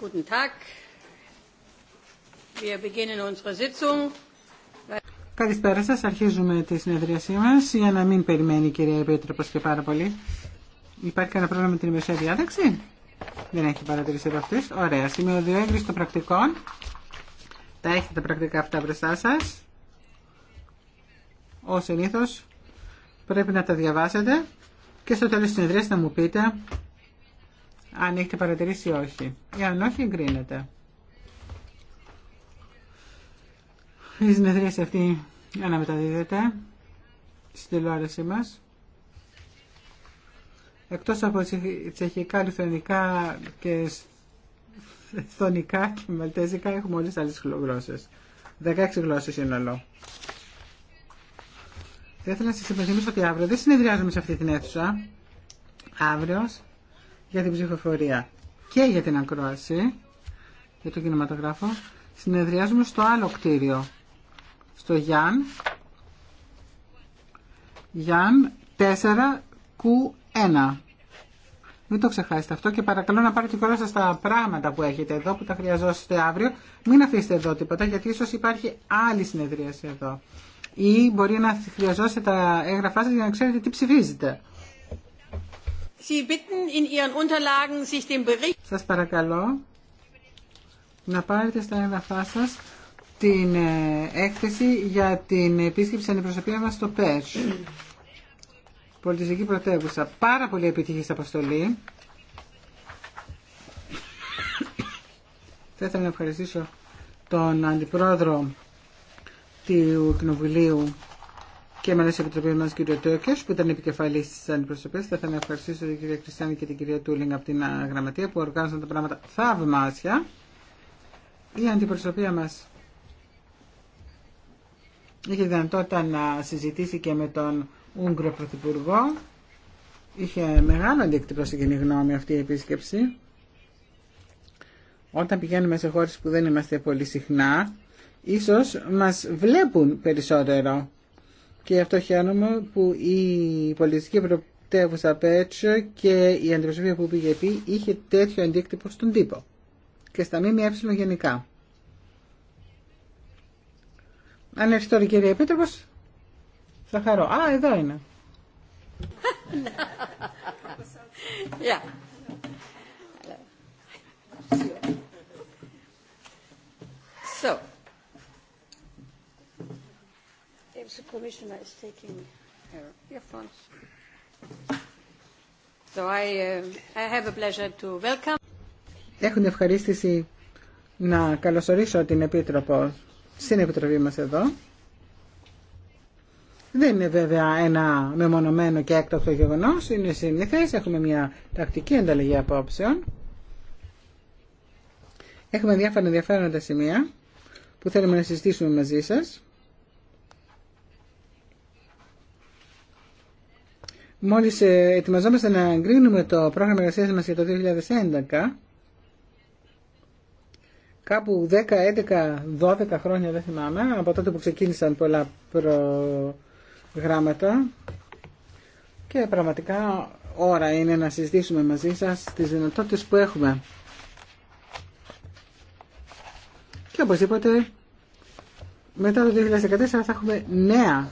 Guten Tag. Wir beginnen unsere Sitzung. Καλησπέρα σας. Αρχίζουμε τη συνεδρίασή μας για να μην περιμένει η κυρία Επίτροπος και πάρα πολύ. Υπάρχει κανένα πρόβλημα με την ημερησία διάταξη. Δεν έχει παρατηρήσει εδώ αυτής. Ωραία. Σημείο 2 έγκριση των πρακτικών. Τα έχετε τα πρακτικά αυτά μπροστά σας. Ω συνήθω πρέπει να τα διαβάσετε και στο τέλος της συνεδρίας να μου πείτε αν έχετε παρατηρήσει ή όχι. Εάν όχι, εγκρίνεται. Η συνεδρίαση εγκρινεται η σε αναμεταδίδεται στην τηλεόρασή μας. Εκτός από τσεχικά, λιθονικά και εσθονικά και μελτέζικα έχουμε όλες τις άλλες γλώσσες. 16 γλώσσες όλο. Θα ήθελα να σας υπενθυμίσω ότι αύριο δεν συνεδριάζουμε σε αυτή την αίθουσα. Αύριο για την ψηφοφορία και για την ακρόαση για τον κινηματογράφο συνεδριάζουμε στο άλλο κτίριο στο Γιάν Γιάν 4Q1 μην το ξεχάσετε αυτό και παρακαλώ να πάρετε κιόλα σας τα πράγματα που έχετε εδώ που τα χρειαζόσαστε αύριο μην αφήσετε εδώ τίποτα γιατί ίσως υπάρχει άλλη συνεδρίαση εδώ ή μπορεί να χρειαζόσετε τα έγγραφά σας για να ξέρετε τι ψηφίζετε σας παρακαλώ να πάρετε στα έγγραφά σα την ε, έκθεση για την επίσκεψη αντιπροσωπεία μα στο ΠΕΣ. Πολιτιστική πρωτεύουσα. Πάρα πολύ επιτυχής αποστολή. Θα ήθελα να ευχαριστήσω τον Αντιπρόεδρο του Κοινοβουλίου και με τη Επιτροπή μα, κύριο Τέοκε, που ήταν επικεφαλή τη αντιπροσωπεία. Θα ήθελα να ευχαριστήσω την κυρία Κριστιανή και την κυρία Τούλινγκ από την Γραμματεία που οργάνωσαν τα πράγματα θαυμάσια. Η αντιπροσωπεία μα είχε δυνατότητα να συζητήσει και με τον Ούγγρο Πρωθυπουργό. Είχε μεγάλο αντίκτυπο στην κοινή γνώμη αυτή η επίσκεψη. Όταν πηγαίνουμε σε χώρες που δεν είμαστε πολύ συχνά, ίσως μας βλέπουν περισσότερο και αυτό χαίρομαι που η πολιτιστική πρωτεύουσα Πέτσο και η αντιπροσωπεία που πήγε επί είχε τέτοιο αντίκτυπο στον τύπο και στα ΜΜΕ γενικά. Αν έρθει τώρα η κυρία θα χαρώ. Α, εδώ είναι. yeah. the So I, uh, I have pleasure to welcome. Έχουν ευχαρίστηση να καλωσορίσω την Επίτροπο στην Επιτροπή μας εδώ. Δεν είναι βέβαια ένα μεμονωμένο και έκτακτο γεγονός, είναι συνήθες, έχουμε μια τακτική ανταλλαγή απόψεων. Έχουμε διάφορα ενδιαφέροντα σημεία που θέλουμε να συζητήσουμε μαζί σας. μόλις ε, ετοιμαζόμαστε να εγκρίνουμε το πρόγραμμα εργασίας μας για το 2011, κάπου 10, 11, 12 χρόνια δεν θυμάμαι, από τότε που ξεκίνησαν πολλά προγράμματα και πραγματικά ώρα είναι να συζητήσουμε μαζί σας τις δυνατότητες που έχουμε. Και οπωσδήποτε μετά το 2014 θα έχουμε νέα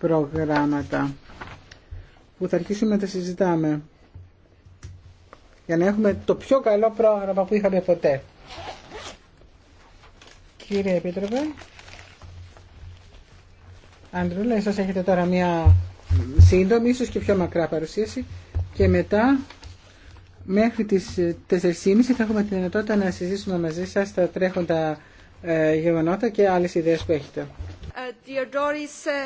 προγράμματα που θα αρχίσουμε να τα συζητάμε για να έχουμε το πιο καλό πρόγραμμα που είχαμε ποτέ. Κύριε Επίτροπε, Αντρούλα, ναι, ίσως έχετε τώρα μία σύντομη, ίσως και πιο μακρά παρουσίαση και μετά μέχρι τις 4.30 θα έχουμε τη δυνατότητα να συζητήσουμε μαζί σας τα τρέχοντα ε, γεγονότα και άλλες ιδέες που έχετε. Uh,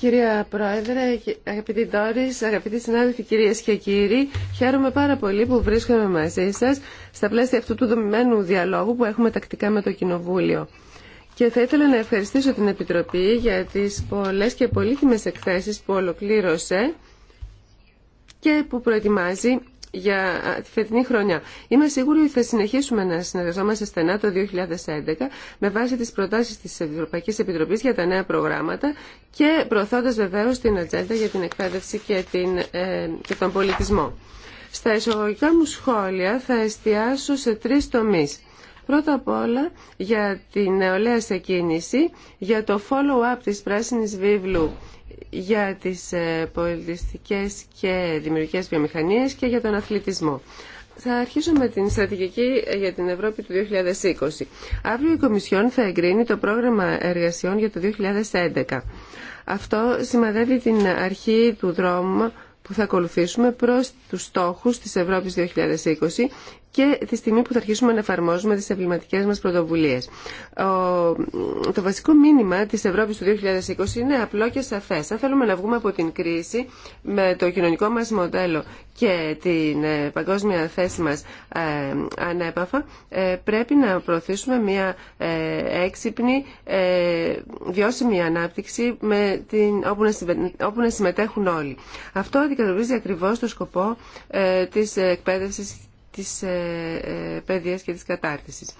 Κυρία Πρόεδρε, αγαπητοί Ντόρις, αγαπητοί συνάδελφοι, κυρίες και κύριοι, χαίρομαι πάρα πολύ που βρίσκομαι μαζί σας στα πλαίσια αυτού του δομημένου διαλόγου που έχουμε τακτικά με το Κοινοβούλιο. Και θα ήθελα να ευχαριστήσω την Επιτροπή για τις πολλές και πολύτιμες εκθέσεις που ολοκλήρωσε και που προετοιμάζει για τη φετινή χρονιά. Είμαι σίγουρη ότι θα συνεχίσουμε να συνεργαζόμαστε στενά το 2011 με βάση τις προτάσεις της Ευρωπαϊκής Επιτροπής για τα νέα προγράμματα και προωθώντας βεβαίως την ατζέντα για την εκπαίδευση και, ε, τον πολιτισμό. Στα εισαγωγικά μου σχόλια θα εστιάσω σε τρεις τομείς. Πρώτα απ' όλα για την νεολαία σε κίνηση, για το follow-up της Πράσινης Βίβλου για τις ε, πολιτιστικές και δημιουργικές βιομηχανίες και για τον αθλητισμό. Θα αρχίσω με την στρατηγική για την Ευρώπη του 2020. Αύριο η Κομισιόν θα εγκρίνει το πρόγραμμα εργασιών για το 2011. Αυτό σημαδεύει την αρχή του δρόμου που θα ακολουθήσουμε προς τους στόχους της Ευρώπης 2020 και τη στιγμή που θα αρχίσουμε να εφαρμόζουμε τις εμβληματικέ μας πρωτοβουλίες. το βασικό μήνυμα της Ευρώπης του 2020 είναι απλό και σαφές. Αν θέλουμε να βγούμε από την κρίση με το κοινωνικό μας μοντέλο και την ε, παγκόσμια θέση μας ε, ανέπαφα, ε, πρέπει να προωθήσουμε μια έξυπνη, βιώσιμη ανάπτυξη με την, όπου, να συμμετέχουν όλοι. Αυτό αντικατοπίζει ακριβώς το σκοπό της εκπαίδευσης της ε, ε, παιδείας και της κατάρτισης.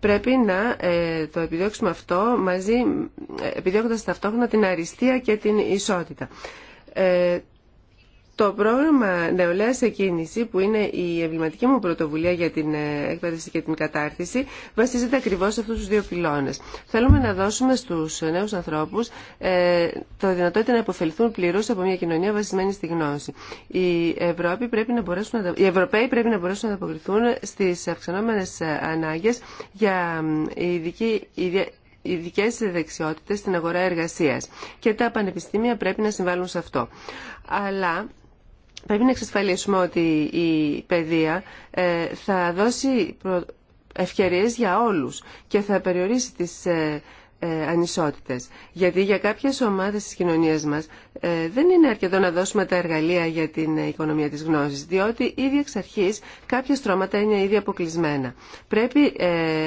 Πρέπει να ε, το επιδιώξουμε αυτό μαζί, επιδιώκοντας ταυτόχρονα την αριστεία και την ισότητα. Το πρόγραμμα Νεολαία σε που είναι η εμβληματική μου πρωτοβουλία για την εκπαίδευση και την κατάρτιση, βασίζεται ακριβώ σε αυτού του δύο πυλώνε. Θέλουμε να δώσουμε στου νέου ανθρώπου ε, το δυνατότητα να υποφελθούν πλήρω από μια κοινωνία βασισμένη στη γνώση. Οι, Ευρώπη πρέπει να μπορέσουν οι Ευρωπαίοι πρέπει να μπορέσουν να ανταποκριθούν στι αυξανόμενε ε, ανάγκε για ειδική, ειδικέ δεξιότητε στην αγορά εργασία. Και τα πανεπιστήμια πρέπει να συμβάλλουν σε αυτό. Αλλά Πρέπει να εξασφαλίσουμε ότι η παιδεία ε, θα δώσει ευκαιρίες για όλους και θα περιορίσει τις ε, ε, ανισότητες. Γιατί για κάποιες ομάδες της κοινωνίας μας δεν είναι αρκετό να δώσουμε τα εργαλεία για την οικονομία της γνώσης, διότι ήδη εξ αρχής κάποια στρώματα είναι ήδη αποκλεισμένα. Πρέπει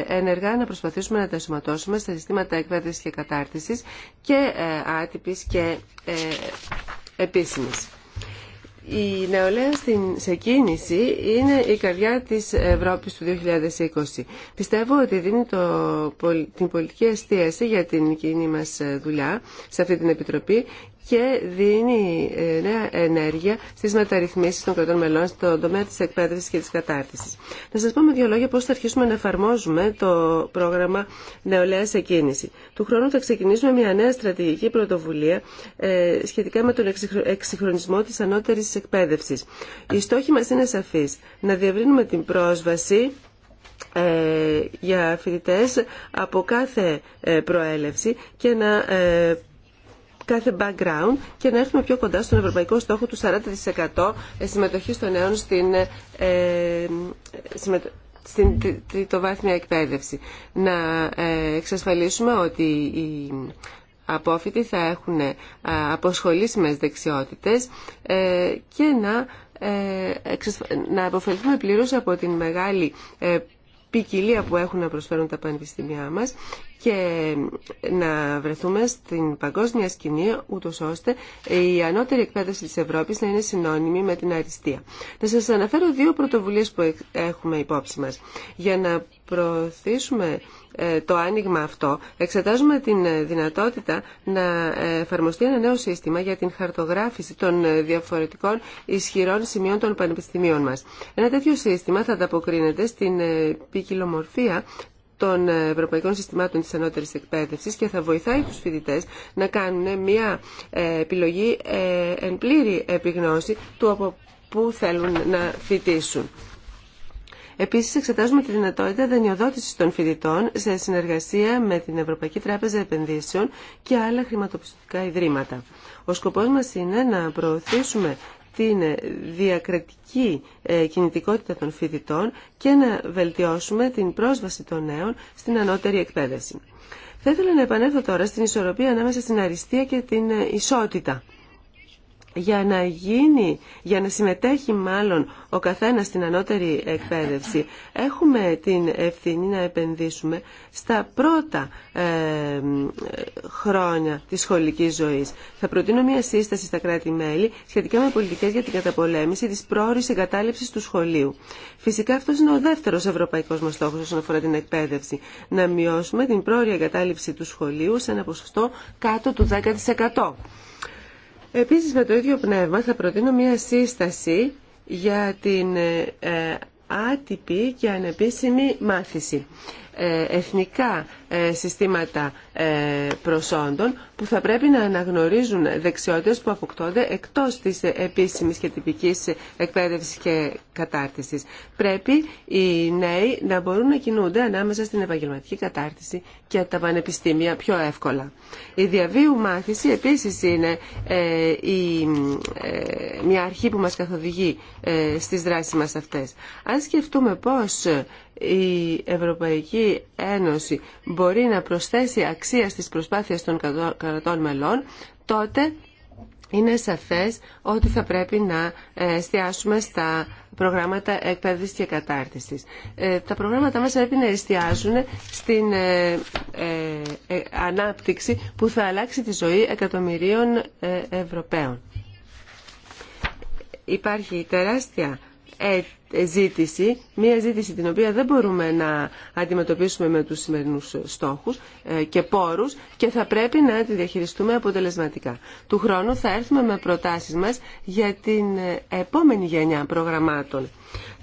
ενεργά να προσπαθήσουμε να τα σωματώσουμε στα συστήματα εκπαίδευσης και κατάρτισης και άτυπης και επίσημης. Η νεολαία στην, σε κίνηση είναι η καρδιά της Ευρώπης του 2020. Πιστεύω ότι δίνει το, την πολιτική εστίαση για την κοινή μας δουλειά σε αυτή την Επιτροπή και δίνει ε, νέα ενέργεια στις μεταρρυθμίσεις των κρατών μελών στον τομέα της εκπαίδευση και τη κατάρτιση. Να σα πω με δύο λόγια πώ θα αρχίσουμε να εφαρμόζουμε το πρόγραμμα Νεολαία σε Του χρόνου θα ξεκινήσουμε μια νέα στρατηγική πρωτοβουλία ε, σχετικά με τον εξυγχρονισμό της ανώτερης εκπαίδευση. Οι στόχοι μα είναι σαφεί. Να διευρύνουμε την πρόσβαση ε, για φοιτητέ από κάθε προέλευση και να κάθε background και να έρθουμε πιο κοντά στον ευρωπαϊκό στόχο του 40% συμμετοχή των νέων στην, ε, ε στην τριτοβάθμια εκπαίδευση. Να ε, εξασφαλίσουμε ότι οι απόφοιτοι θα έχουν ε, αποσχολήσιμες δεξιότητες και να, να αποφελθούμε πλήρως από την μεγάλη ποικιλία που έχουν να προσφέρουν τα πανεπιστήμια μας και να βρεθούμε στην παγκόσμια σκηνή, ούτω ώστε η ανώτερη εκπαίδευση της Ευρώπης να είναι συνώνυμη με την αριστεία. Να σας αναφέρω δύο πρωτοβουλίες που έχουμε υπόψη μας. Για να προωθήσουμε ε, το άνοιγμα αυτό, εξετάζουμε την δυνατότητα να εφαρμοστεί ένα νέο σύστημα για την χαρτογράφηση των διαφορετικών ισχυρών σημείων των πανεπιστημίων μας. Ένα τέτοιο σύστημα θα ανταποκρίνεται στην ε, ποικιλομορφία των Ευρωπαϊκών Συστημάτων της Ανώτερης Εκπαίδευσης και θα βοηθάει τους φοιτητές να κάνουν μια ε, επιλογή ε, εν πλήρη επιγνώση του από πού θέλουν να φοιτήσουν. Επίση, εξετάζουμε τη δυνατότητα δανειοδότηση των φοιτητών σε συνεργασία με την Ευρωπαϊκή Τράπεζα Επενδύσεων και άλλα χρηματοπιστωτικά ιδρύματα. Ο σκοπό μα είναι να προωθήσουμε την διακρατική ε, κινητικότητα των φοιτητών και να βελτιώσουμε την πρόσβαση των νέων στην ανώτερη εκπαίδευση. Θα ήθελα να επανέλθω τώρα στην ισορροπία ανάμεσα στην αριστεία και την ε, ισότητα για να γίνει, για να συμμετέχει μάλλον ο καθένας στην ανώτερη εκπαίδευση, έχουμε την ευθύνη να επενδύσουμε στα πρώτα ε, χρόνια της σχολικής ζωής. Θα προτείνω μια σύσταση στα κράτη-μέλη σχετικά με πολιτικές για την καταπολέμηση της πρόορης εγκατάλειψης του σχολείου. Φυσικά αυτός είναι ο δεύτερος ευρωπαϊκός μας στόχος όσον αφορά την εκπαίδευση. Να μειώσουμε την πρόορη εγκατάλειψη του σχολείου σε ένα ποσοστό κάτω του 10%. Επίσης με το ίδιο πνεύμα θα προτείνω μια σύσταση για την ε, ε, άτυπη και ανεπίσημη μάθηση. Ε, εθνικά ε, συστήματα ε, προσόντων που θα πρέπει να αναγνωρίζουν δεξιότητες που αποκτώνται εκτός της επίσημης και τυπικής εκπαίδευσης και κατάρτισης. Πρέπει οι νέοι να μπορούν να κινούνται ανάμεσα στην επαγγελματική κατάρτιση και τα πανεπιστήμια πιο εύκολα. Η διαβίου μάθηση επίσης είναι ε, η, μια αρχή που μας καθοδηγεί στις δράσεις μας αυτές. Αν σκεφτούμε πώς η Ευρωπαϊκή Ένωση μπορεί μπορεί να προσθέσει αξία στις προσπάθειες των κρατών μελών, τότε είναι σαφές ότι θα πρέπει να ε, εστιάσουμε στα προγράμματα εκπαίδευσης και κατάρτισης. Ε, τα προγράμματα μας πρέπει να εστιάζουν στην ε, ανάπτυξη που θα αλλάξει τη ζωή εκατομμυρίων Ευρωπαίων. Υπάρχει τεράστια ε, ζήτηση, μία ζήτηση την οποία δεν μπορούμε να αντιμετωπίσουμε με τους σημερινούς στόχους ε, και πόρους και θα πρέπει να τη διαχειριστούμε αποτελεσματικά. Του χρόνου θα έρθουμε με προτάσεις μας για την ε, επόμενη γενιά προγραμμάτων.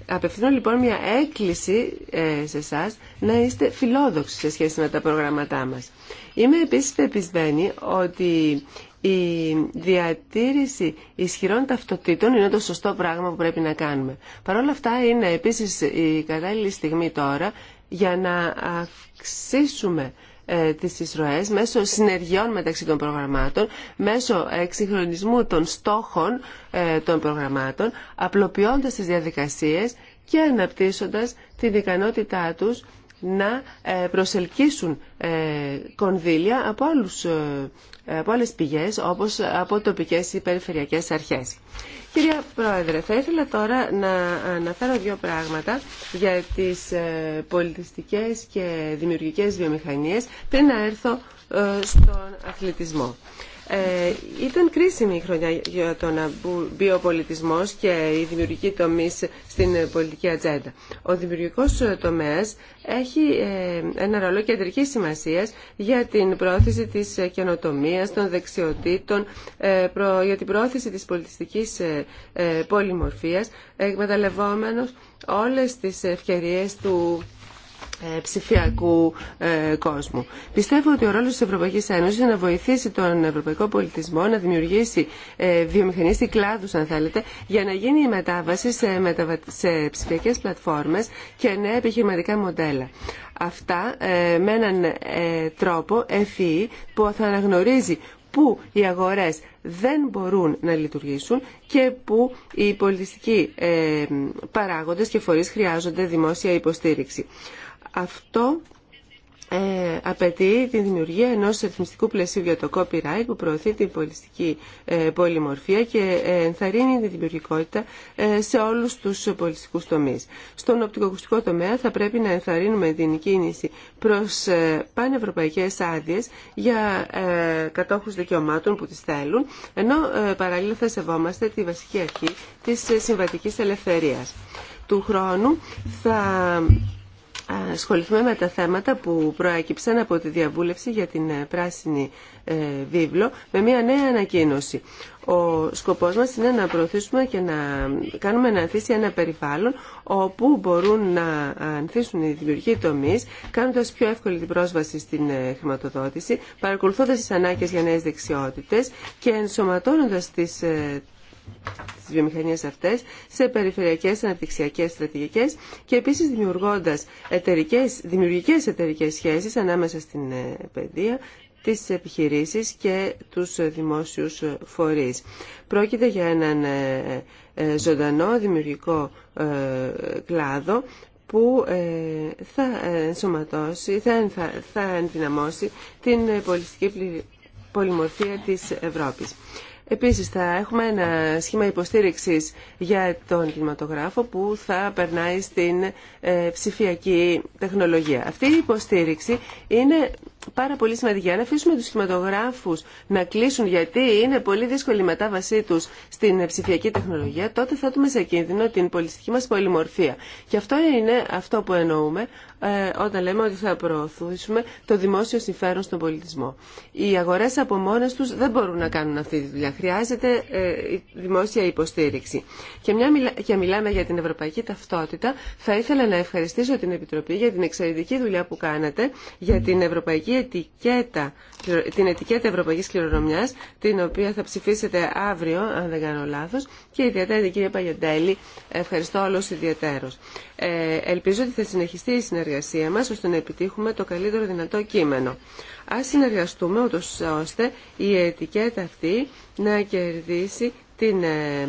Απευθύνω λοιπόν μια έκκληση σε εσά να είστε φιλόδοξοι σε σχέση με τα προγράμματά μας. Είμαι επίσης πεπισμένη ότι η διατήρηση ισχυρών ταυτοτήτων είναι το σωστό πράγμα που πρέπει να κάνουμε. Παρ' όλα αυτά είναι επίσης η κατάλληλη στιγμή τώρα για να αυξήσουμε ε, τις εισρωές μέσω συνεργειών μεταξύ των προγραμμάτων, μέσω εξυγχρονισμού των στόχων ε, των προγραμμάτων, απλοποιώντας τις διαδικασίες και αναπτύσσοντας την ικανότητά τους να ε, προσελκύσουν ε, κονδύλια από, άλλους, ε, από άλλες πηγές όπως από τοπικές ή περιφερειακές αρχές. Κυρία Πρόεδρε, θα ήθελα τώρα να αναφέρω δύο πράγματα για τις πολιτιστικές και δημιουργικές βιομηχανίες πριν να έρθω στον αθλητισμό. Ε, ήταν κρίσιμη η χρονιά για ο πολιτισμό και η δημιουργική τομή στην πολιτική ατζέντα. Ο δημιουργικός ε, τομέας έχει ε, ένα ρόλο κεντρική σημασίας για την πρόθεση της καινοτομία, των δεξιοτήτων, για την πρόθεση της πολιτιστικής πολυμορφίας, εκμεταλλευόμενο όλες τις ευκαιρίε του ε, ψηφιακού ε, κόσμου. Πιστεύω ότι ο ρόλος της Ευρωπαϊκής Ένωσης είναι να βοηθήσει τον ευρωπαϊκό πολιτισμό να δημιουργήσει βιομηχανίστη ε, βιομηχανίες κλάδους, αν θέλετε, για να γίνει η μετάβαση σε, ψηφιακές πλατφόρμες και νέα επιχειρηματικά μοντέλα. Αυτά με έναν τρόπο ευφυή e, που θα αναγνωρίζει που οι αγορές δεν μπορούν να λειτουργήσουν και που οι πολιτιστικοί παράγοντες και φορείς χρειάζονται δημόσια υποστήριξη. Αυτό ε, απαιτεί τη δημιουργία ενός ρυθμιστικού πλαισίου για το copyright που προωθεί την πολιστική ε, πολυμορφία και ε, ενθαρρύνει τη δημιουργικότητα ε, σε όλους τους πολιστικούς τομείς. Στον οπτικοακουστικό τομέα θα πρέπει να ενθαρρύνουμε την κίνηση προς ε, πανευρωπαϊκές άδειες για κατόχους δικαιωμάτων που τις θέλουν, ενώ παράλληλα θα σεβόμαστε τη βασική αρχή της συμβατικής ελευθερίας. Του χρόνου θα ασχοληθούμε με τα θέματα που προέκυψαν από τη διαβούλευση για την ε, πράσινη ε, βίβλο με μια νέα ανακοίνωση. Ο σκοπός μας είναι να προωθήσουμε και να κάνουμε να ανθίσει ένα περιβάλλον όπου μπορούν να ανθίσουν οι δημιουργοί τομεί, κάνοντας πιο εύκολη την πρόσβαση στην ε, χρηματοδότηση, παρακολουθώντας τις ανάγκες για νέες δεξιότητες και ενσωματώνοντας τις τις βιομηχανίες αυτές σε περιφερειακές αναπτυξιακέ στρατηγικές και επίσης δημιουργώντας δημιουργικέ δημιουργικές σχέσει σχέσεις ανάμεσα στην ε, παιδεία, τι επιχειρήσει και τους ε, δημόσιου ε, φορείς. Πρόκειται για έναν ζωντανό δημιουργικό κλάδο που θα ενσωματώσει, θα, θα, ενδυναμώσει την πολιτική πολυμορφία της Ευρώπης. Επίσης θα έχουμε ένα σχήμα υποστήριξης για τον κινηματογράφο που θα περνάει στην ε, ψηφιακή τεχνολογία. Αυτή η υποστήριξη είναι πάρα πολύ σημαντική. Αν αφήσουμε τους κινηματογράφους να κλείσουν γιατί είναι πολύ δύσκολη η μετάβασή τους στην ψηφιακή τεχνολογία, τότε θα έχουμε σε κίνδυνο την πολιτιστική μας πολυμορφία. Και αυτό είναι αυτό που εννοούμε ε, όταν λέμε ότι θα προωθήσουμε το δημόσιο συμφέρον στον πολιτισμό. Οι αγορές από μόνες τους δεν μπορούν να κάνουν αυτή τη δουλειά χρειάζεται ε, δημόσια υποστήριξη. Και μια και μιλάμε για την ευρωπαϊκή ταυτότητα, θα ήθελα να ευχαριστήσω την Επιτροπή για την εξαιρετική δουλειά που κάνατε για την ευρωπαϊκή ετικέτα, την ετικέτα ευρωπαϊκής κληρονομιάς, την οποία θα ψηφίσετε αύριο, αν δεν κάνω λάθος, και ιδιαίτερα την κυρία Παγιοντέλη. Ευχαριστώ όλους ιδιαίτερους. Ε, ελπίζω ότι θα συνεχιστεί η συνεργασία μας ώστε να επιτύχουμε το καλύτερο δυνατό κείμενο. Ας συνεργαστούμε ούτως ώστε η ετικέτα αυτή να κερδίσει την ε,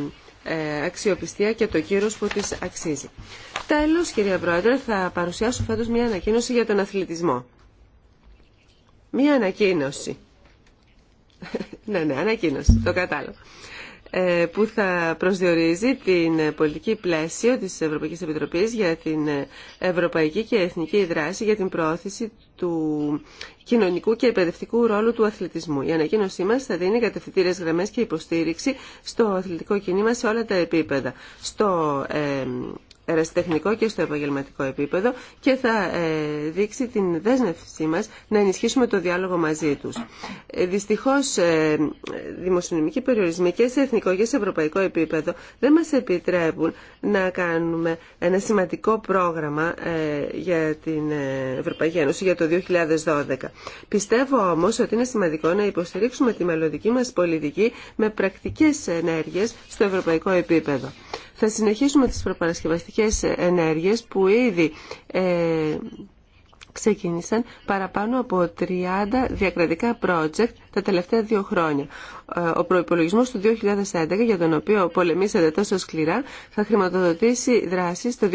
ε, αξιοπιστία και το κύρος που της αξίζει. Τέλος, κυρία Πρόεδρε, θα παρουσιάσω φέτος μια ανακοίνωση για τον αθλητισμό. Μια ανακοίνωση. ναι, ναι, ανακοίνωση, το κατάλαβα. Ε, που θα προσδιορίζει την πολιτική πλαίσιο της Ευρωπαϊκής Επιτροπής για την ευρωπαϊκή και εθνική δράση για την προώθηση του κοινωνικού και εκπαιδευτικού ρόλου του αθλητισμού. Η ανακοίνωσή μα θα δίνει κατευθυντήρε γραμμέ και υποστήριξη στο αθλητικό κίνημα σε όλα τα επίπεδα. Στο ε, ερασιτεχνικό και στο επαγγελματικό επίπεδο και θα ε, δείξει την δέσμευσή μας να ενισχύσουμε το διάλογο μαζί τους. Ε, δυστυχώς, ε, δημοσιονομικοί περιορισμοί και σε εθνικό και σε ευρωπαϊκό επίπεδο δεν μας επιτρέπουν να κάνουμε ένα σημαντικό πρόγραμμα για την Ευρωπαϊκή Ένωση για το 2012. Πιστεύω όμως ότι είναι σημαντικό να υποστηρίξουμε τη μελλοντική μας πολιτική με πρακτικές ενέργειες στο ευρωπαϊκό επίπεδο. Θα συνεχίσουμε τις προπαρασκευαστικές ενέργειες που ήδη ε, ξεκίνησαν παραπάνω από 30 διακρατικά project τα τελευταία δύο χρόνια. Ε, ο προϋπολογισμός του 2011, για τον οποίο πολεμήσατε τόσο σκληρά, θα χρηματοδοτήσει δράσεις το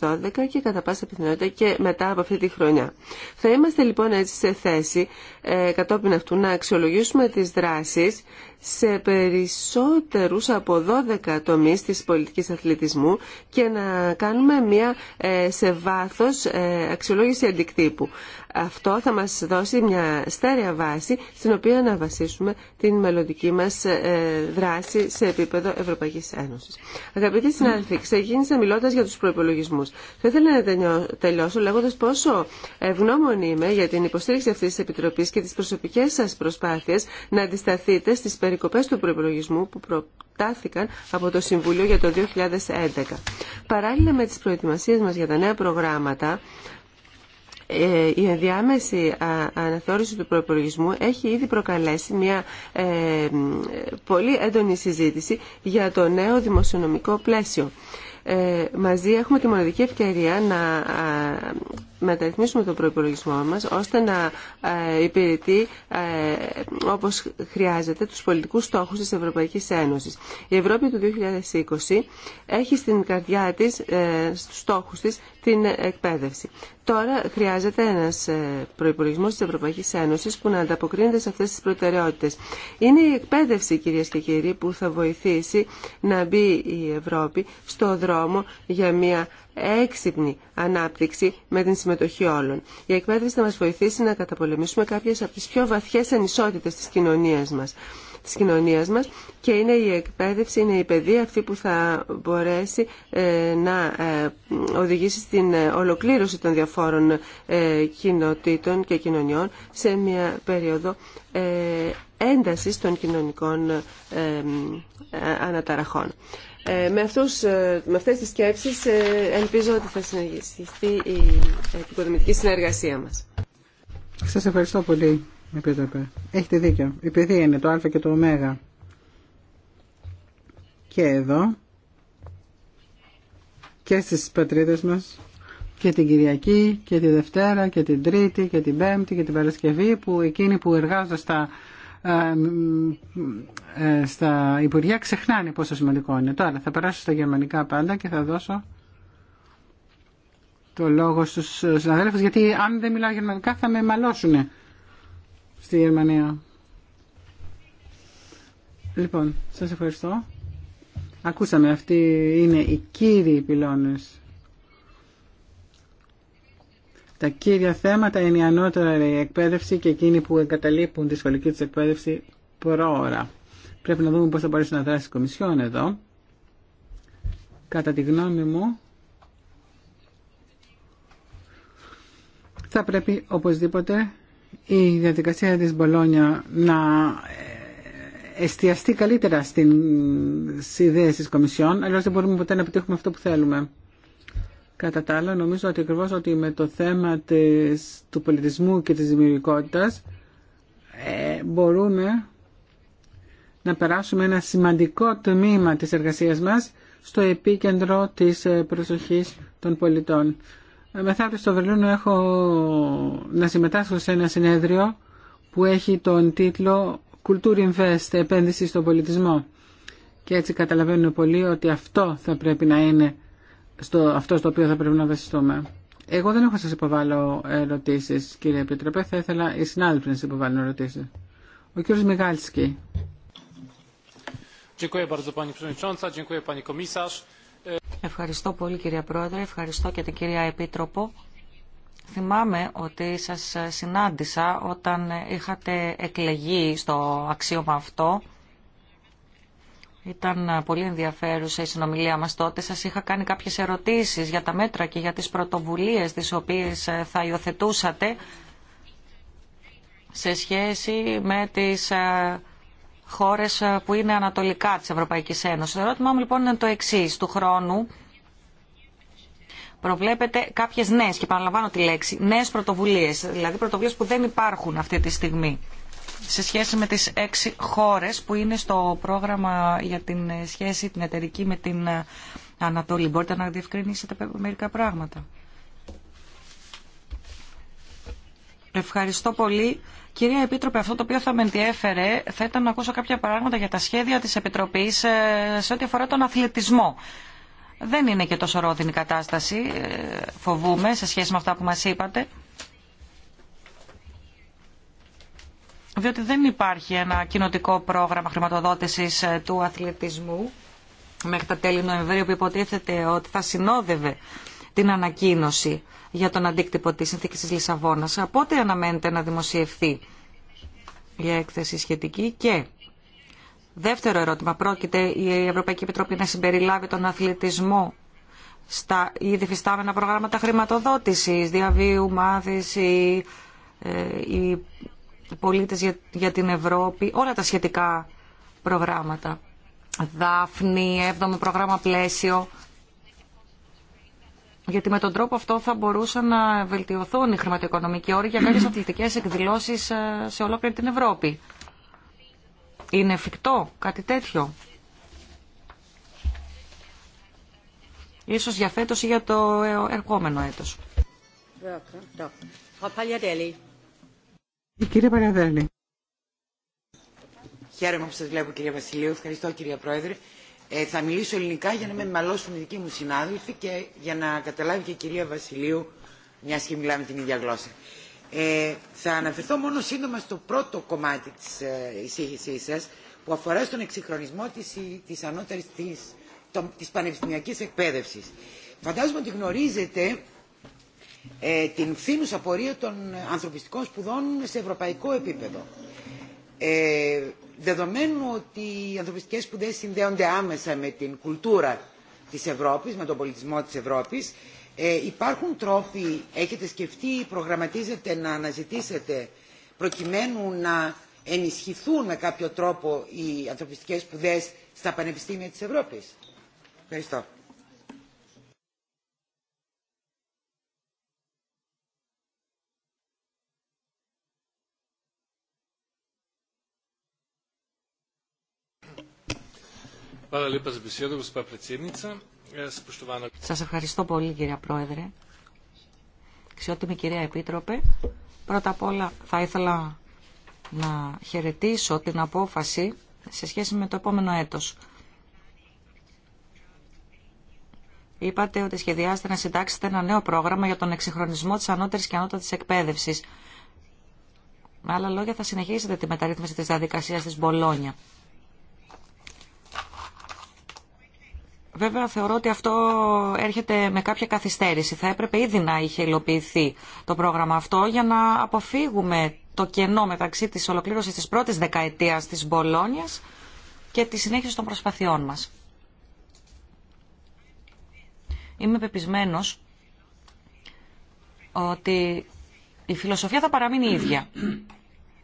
2012 και κατά πάσα πιθανότητα και μετά από αυτή τη χρονιά. Θα είμαστε λοιπόν έτσι σε θέση, ε, κατόπιν αυτού, να αξιολογήσουμε τις δράσεις σε περισσότερους από 12 τομείς της πολιτικής αθλητισμού και να κάνουμε μια ε, σε βάθος ε, αξιολόγηση αντικτύπου αυτό θα μας δώσει μια στέρεα βάση στην οποία να βασίσουμε την μελλοντική μας ε, δράση σε επίπεδο Ευρωπαϊκής Ένωσης. Αγαπητοί συνάδελφοι, ξεκίνησα μιλώντας για τους προϋπολογισμούς. Θα ήθελα να τελειώσω λέγοντας πόσο ευγνώμων είμαι για την υποστήριξη αυτής της Επιτροπής και τις προσωπικές σας προσπάθειες να αντισταθείτε στις περικοπές του προϋπολογισμού που προτάθηκαν από το Συμβούλιο για το 2011. Παράλληλα με τις προετοιμασίες μας για τα νέα προγράμματα, ε, η ενδιάμεση αναθεώρηση του προπολογισμού έχει ήδη προκαλέσει μια ε, πολύ έντονη συζήτηση για το νέο δημοσιονομικό πλαίσιο. Ε, μαζί έχουμε τη μοναδική ευκαιρία να μεταρρυθμίσουμε τον προϋπολογισμό μας ώστε να υπηρετεί όπως χρειάζεται τους πολιτικούς στόχους της Ευρωπαϊκής Ένωσης. Η Ευρώπη του 2020 έχει στην καρδιά της, ε, στους στόχους της, την εκπαίδευση. Τώρα χρειάζεται ένας ε, προϋπολογισμός της Ευρωπαϊκής Ένωσης που να ανταποκρίνεται σε αυτές τις προτεραιότητες. Είναι η εκπαίδευση, κυρίες και κύριοι, που θα βοηθήσει να μπει η Ευρώπη στο δρόμο για μια έξυπνη ανάπτυξη με την συμμετοχή όλων. Η εκπαίδευση θα μας βοηθήσει να καταπολεμήσουμε κάποιες από τις πιο βαθιές ανισότητες της κοινωνίας μας. Της κοινωνίας μας και είναι η εκπαίδευση, είναι η παιδεία αυτή που θα μπορέσει ε, να ε, οδηγήσει στην ε, ολοκλήρωση των διαφόρων κοινοτήτων και κοινωνιών σε μια περίοδο έντασης των κοινωνικών αναταραχών. Ε, με, αυτούς, ε, με αυτές τις σκέψεις ε, ελπίζω ότι θα συνεχιστεί η οικοδομητική συνεργασία μας. Σας ευχαριστώ πολύ, Επίτροπε. Έχετε δίκιο. Η παιδεία είναι το α και το ω. Και εδώ και στις πατρίδες μας και την Κυριακή και τη Δευτέρα και την Τρίτη και την Πέμπτη και την Παρασκευή που εκείνοι που εργάζονται στα ε, ε, στα Υπουργεία ξεχνάνε πόσο σημαντικό είναι. Τώρα θα περάσω στα γερμανικά πάντα και θα δώσω το λόγο στους συναδέλφους γιατί αν δεν μιλάω γερμανικά θα με μαλώσουν στη Γερμανία. Λοιπόν, σας ευχαριστώ. Ακούσαμε, αυτοί είναι οι κύριοι πυλώνες τα κύρια θέματα είναι η ανώτερη εκπαίδευση και εκείνοι που εγκαταλείπουν τη σχολική του εκπαίδευση προώρα. Πρέπει να δούμε πώς θα μπορέσει να δράσει η Κομισιόν εδώ. Κατά τη γνώμη μου, θα πρέπει οπωσδήποτε η διαδικασία της Μπολόνια να ε, εστιαστεί καλύτερα στις ιδέες της Κομισιόν, αλλιώς δεν μπορούμε ποτέ να επιτύχουμε αυτό που θέλουμε. Κατά τα άλλα, νομίζω ότι ακριβώ ότι με το θέμα της, του πολιτισμού και της δημιουργικότητας ε, μπορούμε να περάσουμε ένα σημαντικό τμήμα της εργασίας μας στο επίκεντρο της ε, προσοχής των πολιτών. Ε, από στο Βερολίνο έχω να συμμετάσχω σε ένα συνέδριο που έχει τον τίτλο Culture Invest, επένδυση στον πολιτισμό. Και έτσι καταλαβαίνουν πολύ ότι αυτό θα πρέπει να είναι στο αυτό στο οποίο θα πρέπει να βασιστούμε. Εγώ δεν έχω σας υποβάλω ερωτήσεις, κύριε Επιτροπέ. Θα ήθελα οι συνάδελφοι να σα υποβάλουν ερωτήσει. Ο κύριο Μιγάλσκι. Ευχαριστώ πολύ κυρία Πρόεδρε, ευχαριστώ και την κυρία Επίτροπο. Θυμάμαι ότι σας συνάντησα όταν είχατε εκλεγεί στο αξίωμα αυτό ήταν ε, πολύ ενδιαφέρουσα η συνομιλία μας τότε. Σας είχα κάνει κάποιες ερωτήσεις για τα μέτρα και για τις πρωτοβουλίες τις οποίες ε, θα υιοθετούσατε σε σχέση με τις ε, χώρες που είναι ανατολικά της Ευρωπαϊκής Ένωσης. Το ερώτημά μου λοιπόν είναι το εξή Του χρόνου προβλέπετε κάποιες νέες, και παραλαμβάνω τη λέξη, νέες πρωτοβουλίες, δηλαδή πρωτοβουλίες που δεν υπάρχουν αυτή τη στιγμή σε σχέση με τις έξι χώρες που είναι στο πρόγραμμα για την σχέση την εταιρική με την Ανατολή. Μπορείτε να διευκρινίσετε μερικά πράγματα. Ευχαριστώ πολύ. Κυρία Επίτροπε, αυτό το οποίο θα με ενδιέφερε θα ήταν να ακούσω κάποια πράγματα για τα σχέδια της Επιτροπής ε, σε ό,τι αφορά τον αθλητισμό. Δεν είναι και τόσο ρόδινη κατάσταση, ε, φοβούμε, σε σχέση με αυτά που μας είπατε. διότι δεν υπάρχει ένα κοινοτικό πρόγραμμα χρηματοδότησης ε, του αθλητισμού μέχρι τα τέλη Νοεμβρίου που υποτίθεται ότι θα συνόδευε την ανακοίνωση για τον αντίκτυπο της συνθήκης της Λισαβόνας. Πότε αναμένεται να δημοσιευθεί η έκθεση σχετική και δεύτερο ερώτημα πρόκειται η Ευρωπαϊκή Επιτροπή να συμπεριλάβει τον αθλητισμό στα ήδη φυστάμενα προγράμματα χρηματοδότησης, διαβίου, μάθηση, ε, η πολίτες για, για την Ευρώπη, όλα τα σχετικά προγράμματα. έβδομο πρόγραμμα πλαίσιο. Γιατί με τον τρόπο αυτό θα μπορούσαν να βελτιωθούν οι χρηματοοικονομικοί όροι για κάποιες αθλητικές εκδηλώσεις ε, σε ολόκληρη την Ευρώπη. Είναι εφικτό κάτι τέτοιο. Ίσως για φέτος ή για το ε, ερχόμενο έτος. Η κυρία Χαίρομαι που σας βλέπω κυρία Βασιλείου. Ευχαριστώ κυρία Πρόεδρε. Ε, θα μιλήσω ελληνικά για να με μαλώσουν οι δικοί μου συνάδελφοι και για να καταλάβει και η κυρία Βασιλείου, μια και μιλάμε την ίδια γλώσσα. Ε, θα αναφερθώ μόνο σύντομα στο πρώτο κομμάτι της ε, εισήγησή σα, που αφορά στον εξυγχρονισμό της, ε, ανώτερης της, της πανεπιστημιακής Φαντάζομαι ότι γνωρίζετε ε, την φθήνουσα πορεία των ανθρωπιστικών σπουδών σε ευρωπαϊκό επίπεδο. Ε, δεδομένου ότι οι ανθρωπιστικές σπουδές συνδέονται άμεσα με την κουλτούρα της Ευρώπης, με τον πολιτισμό της Ευρώπης, ε, υπάρχουν τρόποι, έχετε σκεφτεί, προγραμματίζετε να αναζητήσετε προκειμένου να ενισχυθούν με κάποιο τρόπο οι ανθρωπιστικές σπουδές στα πανεπιστήμια της Ευρώπης. Ευχαριστώ. Σας ευχαριστώ πολύ κυρία Πρόεδρε. Ξιότιμη κυρία Επίτροπε, πρώτα απ' όλα θα ήθελα να χαιρετήσω την απόφαση σε σχέση με το επόμενο έτος. Είπατε ότι σχεδιάστε να συντάξετε ένα νέο πρόγραμμα για τον εξυγχρονισμό της ανώτερης και ανώτατης εκπαίδευσης. Με άλλα λόγια θα συνεχίσετε τη μεταρρύθμιση της διαδικασίας της Μπολόνια. Βέβαια θεωρώ ότι αυτό έρχεται με κάποια καθυστέρηση. Θα έπρεπε ήδη να είχε υλοποιηθεί το πρόγραμμα αυτό για να αποφύγουμε το κενό μεταξύ της ολοκλήρωσης της πρώτης δεκαετίας της Μπολόνιας και τη συνέχιση των προσπαθειών μας. Είμαι πεπισμένος ότι η φιλοσοφία θα παραμείνει ίδια.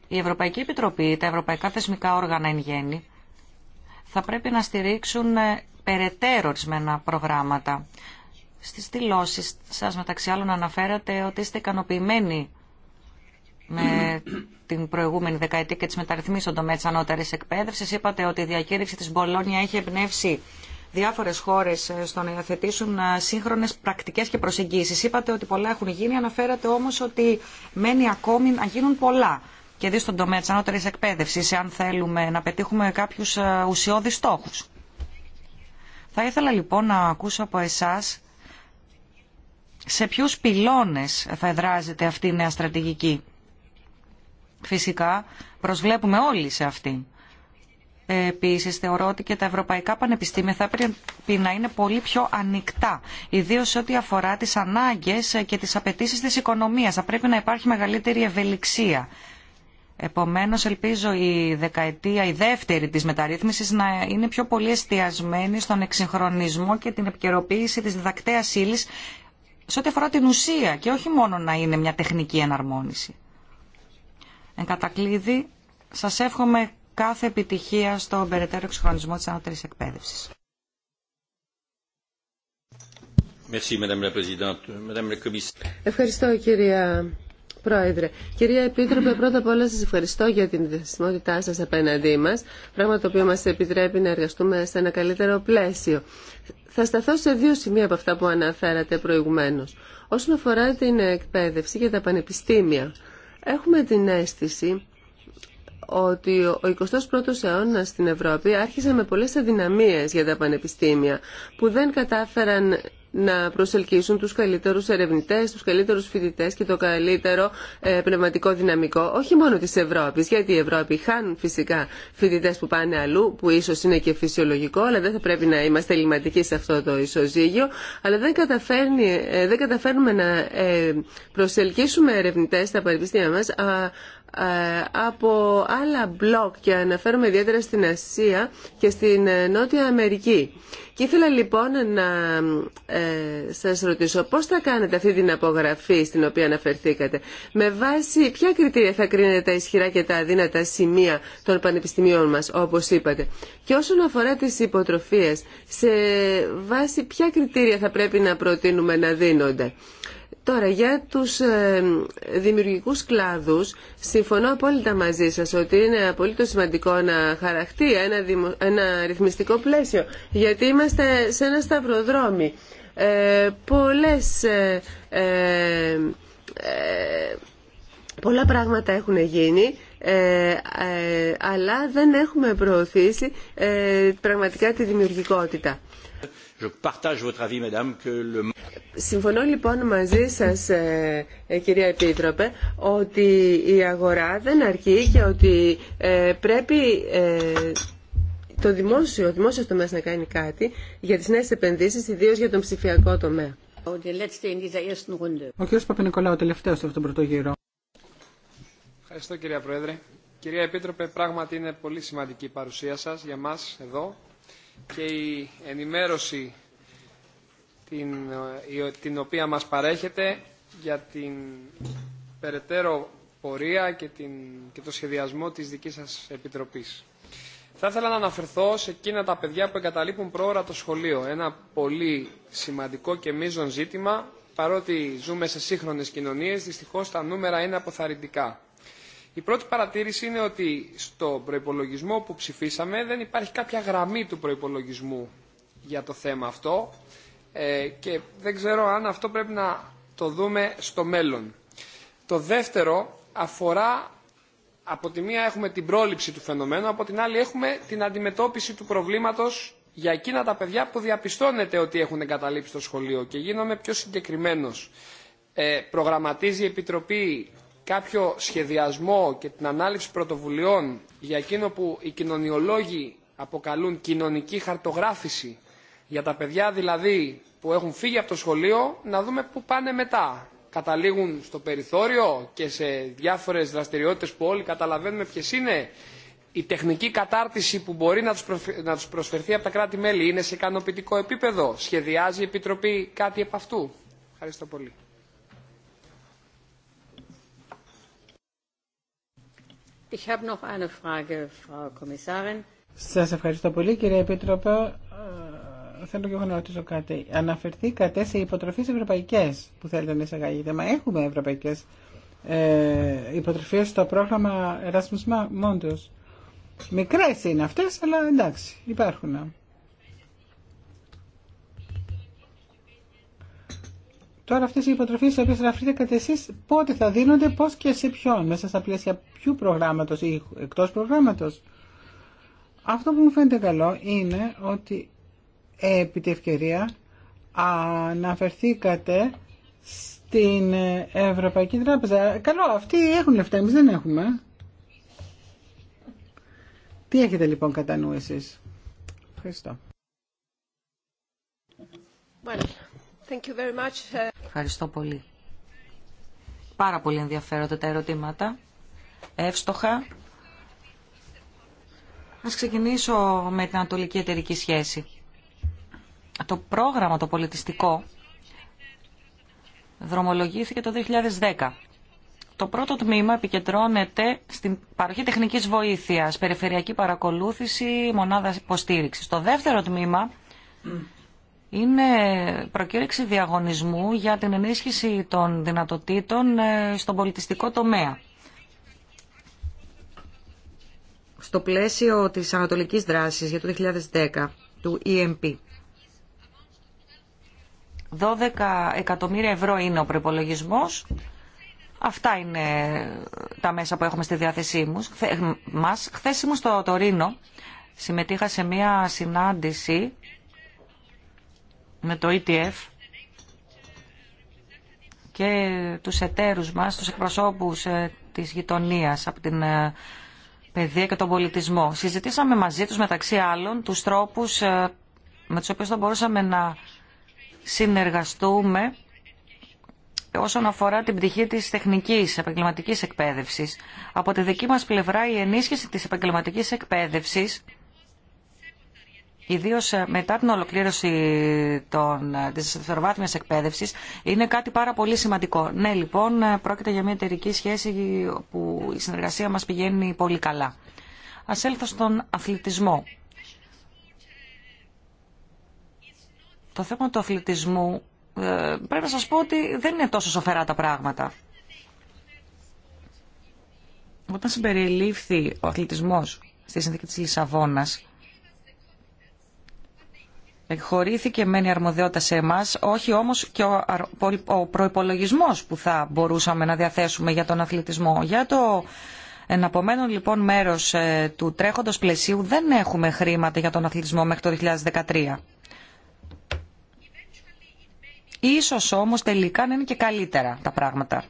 Η Ευρωπαϊκή Επιτροπή, τα ευρωπαϊκά θεσμικά όργανα εν γέννη, θα πρέπει να στηρίξουν ε, περαιτέρω ορισμένα προγράμματα. Στι δηλώσει, σα μεταξύ άλλων αναφέρατε ότι είστε ικανοποιημένοι με την προηγούμενη δεκαετία και τι μεταρρυθμίσει στον τομέα τη ανώτερη εκπαίδευση. Είπατε ότι η διακήρυξη τη Μπολόνια έχει εμπνεύσει διάφορε χώρε ε, στο να υιοθετήσουν ε, σύγχρονε πρακτικές και προσεγγίσεις. Είπατε ότι πολλά έχουν γίνει, αναφέρατε όμω ότι μένει ακόμη να γίνουν πολλά και δει στον τομέα τη ανώτερη εκπαίδευση, εάν θέλουμε να πετύχουμε κάποιου ε, ουσιώδει στόχου. Θα ήθελα λοιπόν να ακούσω από εσά σε ποιου πυλώνε θα εδράζεται αυτή η νέα στρατηγική. Φυσικά προσβλέπουμε όλοι σε αυτή. Επίση, θεωρώ ότι και τα ευρωπαϊκά πανεπιστήμια θα πρέπει να είναι πολύ πιο ανοιχτά, ιδίω σε ό,τι αφορά τι ανάγκε και τι απαιτήσει τη οικονομία. Θα πρέπει να υπάρχει μεγαλύτερη ευελιξία Επομένως ελπίζω η δεκαετία, η δεύτερη της μεταρρύθμισης να είναι πιο πολύ εστιασμένη στον εξυγχρονισμό και την επικαιροποίηση της διδακτέας ύλη σε ό,τι αφορά την ουσία και όχι μόνο να είναι μια τεχνική εναρμόνιση. Εν κατακλείδη, σας εύχομαι κάθε επιτυχία στον περαιτέρω εξυγχρονισμό της ανώτερης εκπαίδευσης. Ευχαριστώ Πρόεδρε. Κυρία Επίτροπε, πρώτα απ' όλα σα ευχαριστώ για την διαθεσιμότητά σα απέναντί μα, πράγμα το οποίο μα επιτρέπει να εργαστούμε σε ένα καλύτερο πλαίσιο. Θα σταθώ σε δύο σημεία από αυτά που αναφέρατε προηγουμένως. Όσον αφορά την εκπαίδευση για τα πανεπιστήμια, έχουμε την αίσθηση ότι ο 21ος αιώνα στην Ευρώπη άρχισε με πολλές αδυναμίες για τα πανεπιστήμια που δεν κατάφεραν να προσελκύσουν τους καλύτερους ερευνητές, τους καλύτερους φοιτητές και το καλύτερο ε, πνευματικό δυναμικό, όχι μόνο της Ευρώπης, γιατί η Ευρώπη χάνουν φυσικά φοιτητές που πάνε αλλού, που ίσως είναι και φυσιολογικό, αλλά δεν θα πρέπει να είμαστε λιματικοί σε αυτό το ισοζύγιο, αλλά δεν, καταφέρνει, ε, δεν καταφέρνουμε να ε, προσελκύσουμε ερευνητές στα πανεπιστήμια μας από άλλα μπλοκ και αναφέρομαι ιδιαίτερα στην Ασία και στην Νότια Αμερική. Και ήθελα λοιπόν να ε, σας ρωτήσω πώς θα κάνετε αυτή την απογραφή στην οποία αναφερθήκατε. Με βάση ποια κριτήρια θα κρίνετε τα ισχυρά και τα αδύνατα σημεία των πανεπιστημίων μας, όπως είπατε. Και όσον αφορά τις υποτροφίες, σε βάση ποια κριτήρια θα πρέπει να προτείνουμε να δίνονται. Τώρα, για τους ε, δημιουργικούς κλάδους, συμφωνώ απόλυτα μαζί σας ότι είναι απολύτως σημαντικό να χαραχτεί ένα, δημο... ένα ρυθμιστικό πλαίσιο, γιατί είμαστε σε ένα σταυροδρόμι. Ε, πολλές... Ε, πολλά πράγματα έχουν γίνει αλλά δεν έχουμε προωθήσει ε, πραγματικά τη δημιουργικότητα. Συμφωνώ λοιπόν μαζί σας ε, ε, κυρία Επίτροπε ότι η αγορά δεν αρκεί και ότι ε, πρέπει το δημόσιο, ο δημόσιος τομέας να κάνει κάτι για τις νέες επενδύσεις, ιδίως για τον ψηφιακό τομέα. Uh, ο κ. Παπενικολάου, τελευταίος σε αυτόν τον πρώτο γύρο. Ευχαριστώ κυρία Πρόεδρε. Κυρία Επίτροπε, πράγματι είναι πολύ σημαντική η παρουσία σας για μας εδώ και η ενημέρωση την, ε, την οποία μας παρέχεται για την περαιτέρω πορεία και, την, και το σχεδιασμό της δικής σας Επιτροπής. Θα ήθελα να αναφερθώ σε εκείνα τα παιδιά που εγκαταλείπουν προώρα το σχολείο. Ένα πολύ σημαντικό και μείζον ζήτημα, παρότι ζούμε σε σύγχρονες κοινωνίες, δυστυχώς τα νούμερα είναι αποθαρρυντικά. Η πρώτη παρατήρηση είναι ότι στο προϋπολογισμό που ψηφίσαμε δεν υπάρχει κάποια γραμμή του προϋπολογισμού για το θέμα αυτό ε, και δεν ξέρω αν αυτό πρέπει να το δούμε στο μέλλον. Το δεύτερο αφορά, από τη μία έχουμε την πρόληψη του φαινομένου, από την άλλη έχουμε την αντιμετώπιση του προβλήματος για εκείνα τα παιδιά που διαπιστώνεται ότι έχουν εγκαταλείψει το σχολείο και γίνομαι πιο συγκεκριμένος. Ε, προγραμματίζει η Επιτροπή κάποιο σχεδιασμό και την ανάλυση πρωτοβουλειών για εκείνο που οι κοινωνιολόγοι αποκαλούν κοινωνική χαρτογράφηση για τα παιδιά δηλαδή που έχουν φύγει από το σχολείο να δούμε πού πάνε μετά. Καταλήγουν στο περιθώριο και σε διάφορες δραστηριότητες που όλοι καταλαβαίνουμε ποιες είναι. Η τεχνική κατάρτιση που μπορεί να τους προσφερθεί από τα κράτη-μέλη είναι σε ικανοποιητικό επίπεδο. Σχεδιάζει η Επιτροπή κάτι από αυτού. Ευχαριστώ πολύ. Ich Σας ευχαριστώ πολύ κύριε Επίτροπε. Ε, θέλω και εγώ να ρωτήσω κάτι. Αναφερθήκατε σε υποτροφίες ευρωπαϊκές που θέλετε να εισαγάγετε. Μα έχουμε ευρωπαϊκές ε, υποτροφίες στο πρόγραμμα Erasmus Mundus. Μικρές είναι αυτές, αλλά εντάξει, υπάρχουν. Τώρα αυτές οι υποτροφίες οι οποίε αναφερθήκατε εσεί, πότε θα δίνονται, πώς και σε ποιον, μέσα στα πλαίσια ποιου προγράμματος ή εκτός προγράμματος. Αυτό που μου φαίνεται καλό είναι ότι επί τη ευκαιρία αναφερθήκατε στην Ευρωπαϊκή Τράπεζα. Καλό, αυτοί έχουν λεφτά, εμείς δεν έχουμε. Τι έχετε λοιπόν κατά νου εσείς. Ευχαριστώ. Uh, Ευχαριστώ πολύ. Πάρα πολύ ενδιαφέροντα τα ερωτήματα. Εύστοχα. Ας ξεκινήσω με την Ανατολική Εταιρική Σχέση. Το πρόγραμμα το πολιτιστικό δρομολογήθηκε το 2010. Το πρώτο τμήμα επικεντρώνεται στην παροχή τεχνικής βοήθειας, περιφερειακή παρακολούθηση, μονάδα υποστήριξης. Το δεύτερο τμήμα είναι προκήρυξη διαγωνισμού για την ενίσχυση των δυνατοτήτων ε, στον πολιτιστικό τομέα. Στο πλαίσιο της ανατολικής δράσης για το 2010 του EMP. 12 εκατομμύρια ευρώ είναι ο προπολογισμό. Αυτά είναι τα μέσα που έχουμε στη διάθεσή μας. Χθε ήμουν στο Τωρίνο, συμμετείχα σε μια συνάντηση με το ETF και τους εταίρους μας, τους εκπροσώπους ε, της γειτονίας από την ε, παιδεία και τον πολιτισμό. Συζητήσαμε μαζί τους μεταξύ άλλων τους τρόπους ε, με τους οποίους θα μπορούσαμε να συνεργαστούμε όσον αφορά την πτυχή της τεχνικής επαγγελματικής εκπαίδευσης. Από τη δική μας πλευρά η ενίσχυση της επαγγελματικής εκπαίδευσης Ιδίω ε, μετά την ολοκλήρωση τη ε, της εκπαίδευση είναι κάτι πάρα πολύ σημαντικό. Ναι, λοιπόν, ε, πρόκειται για μια εταιρική σχέση που η συνεργασία μας πηγαίνει πολύ καλά. Α έλθω στον αθλητισμό. Το θέμα του αθλητισμού πρέπει να σας πω ότι δεν είναι τόσο σοφερά τα πράγματα. Όταν συμπεριλήφθη ο αθλητισμός στη συνθήκη της Λισαβόνας, Χωρήθηκε μένει αρμοδιότητα σε εμά, όχι όμω και ο προπολογισμό που θα μπορούσαμε να διαθέσουμε για τον αθλητισμό. Για το εναπομένων λοιπόν μέρο ε, του τρέχοντο πλαισίου δεν έχουμε χρήματα για τον αθλητισμό μέχρι το 2013. Ίσως όμως τελικά να είναι και καλύτερα τα πράγματα.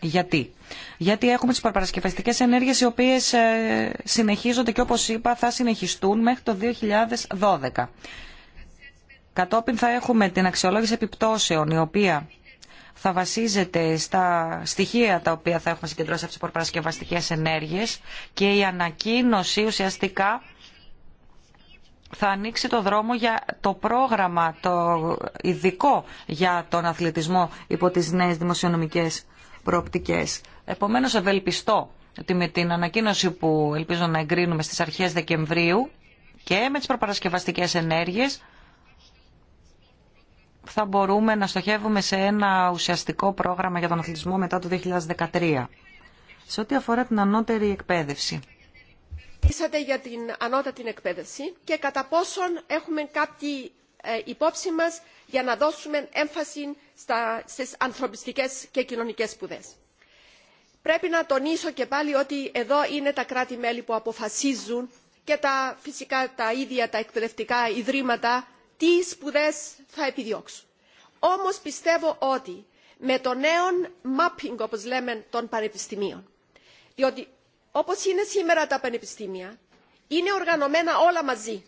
Γιατί. Γιατί έχουμε τις παρασκευαστικές ενέργειες οι οποίες ε, συνεχίζονται και όπως είπα θα συνεχιστούν μέχρι το 2012. Κατόπιν θα έχουμε την αξιολόγηση επιπτώσεων, η οποία θα βασίζεται στα στοιχεία τα οποία θα έχουμε συγκεντρώσει από τις προπαρασκευαστικές ενέργειες και η ανακοίνωση ουσιαστικά θα ανοίξει το δρόμο για το πρόγραμμα το ειδικό για τον αθλητισμό υπό τις νέες δημοσιονομικές προοπτικές. Επομένως ευελπιστώ ότι με την ανακοίνωση που ελπίζω να εγκρίνουμε στις αρχές Δεκεμβρίου και με τις προπαρασκευαστικές ενέργειες θα μπορούμε να στοχεύουμε σε ένα ουσιαστικό πρόγραμμα για τον αθλητισμό μετά το 2013. Σε ό,τι αφορά την ανώτερη εκπαίδευση. Είσατε για την ανώτατη εκπαίδευση και κατά πόσον έχουμε κάποια ε, υπόψη μας για να δώσουμε έμφαση στα, στις ανθρωπιστικές και κοινωνικές σπουδέ. Πρέπει να τονίσω και πάλι ότι εδώ είναι τα κράτη-μέλη που αποφασίζουν και τα, φυσικά τα ίδια τα εκπαιδευτικά ιδρύματα τι σπουδέ θα επιδιώξουν. Όμω πιστεύω ότι με το νέο mapping, όπω λέμε, των πανεπιστημίων, διότι όπως είναι σήμερα τα πανεπιστήμια, είναι οργανωμένα όλα μαζί.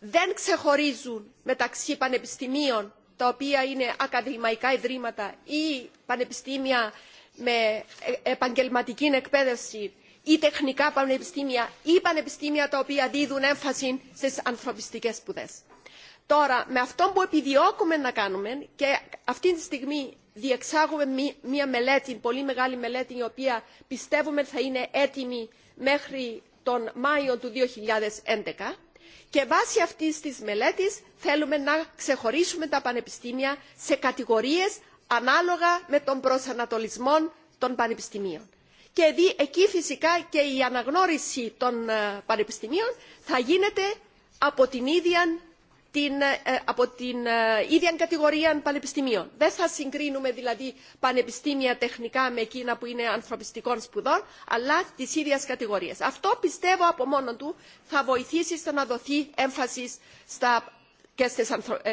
Δεν ξεχωρίζουν μεταξύ πανεπιστημίων, τα οποία είναι ακαδημαϊκά ιδρύματα ή πανεπιστήμια με επαγγελματική εκπαίδευση ή τεχνικά πανεπιστήμια ή πανεπιστήμια τα οποία δίδουν έμφαση στις ανθρωπιστικές σπουδές. Τώρα, με αυτό που επιδιώκουμε να κάνουμε και αυτή τη στιγμή διεξάγουμε μία μελέτη, πολύ μεγάλη μελέτη, η οποία πιστεύουμε θα είναι έτοιμη μέχρι τον Μάιο του 2011 και βάσει αυτής της μελέτης θέλουμε να ξεχωρίσουμε τα πανεπιστήμια σε κατηγορίες ανάλογα με τον προσανατολισμό των πανεπιστημίων. Και εκεί φυσικά και η αναγνώριση των ε, πανεπιστημίων θα γίνεται από την ίδια ε, ε, από την ε, ίδια κατηγορία πανεπιστημίων. Δεν θα συγκρίνουμε δηλαδή πανεπιστήμια τεχνικά με εκείνα που είναι ανθρωπιστικών σπουδών, αλλά τη ίδια κατηγορία. Αυτό πιστεύω από μόνο του θα βοηθήσει στο να δοθεί έμφαση στα, και στι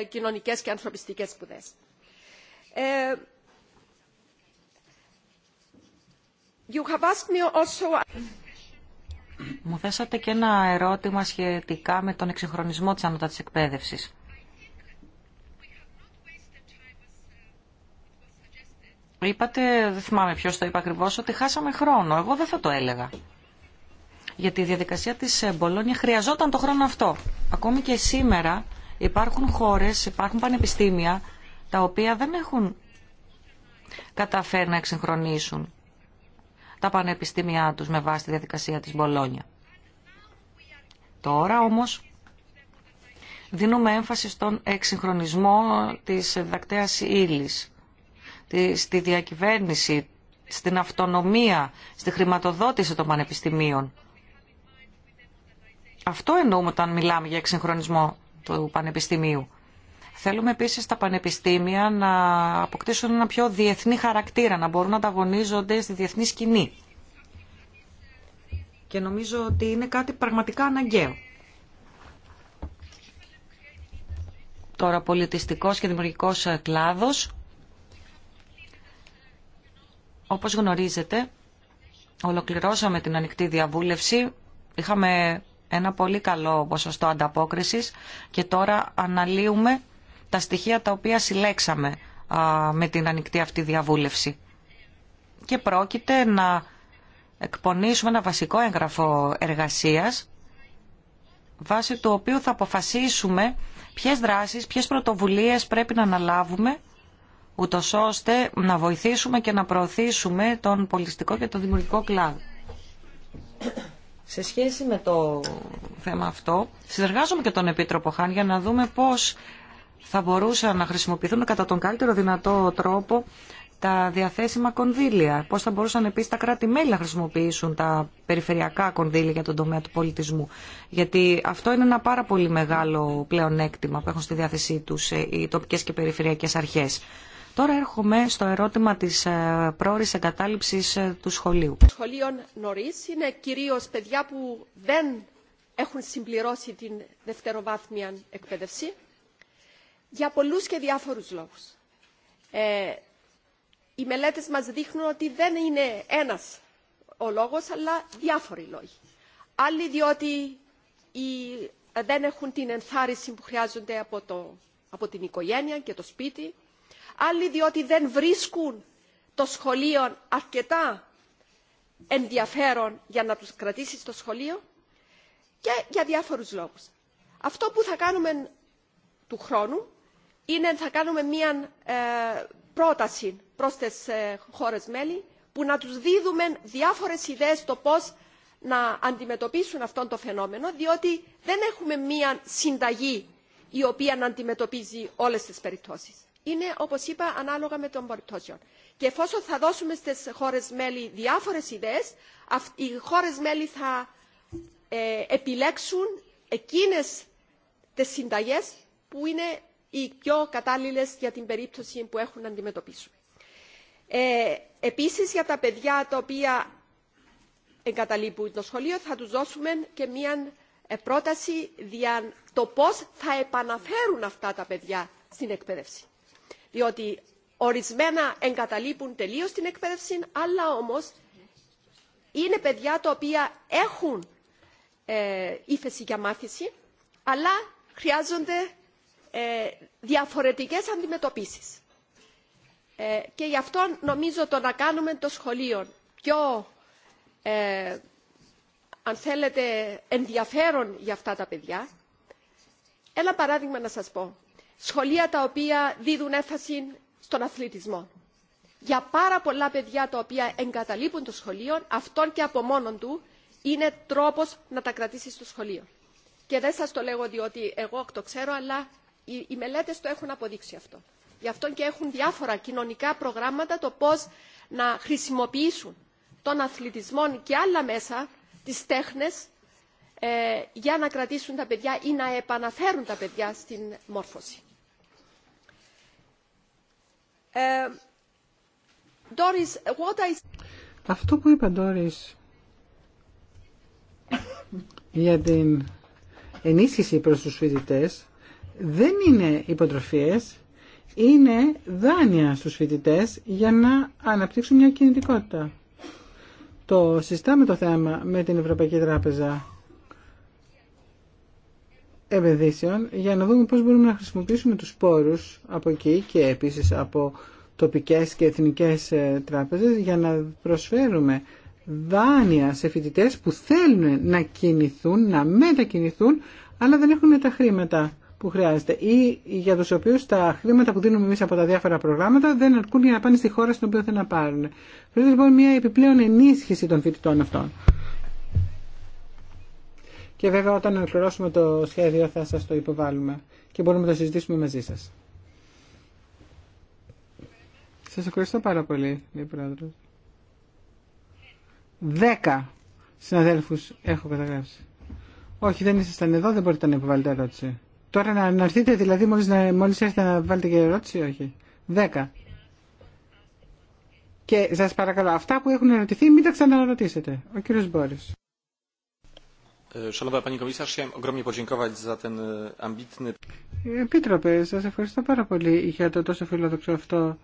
κοινωνικέ και ανθρωπιστικέ σπουδέ. Μου θέσατε και ένα ερώτημα σχετικά με τον εξυγχρονισμό της ανώτατης εκπαίδευσης. Είπατε, δεν θυμάμαι ποιος το είπε ακριβώς, ότι χάσαμε χρόνο. Εγώ δεν θα το έλεγα. Γιατί η διαδικασία της ε, Μπολόνια χρειαζόταν το χρόνο αυτό. Ακόμη και σήμερα υπάρχουν χώρες, υπάρχουν πανεπιστήμια, τα οποία δεν έχουν καταφέρει να εξυγχρονίσουν τα πανεπιστήμια τους με βάση τη διαδικασία της Μπολόνια. Τώρα όμως δίνουμε έμφαση στον εξυγχρονισμό της διδακτέας ύλη, στη διακυβέρνηση, στην αυτονομία, στη χρηματοδότηση των πανεπιστημίων. Αυτό εννοούμε όταν μιλάμε για εξυγχρονισμό του πανεπιστημίου. Θέλουμε επίσης τα πανεπιστήμια να αποκτήσουν ένα πιο διεθνή χαρακτήρα, να μπορούν να ανταγωνίζονται στη διεθνή σκηνή. Και νομίζω ότι είναι κάτι πραγματικά αναγκαίο. Τώρα πολιτιστικός και δημιουργικός κλάδος. Όπως γνωρίζετε, ολοκληρώσαμε την ανοιχτή διαβούλευση. Είχαμε ένα πολύ καλό ποσοστό ανταπόκρισης και τώρα αναλύουμε τα στοιχεία τα οποία συλλέξαμε με την ανοιχτή αυτή διαβούλευση. Και πρόκειται να εκπονήσουμε ένα βασικό έγγραφο εργασίας βάσει του οποίου θα αποφασίσουμε ποιες δράσεις, ποιες πρωτοβουλίες πρέπει να αναλάβουμε ούτω ώστε να βοηθήσουμε και να προωθήσουμε τον πολιτιστικό και τον δημιουργικό κλάδο. Σε σχέση με το θέμα αυτό, συνεργάζομαι και τον Επίτροπο Χάν για να δούμε πώς θα μπορούσαν να χρησιμοποιηθούν κατά τον καλύτερο δυνατό τρόπο τα διαθέσιμα κονδύλια. Πώς θα μπορούσαν επίσης τα κράτη-μέλη να χρησιμοποιήσουν τα περιφερειακά κονδύλια για τον τομέα του πολιτισμού. Γιατί αυτό είναι ένα πάρα πολύ μεγάλο πλεονέκτημα που έχουν στη διάθεσή τους ε, οι τοπικές και περιφερειακές αρχές. Τώρα έρχομαι στο ερώτημα της ε, πρόορης εγκατάλειψης ε, του σχολείου. σχολείο νωρίς είναι κυρίως παιδιά που δεν έχουν συμπληρώσει την δευτεροβάθμια εκπαίδευση για πολλούς και διάφορους λόγους. Ε, οι μελέτες μας δείχνουν ότι δεν είναι ένας ο λόγος, αλλά διάφοροι λόγοι. Άλλοι διότι οι, δεν έχουν την ενθάρρυνση που χρειάζονται από, το, από την οικογένεια και το σπίτι. Άλλοι διότι δεν βρίσκουν το σχολείο αρκετά ενδιαφέρον για να τους κρατήσει στο σχολείο και για διάφορους λόγους. Αυτό που θα κάνουμε του χρόνου είναι θα κάνουμε μία ε, πρόταση προς τις ε, χώρες μέλη που να τους δίδουμε διάφορες ιδέες το πώς να αντιμετωπίσουν αυτό το φαινόμενο διότι δεν έχουμε μία συνταγή η οποία να αντιμετωπίζει όλες τις περιπτώσεις. Είναι, όπως είπα, ανάλογα με τον περιπτώσιο Και εφόσον θα δώσουμε στις χώρες μέλη διάφορες ιδέες, οι χώρες μέλη θα ε, επιλέξουν εκείνες τις συνταγές που είναι οι πιο κατάλληλες για την περίπτωση που έχουν να αντιμετωπίσουν. Ε, επίσης για τα παιδιά τα οποία εγκαταλείπουν το σχολείο θα τους δώσουμε και μία ε, πρόταση για το πώς θα επαναφέρουν αυτά τα παιδιά στην εκπαίδευση. Διότι ορισμένα εγκαταλείπουν τελείως την εκπαίδευση, αλλά όμως είναι παιδιά τα οποία έχουν ε, ύφεση για μάθηση, αλλά χρειάζονται ε, διαφορετικές αντιμετωπίσεις. Ε, και γι' αυτό νομίζω το να κάνουμε το σχολείο πιο, ε, αν θέλετε, ενδιαφέρον για αυτά τα παιδιά. Ένα παράδειγμα να σας πω. Σχολεία τα οποία δίδουν έφαση στον αθλητισμό. Για πάρα πολλά παιδιά τα οποία εγκαταλείπουν το σχολείο, αυτόν και από μόνον του είναι τρόπος να τα κρατήσει στο σχολείο. Και δεν σας το λέγω διότι εγώ το ξέρω, αλλά οι μελέτες το έχουν αποδείξει αυτό. Γι' αυτό και έχουν διάφορα κοινωνικά προγράμματα το πώς να χρησιμοποιήσουν τον αθλητισμό και άλλα μέσα, τις τέχνες, ε, για να κρατήσουν τα παιδιά ή να επαναφέρουν τα παιδιά στην μόρφωση. Ε, αυτό που είπα, Doris, για την ενίσχυση προς τους φοιτητές δεν είναι υποτροφίες, είναι δάνεια στους φοιτητέ για να αναπτύξουν μια κινητικότητα. Το συστάμε το θέμα με την Ευρωπαϊκή Τράπεζα Επενδύσεων για να δούμε πώς μπορούμε να χρησιμοποιήσουμε τους πόρους από εκεί και επίσης από τοπικές και εθνικές ε, τράπεζες για να προσφέρουμε δάνεια σε φοιτητές που θέλουν να κινηθούν, να μετακινηθούν, αλλά δεν έχουν τα χρήματα που χρειάζεται ή για τους οποίους τα χρήματα που δίνουμε εμείς από τα διάφορα προγράμματα δεν αρκούν για να πάνε στη χώρα στην οποία θέλουν να πάρουν. Χρειάζεται λοιπόν μια επιπλέον ενίσχυση των φοιτητών αυτών. Και βέβαια όταν ολοκληρώσουμε το σχέδιο θα σας το υποβάλουμε και μπορούμε να το συζητήσουμε μαζί σας. Σας ευχαριστώ πάρα πολύ, λέει πρόεδρο. Δέκα συναδέλφους έχω καταγράψει. Όχι, δεν ήσασταν εδώ, δεν μπορείτε να υποβάλλετε ερώτηση. Τώρα να, να έρθετε δηλαδή μόλις, να, μόλις έρθετε να βάλετε και ερώτηση όχι. Δέκα. Και σας παρακαλώ, αυτά που έχουν ερωτηθεί μην τα ξαναρωτήσετε. Ο κύριος Μπόρης. Ε, e, ε, Επίτροπε, σας ευχαριστώ πάρα πολύ για το τόσο φιλόδοξο αυτό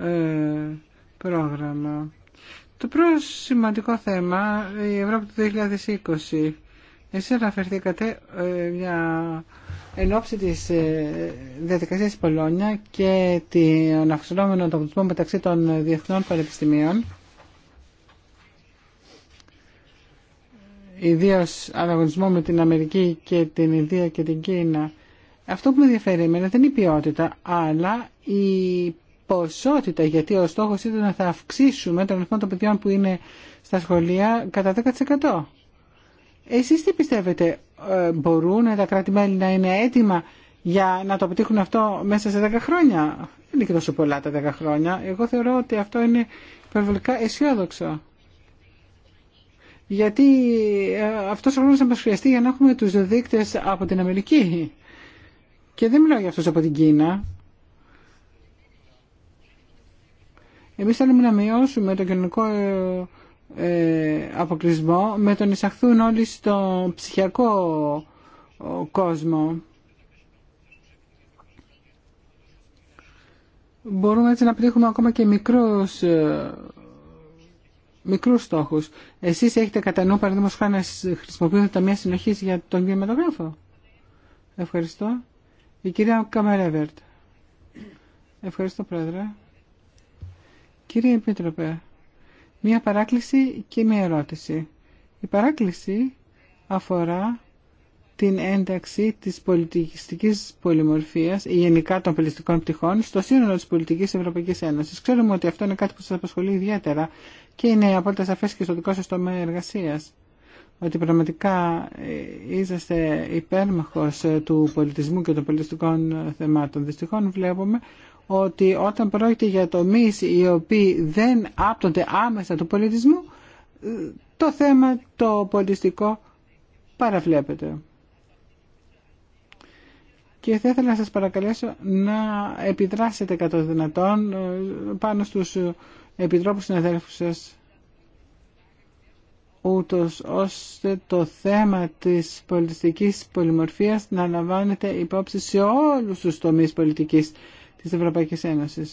ε, πρόγραμμα. Το πρώτο σημαντικό θέμα, η Ευρώπη του 2020. Εσείς αναφερθήκατε ε, μια εν ώψη της ε, διαδικασίας Πολώνια και των αυξανόμενων ανταγωνισμών μεταξύ των διεθνών πανεπιστημίων ιδίω ανταγωνισμό με την Αμερική και την Ινδία και την Κίνα. Αυτό που με ενδιαφέρει εμένα δεν είναι η ποιότητα, αλλά η ποσότητα, γιατί ο στόχος ήταν να θα αυξήσουμε τον αριθμό των παιδιών που είναι στα σχολεία κατά 10%. Εσείς τι πιστεύετε, ε, μπορούν τα κράτη-μέλη να είναι έτοιμα για να το πετύχουν αυτό μέσα σε 10 χρόνια. Δεν είναι και τόσο πολλά τα 10 χρόνια. Εγώ θεωρώ ότι αυτό είναι υπερβολικά αισιόδοξο. Γιατί ε, αυτός ο χρόνος θα μας χρειαστεί για να έχουμε τους δείκτες από την Αμερική. Και δεν μιλάω για αυτούς από την Κίνα. Εμείς θέλουμε να μειώσουμε το κοινωνικό ε, ε, αποκλεισμό με τον εισαχθούν όλοι στο ψυχιακό κόσμο. Μπορούμε έτσι να πετύχουμε ακόμα και μικρούς, ε, μικρούς στόχους. Εσείς έχετε κατά νου, παραδείγματος χάρη, να χρησιμοποιούνται μια συνοχή για τον κινηματογράφο. Ευχαριστώ. Η κυρία Καμερέβερτ. Ευχαριστώ, Πρόεδρε. Κύριε Επίτροπε, Μία παράκληση και μία ερώτηση. Η παράκληση αφορά την ένταξη της πολιτιστικής πολυμορφίας ή γενικά των πολιτιστικών πτυχών στο σύνολο της πολιτικής Ευρωπαϊκής Ένωσης. Ξέρουμε ότι αυτό είναι κάτι που σας απασχολεί ιδιαίτερα και είναι απόλυτα σαφές και στο δικό σας τομέα εργασίας ότι πραγματικά ε, είσαστε υπέρμαχος ε, του πολιτισμού και των πολιτιστικών θεμάτων. Δυστυχώς βλέπουμε ότι όταν πρόκειται για τομεί οι οποίοι δεν άπτονται άμεσα του πολιτισμού, το θέμα το πολιτιστικό παραβλέπεται. Και θα ήθελα να σας παρακαλέσω να επιδράσετε κατά το δυνατόν ε, πάνω στους επιτρόπους συναδέλφους σας ούτως ώστε το θέμα της πολιτιστικής πολυμορφίας να λαμβάνεται υπόψη σε όλους τους τομείς πολιτικής Τη Ευρωπαϊκή Ένωση.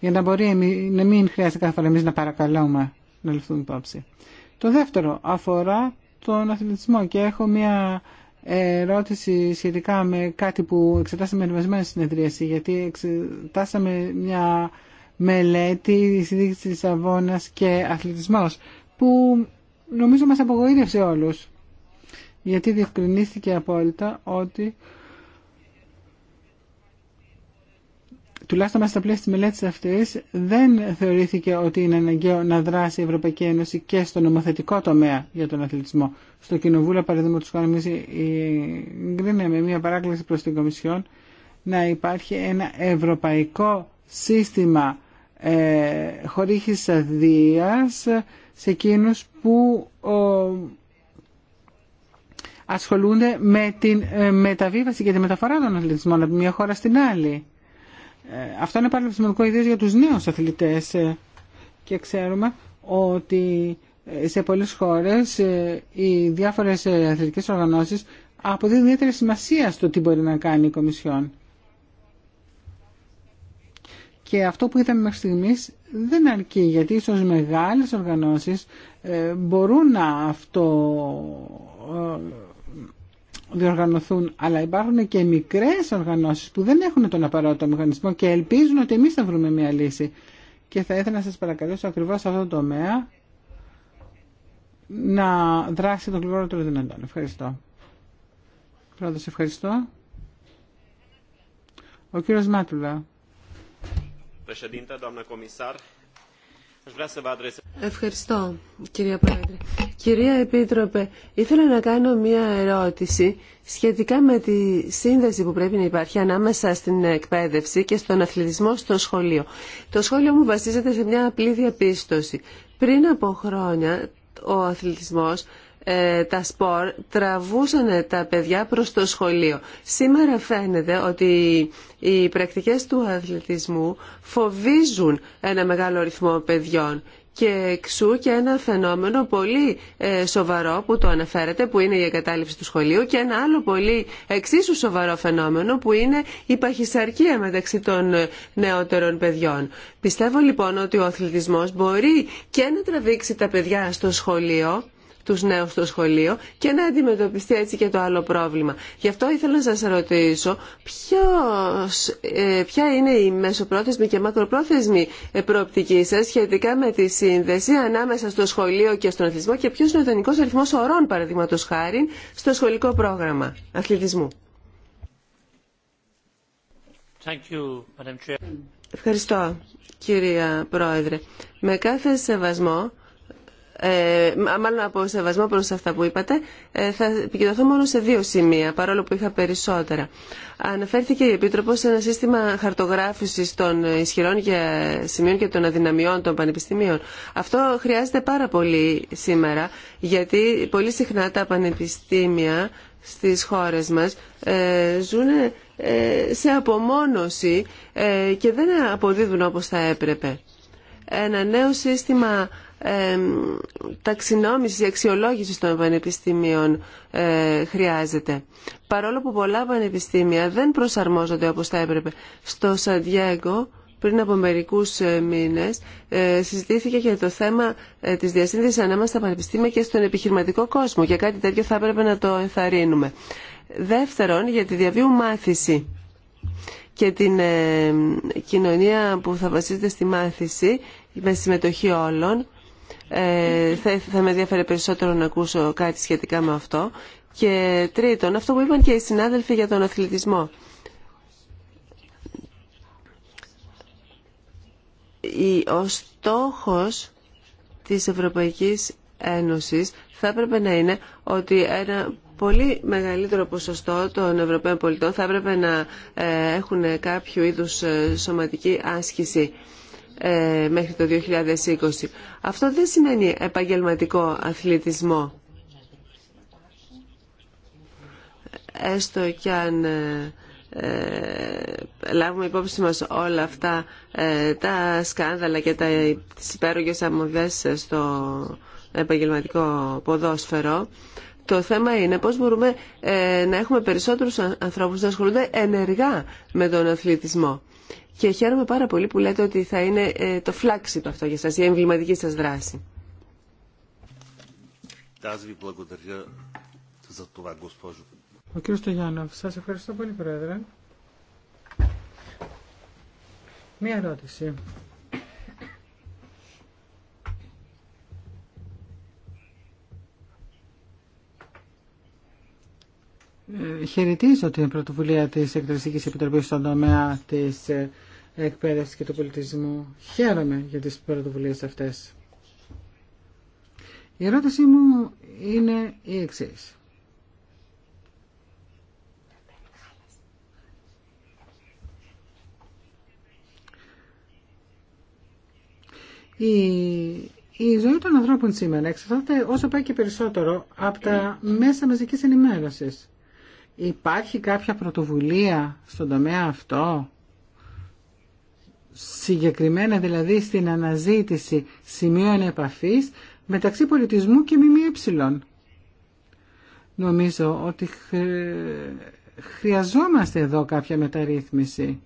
Για να μπορεί να μην χρειάζεται κάθε φορά εμεί να παρακαλούμε να ληφθούν υπόψη. Το δεύτερο αφορά τον αθλητισμό και έχω μια ερώτηση σχετικά με κάτι που εξετάσαμε ενημερισμένη συνεδρίαση γιατί εξετάσαμε μια μελέτη συνδίκηση της Αβώνας και αθλητισμός που νομίζω μας απογοήτευσε όλους γιατί διευκρινίστηκε απόλυτα ότι τουλάχιστον μέσα στα πλαίσια της μελέτης αυτής δεν θεωρήθηκε ότι είναι αναγκαίο να δράσει η Ευρωπαϊκή Ένωση και στο νομοθετικό τομέα για τον αθλητισμό. Στο Κοινοβούλιο, παραδείγματο χάρη, εμεί γκρίναμε μια παράκληση προς την Κομισιόν να υπάρχει ένα ευρωπαϊκό σύστημα ε, χωρίχης αδείας σε εκείνους που ο, ασχολούνται με την ε, μεταβίβαση και τη μεταφορά των αθλητισμών από μια χώρα στην άλλη. Ε, αυτό είναι πάρα σημαντικό ιδίως για τους νέους αθλητές ε, και ξέρουμε ότι ε, σε πολλές χώρες οι διάφορες αθλητικές οργανώσεις αποδίδουν ιδιαίτερη σημασία στο τι μπορεί να κάνει η Κομισιόν. Και αυτό που είδαμε μέχρι στιγμής δεν αρκεί, γιατί ίσως μεγάλες οργανώσεις μπορούν να αυτό διοργανωθούν, αλλά υπάρχουν και μικρές οργανώσεις που δεν έχουν τον απαραίτητο μηχανισμό και ελπίζουν ότι εμείς θα βρούμε μια λύση. Και θα ήθελα να σας παρακαλέσω ακριβώς σε αυτό το τομέα να δράσει τον του δυνατόν. Ευχαριστώ. Πρόεδρος, ευχαριστώ. Ο κύριος Μάτουλα. Ευχαριστώ, κυρία Πρόεδρε. Κυρία Επίτροπε, ήθελα να κάνω μία ερώτηση σχετικά με τη σύνδεση που πρέπει να υπάρχει ανάμεσα στην εκπαίδευση και στον αθλητισμό στο σχολείο. Το σχόλιο μου βασίζεται σε μια απλή διαπίστωση. Πριν από χρόνια, ο αθλητισμός ε, τα σπορ τραβούσαν τα παιδιά προς το σχολείο. Σήμερα φαίνεται ότι οι πρακτικές του αθλητισμού φοβίζουν ένα μεγάλο ρυθμό παιδιών και εξού και ένα φαινόμενο πολύ ε, σοβαρό που το αναφέρετε που είναι η εγκατάλειψη του σχολείου και ένα άλλο πολύ εξίσου σοβαρό φαινόμενο που είναι η παχυσαρκία μεταξύ των ε, νεότερων παιδιών. Πιστεύω λοιπόν ότι ο αθλητισμός μπορεί και να τραβήξει τα παιδιά στο σχολείο του νέου στο σχολείο και να αντιμετωπιστεί έτσι και το άλλο πρόβλημα. Γι' αυτό ήθελα να σα ρωτήσω ποιος, ε, ποια είναι η μεσοπρόθεσμη και μακροπρόθεσμη προοπτική σα σχετικά με τη σύνδεση ανάμεσα στο σχολείο και στον αθλητισμό και ποιο είναι ο ιδανικό αριθμό ορών, παραδείγματο χάρη στο σχολικό πρόγραμμα αθλητισμού. Thank you, Madam Chair. Ευχαριστώ, κυρία Πρόεδρε. Με κάθε σεβασμό ε, μάλλον από σεβασμό προς αυτά που είπατε, ε, θα επικεντρωθώ μόνο σε δύο σημεία, παρόλο που είχα περισσότερα. Αναφέρθηκε η Επίτροπος σε ένα σύστημα χαρτογράφησης των ισχυρών και σημείων και των αδυναμιών των πανεπιστημίων. Αυτό χρειάζεται πάρα πολύ σήμερα, γιατί πολύ συχνά τα πανεπιστήμια στις χώρες μας ε, ζουν ε, σε απομόνωση και δεν αποδίδουν όπως θα έπρεπε. Ένα νέο σύστημα ταξινόμηση, αξιολόγηση των πανεπιστήμιων ε, χρειάζεται. Παρόλο που πολλά πανεπιστήμια δεν προσαρμόζονται όπως θα έπρεπε. Στο Σαντιέγκο πριν από μερικούς ε, μήνες ε, συζητήθηκε για το θέμα ε, της διασύνδεσης ανάμεσα στα πανεπιστήμια και στον επιχειρηματικό κόσμο. Για κάτι τέτοιο θα έπρεπε να το ενθαρρύνουμε. Δεύτερον, για τη διαβίου μάθηση και την ε, κοινωνία που θα βασίζεται στη μάθηση με συμμετοχή όλων ε, θα, με ενδιαφέρει περισσότερο να ακούσω κάτι σχετικά με αυτό. Και τρίτον, αυτό που είπαν και οι συνάδελφοι για τον αθλητισμό. Ο στόχος της Ευρωπαϊκής Ένωσης θα έπρεπε να είναι ότι ένα πολύ μεγαλύτερο ποσοστό των Ευρωπαίων πολιτών θα έπρεπε να ε, έχουν κάποιο είδους ε, σωματική άσκηση. Ε, μέχρι το 2020. Αυτό δεν σημαίνει επαγγελματικό αθλητισμό. Έστω και αν ε, ε, λάβουμε υπόψη μας όλα αυτά τα σκάνδαλα και τα, τις υπέρογες στο επαγγελματικό ποδόσφαιρο το θέμα είναι πώς μπορούμε να έχουμε περισσότερους ανθρώπους να ασχολούνται ενεργά με τον αθλητισμό. Και χαίρομαι πάρα πολύ που λέτε ότι θα είναι ε, το φλάξι αυτό για σας, η εμβληματική σας δράση. Ο κύριος Στογιάννοφ, σας ευχαριστώ πολύ, Πρόεδρε. Μία ερώτηση. Ε, χαιρετίζω την πρωτοβουλία της Εκτελεστικής Επιτροπής στον τομέα της ε, εκπαίδευση και του πολιτισμού. Χαίρομαι για τις πρωτοβουλίε αυτές. Η ερώτησή μου είναι η εξή. Η, η ζωή των ανθρώπων σήμερα εξαρτάται όσο πάει και περισσότερο από τα μέσα μαζικής ενημέρωσης. Υπάρχει κάποια πρωτοβουλία στον τομέα αυτό συγκεκριμένα δηλαδή στην αναζήτηση σημείων επαφής μεταξύ πολιτισμού και ΜΜΕ. Νομίζω ότι χρειαζόμαστε εδώ κάποια μεταρρύθμιση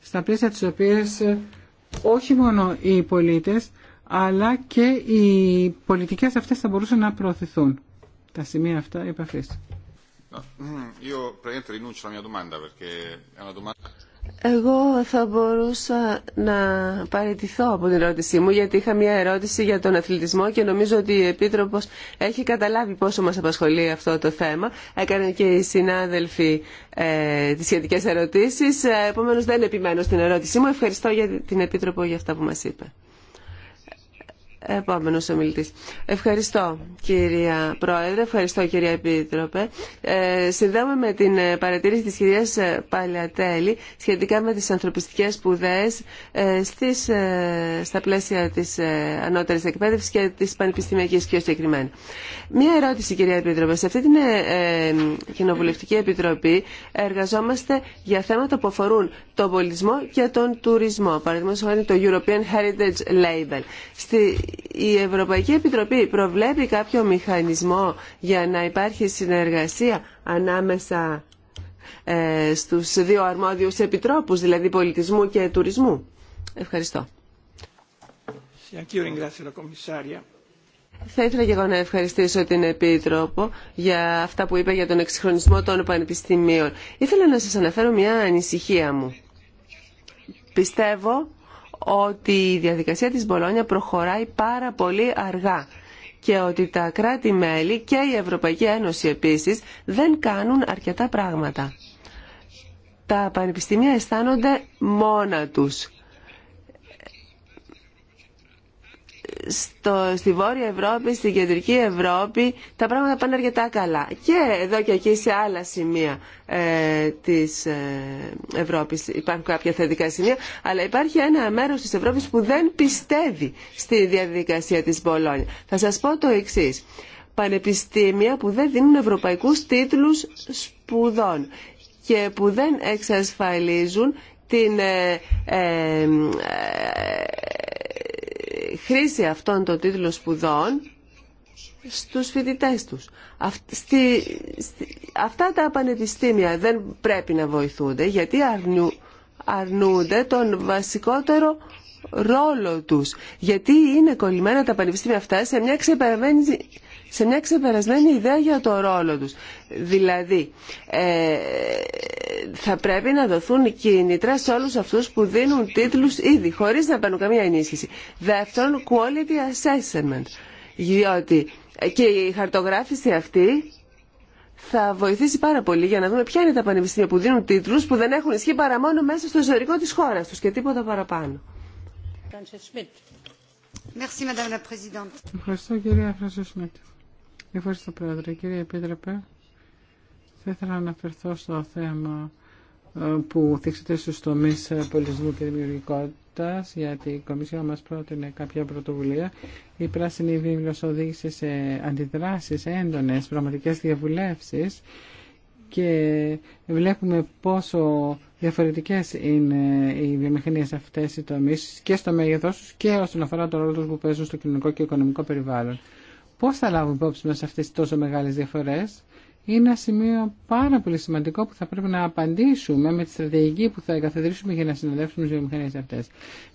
στα πλαίσια τις οποίες όχι μόνο οι πολίτες αλλά και οι πολιτικές αυτές θα μπορούσαν να προωθηθούν τα σημεία αυτά επαφής. Εγώ θα μπορούσα να παραιτηθώ από την ερώτησή μου γιατί είχα μια ερώτηση για τον αθλητισμό και νομίζω ότι η Επίτροπος έχει καταλάβει πόσο μας απασχολεί αυτό το θέμα. έκανε και οι συνάδελφοι ε, τις σχετικές ερωτήσεις. Ε, επομένως δεν επιμένω στην ερώτησή μου. Ευχαριστώ για την Επίτροπο για αυτά που μας είπε. Επόμενος ομιλητής. Ευχαριστώ κυρία Πρόεδρε, ευχαριστώ κυρία Επίτροπε. Ε, συνδέομαι με την ε, παρατήρηση της κυρίας ε, Παλιατέλη σχετικά με τις ανθρωπιστικές σπουδέ ε, ε, στα πλαίσια της ε, ανώτερης εκπαίδευσης και της πανεπιστημιακής πιο συγκεκριμένα. Μία ερώτηση κυρία Επίτροπε. Σε αυτή την Κοινοβουλευτική Επιτροπή εργαζόμαστε για θέματα που αφορούν τον πολιτισμό και τον τουρισμό. Παραδείγματο χάρη το European Heritage Label. Στη η Ευρωπαϊκή Επιτροπή προβλέπει κάποιο μηχανισμό για να υπάρχει συνεργασία ανάμεσα ε, στους δύο αρμόδιους επιτρόπους, δηλαδή πολιτισμού και τουρισμού. Ευχαριστώ. Θα ήθελα και εγώ να ευχαριστήσω την Επίτροπο για αυτά που είπε για τον εξυγχρονισμό των πανεπιστημίων. Ήθελα να σας αναφέρω μια ανησυχία μου. Πιστεύω ότι η διαδικασία της Μπολόνια προχωράει πάρα πολύ αργά και ότι τα κράτη-μέλη και η Ευρωπαϊκή Ένωση επίσης δεν κάνουν αρκετά πράγματα. Τα πανεπιστήμια αισθάνονται μόνα τους στο, στη Βόρεια Ευρώπη, στην Κεντρική Ευρώπη, τα πράγματα πάνε αρκετά καλά. Και εδώ και εκεί σε άλλα σημεία ε, της ε, Ευρώπης υπάρχουν κάποια θετικά σημεία, αλλά υπάρχει ένα μέρος της Ευρώπης που δεν πιστεύει στη διαδικασία της Μπολόνια. Θα σας πω το εξή: Πανεπιστήμια που δεν δίνουν ευρωπαϊκούς τίτλους σπουδών και που δεν εξασφαλίζουν την ε, χρήση αυτών των τίτλων σπουδών στους φοιτητές τους. αυτά τα πανεπιστήμια δεν πρέπει να βοηθούνται γιατί αρνούνται τον βασικότερο ρόλο τους. Γιατί είναι κολλημένα τα πανεπιστήμια αυτά σε μια ξεπεραμένη σε μια ξεπερασμένη ιδέα για το ρόλο τους. Δηλαδή, ε, θα πρέπει να δοθούν κινητρά σε όλους αυτούς που δίνουν τίτλους ήδη, χωρίς να παίρνουν καμία ενίσχυση. Δεύτερον, quality assessment. Διότι και η χαρτογράφηση αυτή θα βοηθήσει πάρα πολύ για να δούμε ποια είναι τα πανεπιστήμια που δίνουν τίτλους που δεν έχουν ισχύ παρά μόνο μέσα στο εσωτερικό της χώρας τους και τίποτα παραπάνω. Ευχαριστώ κυρία Ευχαριστώ Πρόεδρε. Κύριε επίτρεπε, θα ήθελα να αναφερθώ στο θέμα ε, που θίξετε στου τομεί ε, πολιτισμού και δημιουργικότητα, γιατί η Κομισιόν μα πρότεινε κάποια πρωτοβουλία. Η πράσινη βίβλο οδήγησε σε αντιδράσει έντονε, πραγματικέ διαβουλεύσει και βλέπουμε πόσο διαφορετικές είναι οι βιομηχανίες αυτές οι τομείς και στο μέγεθός και όσον αφορά το ρόλο τους που παίζουν στο κοινωνικό και οικονομικό περιβάλλον. Πώς θα λάβουμε υπόψη μας αυτές τις τόσο μεγάλες διαφορές. Είναι ένα σημείο πάρα πολύ σημαντικό που θα πρέπει να απαντήσουμε με τη στρατηγική που θα εγκαθιδρύσουμε για να συνοδεύσουμε τις βιομηχανίες αυτές.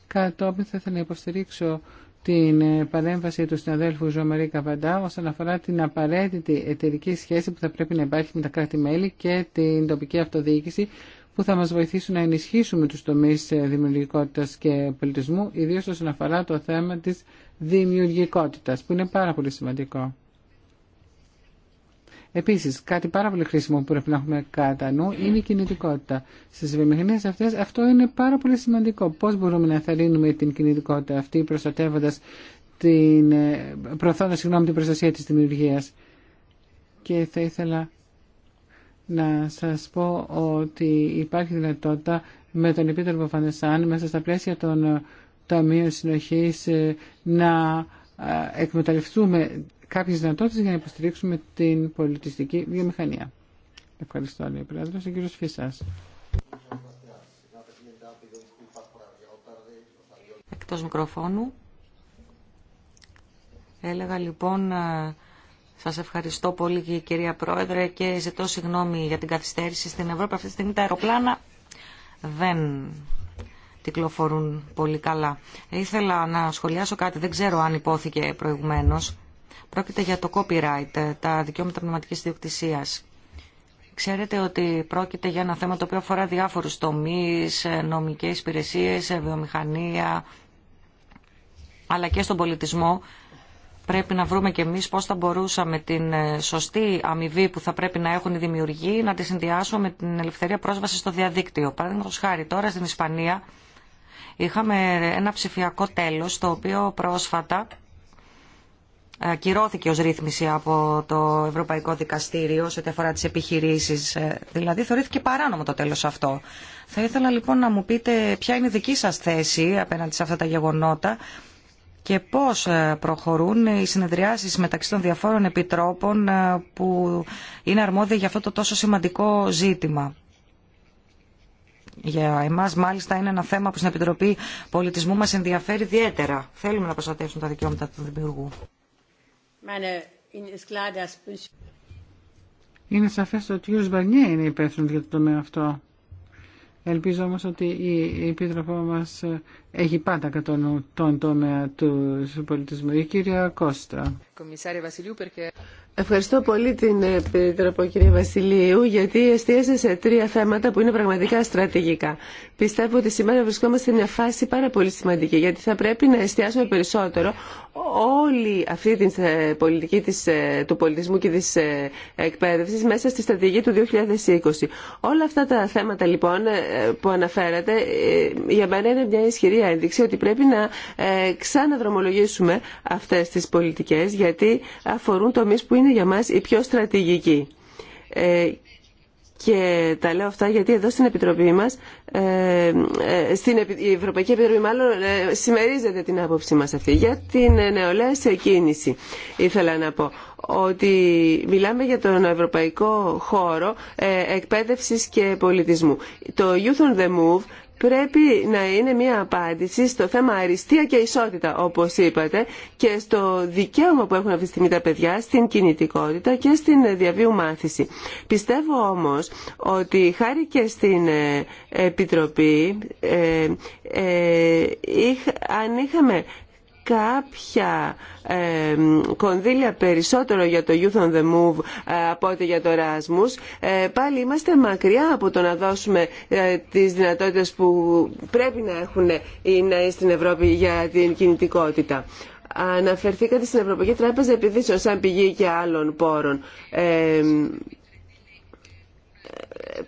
Κατόπιν θα ήθελα να υποστηρίξω την ε, παρέμβαση του συναδέλφου Ζωμαρή Καβαντά όσον αφορά την απαραίτητη εταιρική σχέση που θα πρέπει να υπάρχει με τα κράτη-μέλη και την τοπική αυτοδιοίκηση που θα μας βοηθήσουν να ενισχύσουμε τους τομείς ε, δημιουργικότητας και πολιτισμού, ιδίως όσον αφορά το θέμα της δημιουργικότητας, που είναι πάρα πολύ σημαντικό. Επίσης, κάτι πάρα πολύ χρήσιμο που πρέπει να έχουμε κατά νου είναι η κινητικότητα. Στις βιομηχανίες αυτές αυτό είναι πάρα πολύ σημαντικό. Πώς μπορούμε να θερύνουμε την κινητικότητα αυτή προστατεύοντας την, ε, προωθώντας συγγνώμη, την προστασία της δημιουργίας. Και θα ήθελα να σας πω ότι υπάρχει δυνατότητα με τον Επίτροπο Φανεσάν μέσα στα πλαίσια των ε, μέιο Συνοχής ε, να εκμεταλλευτούμε κάποιες δυνατότητες για να υποστηρίξουμε την πολιτιστική βιομηχανία. Ευχαριστώ, λέει Πρόεδρος. Ο κύριος Φυσάς. Εκτός μικροφώνου. Έλεγα λοιπόν, ε, σας ευχαριστώ πολύ κυρία Πρόεδρε και ζητώ συγγνώμη για την καθυστέρηση στην Ευρώπη. Αυτή τη στιγμή τα αεροπλάνα δεν κυκλοφορούν πολύ καλά. Ήθελα να σχολιάσω κάτι, δεν ξέρω αν υπόθηκε προηγουμένω. Πρόκειται για το copyright, τα δικαιώματα πνευματική διοκτησίας. Ξέρετε ότι πρόκειται για ένα θέμα το οποίο αφορά διάφορους τομείς, νομικές υπηρεσίες, βιομηχανία, αλλά και στον πολιτισμό. Πρέπει να βρούμε και εμείς πώς θα μπορούσαμε την σωστή αμοιβή που θα πρέπει να έχουν οι δημιουργοί να τη συνδυάσουμε με την ελευθερία πρόσβαση στο διαδίκτυο. Παραδείγματο χάρη τώρα στην Ισπανία Είχαμε ένα ψηφιακό τέλος, το οποίο πρόσφατα ε, κυρώθηκε ως ρύθμιση από το Ευρωπαϊκό Δικαστήριο σε ό,τι αφορά τις επιχειρήσεις. Ε, δηλαδή θεωρήθηκε παράνομο το τέλος αυτό. Θα ήθελα λοιπόν να μου πείτε ποια είναι η δική σας θέση απέναντι σε αυτά τα γεγονότα και πώς ε, προχωρούν οι συνεδριάσεις μεταξύ των διαφόρων επιτρόπων που είναι αρμόδιοι για αυτό το τόσο σημαντικό ζήτημα. Για εμάς μάλιστα είναι ένα θέμα που στην Επιτροπή Πολιτισμού μας ενδιαφέρει ιδιαίτερα. Θέλουμε να προστατεύσουμε τα δικαιώματα του δημιουργού. Είναι σαφέ ότι ο κ. Μπαρνιέ είναι υπεύθυνο για το τομέα αυτό. Ελπίζω όμω ότι η Επίτροπο μας ε, έχει πάντα κατά τον τομέα του πολιτισμού. Η κυρία Κώστα. Ευχαριστώ πολύ την Επίτροπο κύριε Βασιλείου γιατί εστίασε σε τρία θέματα που είναι πραγματικά στρατηγικά. Πιστεύω ότι σήμερα βρισκόμαστε σε μια φάση πάρα πολύ σημαντική γιατί θα πρέπει να εστιάσουμε περισσότερο όλη αυτή την ε, πολιτική της, ε, του πολιτισμού και της ε, εκπαίδευσης μέσα στη στρατηγική του 2020. Όλα αυτά τα θέματα λοιπόν που αναφέρατε για μένα είναι μια ισχυρή ένδειξη ότι πρέπει να ξαναδρομολογήσουμε αυτές τις πολιτικές γιατί αφορούν τομείς που είναι είναι για μας η πιο στρατηγική. Ε, και τα λέω αυτά γιατί εδώ στην Επιτροπή μας, ε, ε, στην η Ευρωπαϊκή Επιτροπή μάλλον, συμμερίζεται την άποψή μας αυτή. Για την νεολαία σε κίνηση ήθελα να πω ότι μιλάμε για τον ευρωπαϊκό χώρο εκπαίδευσης και πολιτισμού. Το Youth on the Move πρέπει να είναι μια απάντηση στο θέμα αριστεία και ισότητα, όπως είπατε, και στο δικαίωμα που έχουν αυτή τη στιγμή τα παιδιά στην κινητικότητα και στην διαβίου μάθηση. Πιστεύω όμως ότι χάρη και στην ε, Επιτροπή, ε, ε, αν είχαμε κάποια ε, κονδύλια περισσότερο για το Youth on the Move ε, από ό,τι για το Erasmus, ε, πάλι είμαστε μακριά από το να δώσουμε ε, τις δυνατότητες που πρέπει να έχουν οι νέοι στην Ευρώπη για την κινητικότητα. Αναφερθήκατε στην Ευρωπαϊκή Τράπεζα επειδή σαν πηγή και άλλων πόρων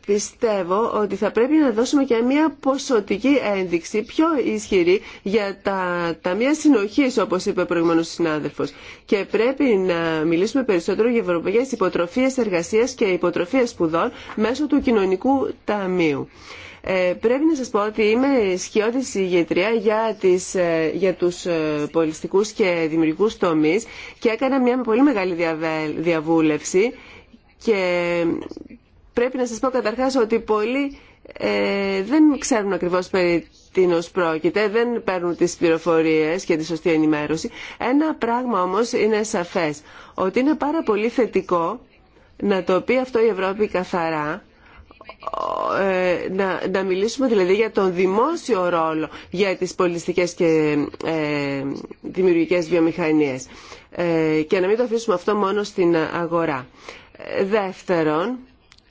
πιστεύω ότι θα πρέπει να δώσουμε και μια ποσοτική ένδειξη πιο ισχυρή για τα ταμεία συνοχής όπως είπε ο προηγούμενο συνάδελφος και πρέπει να μιλήσουμε περισσότερο για ευρωπαϊκές υποτροφίες εργασίας και υποτροφίες σπουδών μέσω του κοινωνικού ταμείου. Ε, πρέπει να σας πω ότι είμαι σχιώδης ηγετρία για, τις, ε, για τους ε, πολιστικούς και δημιουργικούς τομείς και έκανα μια πολύ μεγάλη διαβούλευση και πρέπει να σας πω καταρχάς ότι πολλοί ε, δεν ξέρουν ακριβώς περί τίνος πρόκειται, δεν παίρνουν τις πληροφορίες και τη σωστή ενημέρωση. Ένα πράγμα όμως είναι σαφές, ότι είναι πάρα πολύ θετικό να το πει αυτό η Ευρώπη καθαρά, ε, να, να μιλήσουμε δηλαδή για τον δημόσιο ρόλο για τις πολιτιστικές και ε, δημιουργικές βιομηχανίες ε, και να μην το αφήσουμε αυτό μόνο στην αγορά. Δεύτερον,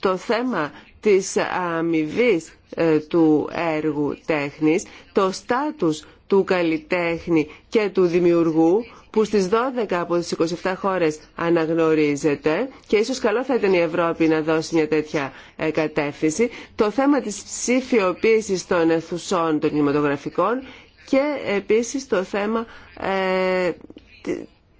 το θέμα της αμοιβή ε, του έργου τέχνης, το στάτους του καλλιτέχνη και του δημιουργού που στις 12 από τις 27 χώρες αναγνωρίζεται και ίσως καλό θα ήταν η Ευρώπη να δώσει μια τέτοια ε, κατεύθυνση, το θέμα της ψηφιοποίησης των αιθουσών των κινηματογραφικών και επίσης το θέμα ε,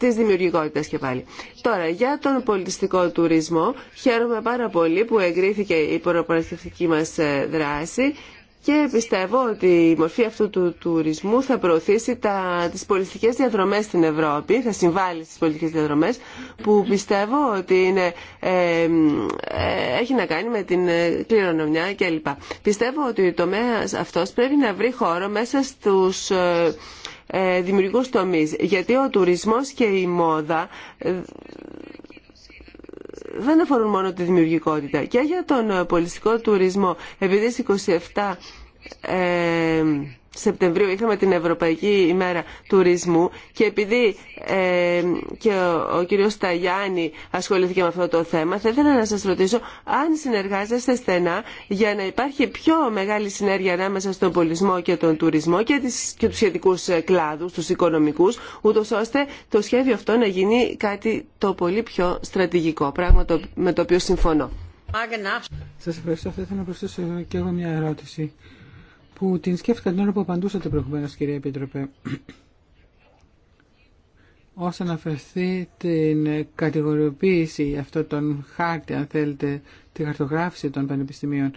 Τη δημιουργικότητα και πάλι. Τώρα, για τον πολιτιστικό τουρισμό, χαίρομαι πάρα πολύ που εγκρίθηκε η προπαρασκευτική μας ε, δράση και πιστεύω ότι η μορφή αυτού του τουρισμού θα προωθήσει τα, τις πολιτικές διαδρομές στην Ευρώπη, θα συμβάλλει στις πολιτικές διαδρομές που πιστεύω ότι είναι, ε, ε, έχει να κάνει με την κληρονομιά κλπ. Πιστεύω ότι το τομέας αυτός πρέπει να βρει χώρο μέσα στους... Ε, δημιουργικούς τομείς. Γιατί ο τουρισμός και η μόδα ε, δεν αφορούν μόνο τη δημιουργικότητα. Και για τον ε, πολιτικό τουρισμό, επειδή στις 27 Σεπτεμβρίου είχαμε την Ευρωπαϊκή ημέρα τουρισμού και επειδή ε, και ο, ο κύριος Ταγιάννη ασχολήθηκε με αυτό το θέμα θα ήθελα να σας ρωτήσω αν συνεργάζεστε στενά για να υπάρχει πιο μεγάλη συνέργεια ανάμεσα στον πολισμό και τον τουρισμό και, τις, και τους σχετικούς ε, κλάδους, τους οικονομικούς ούτως ώστε το σχέδιο αυτό να γίνει κάτι το πολύ πιο στρατηγικό πράγμα το, με το οποίο συμφωνώ. Σας ευχαριστώ. Θα ήθελα να προσθέσω και εγώ μια ερώτηση που την σκέφτηκα την ώρα που απαντούσατε προηγουμένως κύριε Επίτροπε όσον αφαιρθεί την κατηγοριοποίηση αυτό τον χάρτη αν θέλετε τη χαρτογράφηση των πανεπιστημίων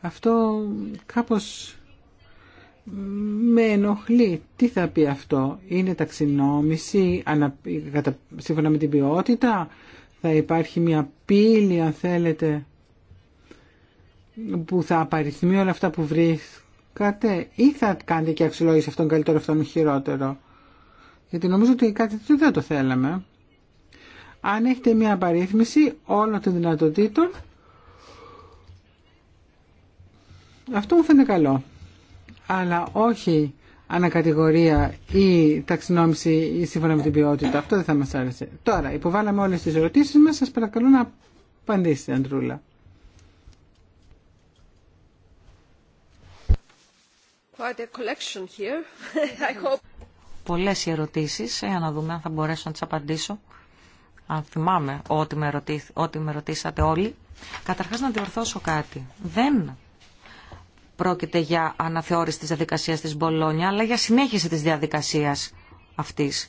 αυτό κάπως με ενοχλεί. Τι θα πει αυτό. Είναι ταξινόμηση ανα, σύμφωνα με την ποιότητα. Θα υπάρχει μια πύλη αν θέλετε που θα απαριθμεί όλα αυτά που βρίσκει Κάτε ή θα κάνετε και αξιολόγηση αυτόν καλύτερο, αυτόν χειρότερο. Γιατί νομίζω ότι κάτι τέτοιο δεν το θέλαμε. Αν έχετε μια απαρίθμηση όλων των δυνατοτήτων, αυτό μου φαίνεται καλό. Αλλά όχι ανακατηγορία ή ταξινόμηση ή σύμφωνα με την ποιότητα. Αυτό δεν θα μας άρεσε. Τώρα, υποβάλαμε όλες τις ερωτήσεις μας. Σας παρακαλώ να απαντήσετε, Αντρούλα. Πολλές ερωτήσεις, ε, να δούμε αν θα μπορέσω να τις απαντήσω. Αν θυμάμαι ό,τι με, ό,τι με ρωτήσατε όλοι. Καταρχάς να διορθώσω κάτι. Δεν πρόκειται για αναθεώρηση της διαδικασίας της Μπολόνια, αλλά για συνέχιση της διαδικασίας αυτής.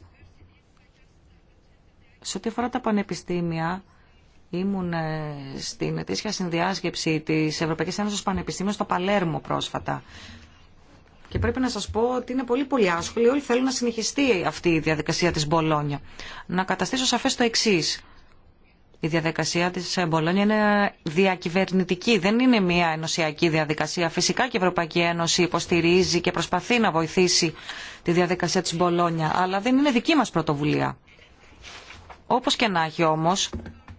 Σε ό,τι αφορά τα πανεπιστήμια, ήμουν ε, στην ετήσια συνδιάσκεψη της Ευρωπαϊκής Ένωσης Πανεπιστήμιου στο Παλέρμο πρόσφατα. Και πρέπει να σας πω ότι είναι πολύ πολύ άσχολη. Όλοι θέλουν να συνεχιστεί αυτή η διαδικασία της Μπολόνια. Να καταστήσω σαφές το εξή. Η διαδικασία της Μπολόνια είναι διακυβερνητική, δεν είναι μια ενωσιακή διαδικασία. Φυσικά και η Ευρωπαϊκή Ένωση υποστηρίζει και προσπαθεί να βοηθήσει τη διαδικασία της Μπολόνια, αλλά δεν είναι δική μα πρωτοβουλία. Όπω και να έχει όμω,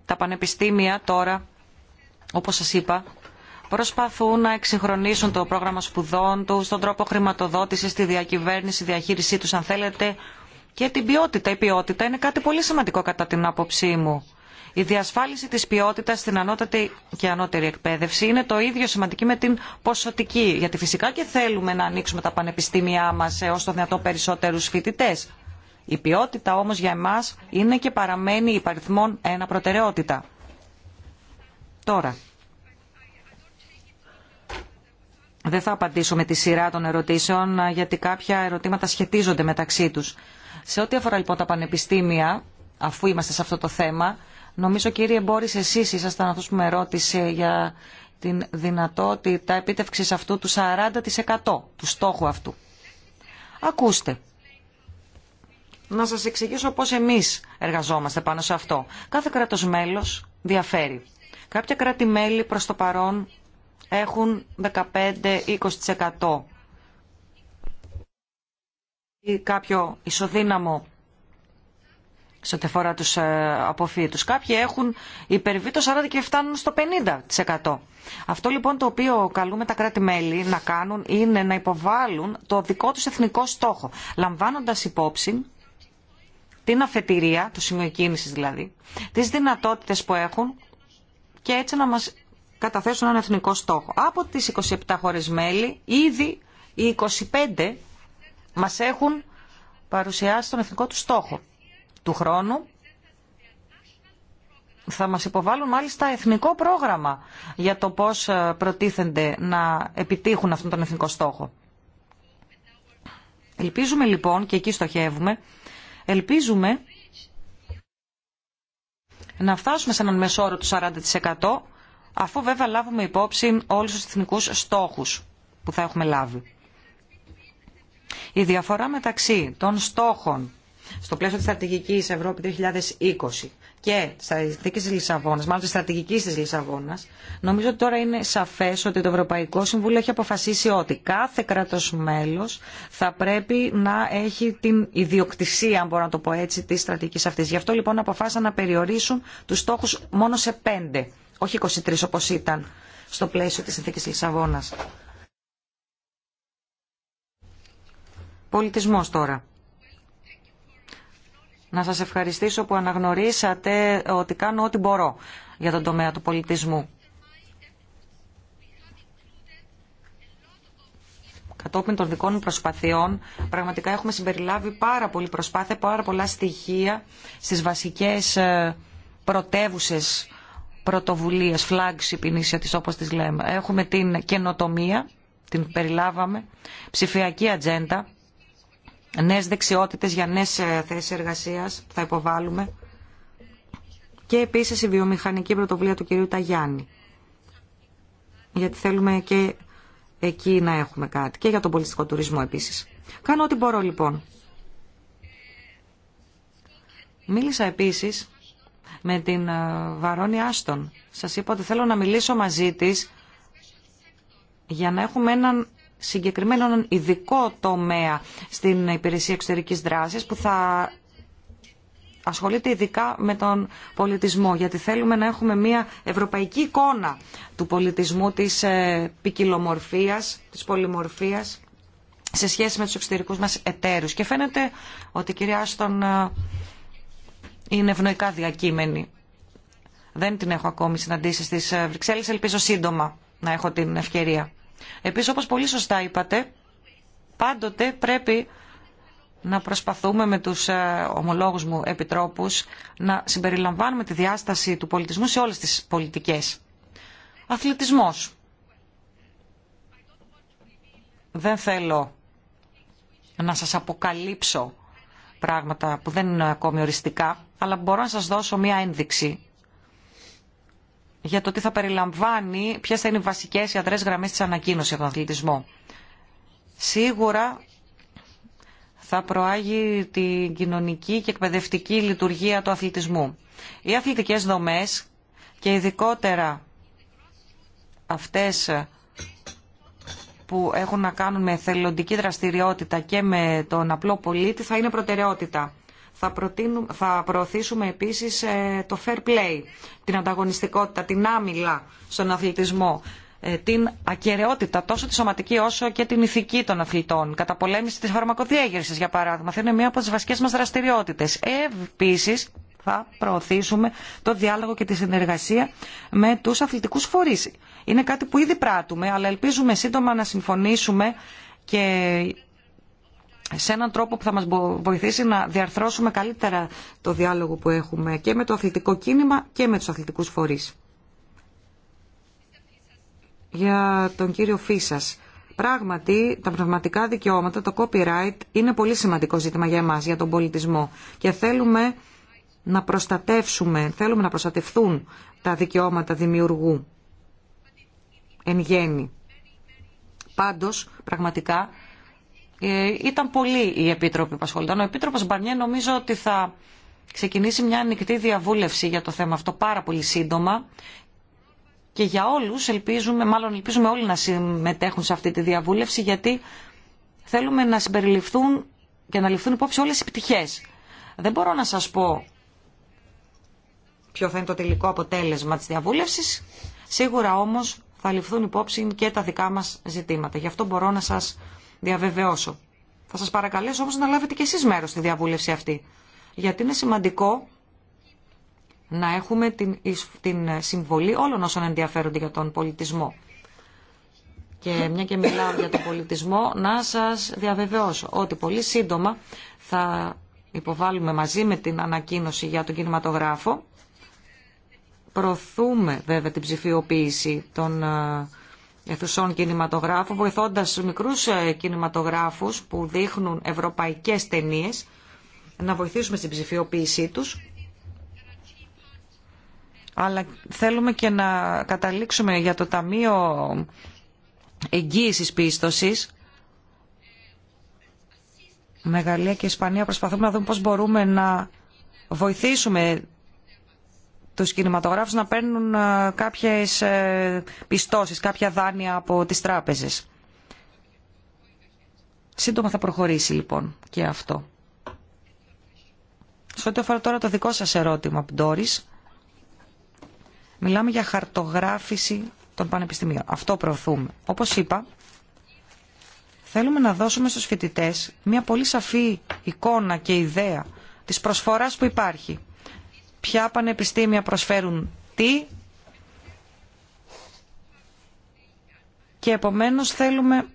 τα πανεπιστήμια τώρα, όπω σα είπα, προσπαθούν να εξυγχρονίσουν το πρόγραμμα σπουδών του, τον τρόπο χρηματοδότηση, τη διακυβέρνηση, διαχείρισή του, αν θέλετε και την ποιότητα. Η ποιότητα είναι κάτι πολύ σημαντικό κατά την άποψή μου. Η διασφάλιση της ποιότητας στην ανώτατη και ανώτερη εκπαίδευση είναι το ίδιο σημαντική με την ποσοτική, γιατί φυσικά και θέλουμε να ανοίξουμε τα πανεπιστήμια μας σε το δυνατόν περισσότερους φοιτητές. Η ποιότητα όμως για εμά είναι και παραμένει υπαριθμών ένα προτεραιότητα. Τώρα, Δεν θα απαντήσω με τη σειρά των ερωτήσεων, γιατί κάποια ερωτήματα σχετίζονται μεταξύ τους. Σε ό,τι αφορά λοιπόν τα πανεπιστήμια, αφού είμαστε σε αυτό το θέμα, νομίζω κύριε Μπόρις εσείς ήσασταν αυτός που με ρώτησε για την δυνατότητα επίτευξης αυτού του 40% του στόχου αυτού. Ακούστε. Να σας εξηγήσω πώς εμείς εργαζόμαστε πάνω σε αυτό. Κάθε κράτος μέλος διαφέρει. Κάποια κράτη-μέλη προς το παρόν έχουν 15-20% ή κάποιο ισοδύναμο σε ό,τι αφορά τους ε, αποφύτους. Κάποιοι έχουν υπερβεί το 40% και φτάνουν στο 50%. Αυτό λοιπόν το οποίο καλούμε τα κράτη-μέλη να κάνουν είναι να υποβάλουν το δικό τους εθνικό στόχο, λαμβάνοντας υπόψη την αφετηρία, το σημείο κίνησης δηλαδή, τις δυνατότητες που έχουν και έτσι να μας καταθέσουν έναν εθνικό στόχο. Από τις 27 χώρες μέλη, ήδη οι 25 μας έχουν παρουσιάσει τον εθνικό του στόχο. Του χρόνου θα μας υποβάλουν μάλιστα εθνικό πρόγραμμα για το πώς ε, προτίθενται να επιτύχουν αυτόν τον εθνικό στόχο. Ελπίζουμε λοιπόν, και εκεί στοχεύουμε, ελπίζουμε να φτάσουμε σε έναν μεσόρο του 40% αφού βέβαια λάβουμε υπόψη όλους τους εθνικούς στόχους που θα έχουμε λάβει. Η διαφορά μεταξύ των στόχων στο πλαίσιο της στρατηγικής Ευρώπη 2020 και της στρατηγικής της Λισαβόνας, μάλλον της στρατηγικής της Λισαβόνας, νομίζω ότι τώρα είναι σαφές ότι το Ευρωπαϊκό Συμβούλιο έχει αποφασίσει ότι κάθε κράτος μέλος θα πρέπει να έχει την ιδιοκτησία, αν μπορώ να το πω έτσι, της στρατηγικής αυτής. Γι' αυτό λοιπόν αποφάσισαν να περιορίσουν τους στόχους μόνο σε πέντε όχι 23 όπως ήταν στο πλαίσιο της συνθήκης Λισαβόνας. Πολιτισμός τώρα. Να σας ευχαριστήσω που αναγνωρίσατε ότι κάνω ό,τι μπορώ για τον τομέα του πολιτισμού. Κατόπιν των δικών μου προσπαθειών, πραγματικά έχουμε συμπεριλάβει πάρα πολύ προσπάθεια, πάρα πολλά στοιχεία στις βασικές ε, πρωτεύουσες πρωτοβουλίες, flagship initiatives όπως τις λέμε. Έχουμε την καινοτομία, την περιλάβαμε, ψηφιακή ατζέντα, νέες δεξιότητες για νέες ε, θέσεις εργασίας που θα υποβάλουμε και επίσης η βιομηχανική πρωτοβουλία του κυρίου Ταγιάννη. Γιατί θέλουμε και εκεί να έχουμε κάτι και για τον πολιτιστικό τουρισμό επίσης. Κάνω ό,τι μπορώ λοιπόν. Μίλησα επίσης με την ε, Βαρόνη Άστον. Σας είπα ότι θέλω να μιλήσω μαζί της για να έχουμε έναν συγκεκριμένο έναν ειδικό τομέα στην υπηρεσία εξωτερικής δράσης που θα ασχολείται ειδικά με τον πολιτισμό γιατί θέλουμε να έχουμε μια ευρωπαϊκή εικόνα του πολιτισμού της ε, ποικιλομορφία, της πολυμορφίας σε σχέση με τους εξωτερικούς μας εταίρους. Και φαίνεται ότι η κυρία Άστον ε, είναι ευνοϊκά διακείμενη. Δεν την έχω ακόμη συναντήσει στις ε, Βρυξέλλες, ελπίζω σύντομα να έχω την ευκαιρία. Επίσης, όπως πολύ σωστά είπατε, πάντοτε πρέπει να προσπαθούμε με τους ε, ομολόγους μου επιτρόπους να συμπεριλαμβάνουμε τη διάσταση του πολιτισμού σε όλες τις πολιτικές. Αθλητισμός. Δεν θέλω να σας αποκαλύψω πράγματα που δεν είναι ακόμη οριστικά αλλά μπορώ να σας δώσω μία ένδειξη για το τι θα περιλαμβάνει, ποιες θα είναι οι βασικές ιατρές γραμμές της ανακοίνωσης για τον αθλητισμό. Σίγουρα θα προάγει την κοινωνική και εκπαιδευτική λειτουργία του αθλητισμού. Οι αθλητικές δομές και ειδικότερα αυτές που έχουν να κάνουν με θελοντική δραστηριότητα και με τον απλό πολίτη θα είναι προτεραιότητα. Θα, προωθήσουμε επίσης ε, το fair play, την ανταγωνιστικότητα, την άμυλα στον αθλητισμό ε, την ακαιρεότητα τόσο τη σωματική όσο και την ηθική των αθλητών. Καταπολέμηση της φαρμακοδιέγερσης για παράδειγμα, θα είναι μία από τι βασικέ μα δραστηριότητε. Ε, επίσης, θα προωθήσουμε το διάλογο και τη συνεργασία με τους αθλητικούς φορείς. Είναι κάτι που ήδη πράττουμε, αλλά ελπίζουμε σύντομα να συμφωνήσουμε και σε έναν τρόπο που θα μας βοηθήσει να διαρθρώσουμε καλύτερα το διάλογο που έχουμε και με το αθλητικό κίνημα και με τους αθλητικούς φορείς. Για τον κύριο Φίσας. Πράγματι, τα πνευματικά δικαιώματα, το copyright, είναι πολύ σημαντικό ζήτημα για εμάς, για τον πολιτισμό. Και θέλουμε να προστατεύσουμε, θέλουμε να προστατευθούν τα δικαιώματα δημιουργού εν γέννη. Πάντως, πραγματικά, ε, ήταν πολλοί οι επίτροποι που ασχολούνταν. Ο επίτροπος Μπαρνιέ νομίζω ότι θα ξεκινήσει μια ανοιχτή διαβούλευση για το θέμα αυτό πάρα πολύ σύντομα και για όλου, ελπίζουμε, μάλλον ελπίζουμε όλοι να συμμετέχουν σε αυτή τη διαβούλευση γιατί θέλουμε να συμπεριληφθούν και να ληφθούν υπόψη όλε οι πτυχέ. Δεν μπορώ να σα πω ποιο θα είναι το τελικό αποτέλεσμα τη διαβούλευση. σίγουρα όμω θα ληφθούν υπόψη και τα δικά μα ζητήματα. Γι' αυτό μπορώ να σα διαβεβαιώσω. Θα σας παρακαλέσω όμως να λάβετε και εσείς μέρος στη διαβούλευση αυτή. Γιατί είναι σημαντικό να έχουμε την, την συμβολή όλων όσων ενδιαφέρονται για τον πολιτισμό. Και μια και μιλάω για τον πολιτισμό, να σας διαβεβαιώσω ότι πολύ σύντομα θα υποβάλουμε μαζί με την ανακοίνωση για τον κινηματογράφο. Προωθούμε βέβαια την ψηφιοποίηση των ε, αιθουσών κινηματογράφου, βοηθώντας μικρούς ε, κινηματογράφους που δείχνουν ευρωπαϊκές ταινίες, να βοηθήσουμε στην ψηφιοποίησή τους. Αλλά θέλουμε και να καταλήξουμε για το Ταμείο Εγγύησης Πίστοσης. Με και Ισπανία προσπαθούμε να δούμε πώς μπορούμε να βοηθήσουμε τους κινηματογράφους να παίρνουν ε, κάποιες ε, πιστώσεις, κάποια δάνεια από τις τράπεζες. Σύντομα θα προχωρήσει λοιπόν και αυτό. Σε ό,τι αφορά τώρα το δικό σας ερώτημα, Πντόρης, μιλάμε για χαρτογράφηση των πανεπιστημίων. Αυτό προωθούμε. Όπως είπα, θέλουμε να δώσουμε στους φοιτητές μια πολύ σαφή εικόνα και ιδέα της προσφοράς που υπάρχει ποια πανεπιστήμια προσφέρουν τι και επομένως θέλουμε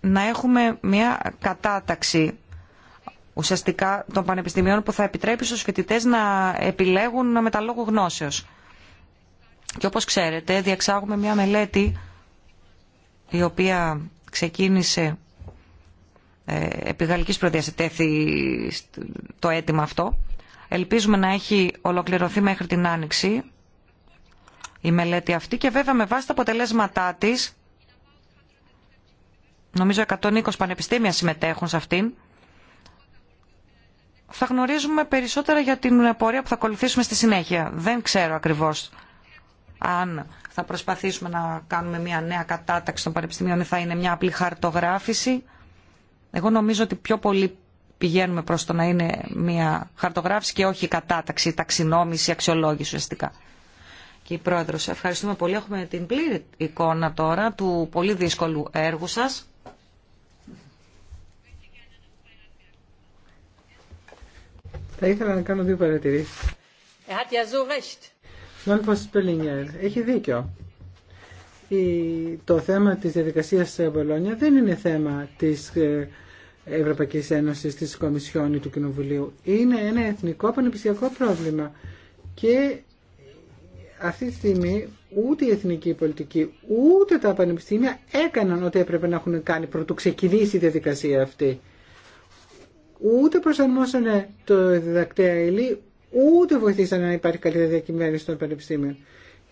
να έχουμε μια κατάταξη ουσιαστικά των πανεπιστημίων που θα επιτρέπει στους φοιτητές να επιλέγουν με τα γνώσεως. Και όπως ξέρετε διεξάγουμε μια μελέτη η οποία ξεκίνησε ε, επί γαλλικής προδιαστέθη το αίτημα αυτό Ελπίζουμε να έχει ολοκληρωθεί μέχρι την Άνοιξη η μελέτη αυτή και βέβαια με βάση τα αποτελέσματά της, νομίζω 120 πανεπιστήμια συμμετέχουν σε αυτήν, θα γνωρίζουμε περισσότερα για την πορεία που θα ακολουθήσουμε στη συνέχεια. Δεν ξέρω ακριβώς αν θα προσπαθήσουμε να κάνουμε μια νέα κατάταξη των πανεπιστημίων ή θα είναι μια απλή χαρτογράφηση. Εγώ νομίζω ότι πιο πολύ πηγαίνουμε προς το να είναι μια χαρτογράφηση και όχι κατάταξη, ταξινόμηση, αξιολόγηση ουσιαστικά. Και η Πρόεδρος, ευχαριστούμε πολύ. Έχουμε την πλήρη εικόνα τώρα του πολύ δύσκολου έργου σας. Θα ήθελα να κάνω δύο παρατηρήσεις. Πελινιέρ, er έχει δίκιο. Το θέμα της διαδικασίας Μπολόνια δεν είναι θέμα της ε, Ευρωπαϊκή Ένωση της Κομισιόν ή του Κοινοβουλίου. Είναι ένα εθνικό πανεπιστημιακό πρόβλημα και αυτή τη στιγμή ούτε η εθνική πολιτική ούτε τα πανεπιστήμια έκαναν ό,τι έπρεπε να έχουν κάνει πρωτού ξεκινήσει η διαδικασία αυτή. Ούτε προσαρμόσανε το διδακτέα ύλη, ούτε βοηθήσαν να υπάρχει καλύτερη διακυβέρνηση των πανεπιστήμιων.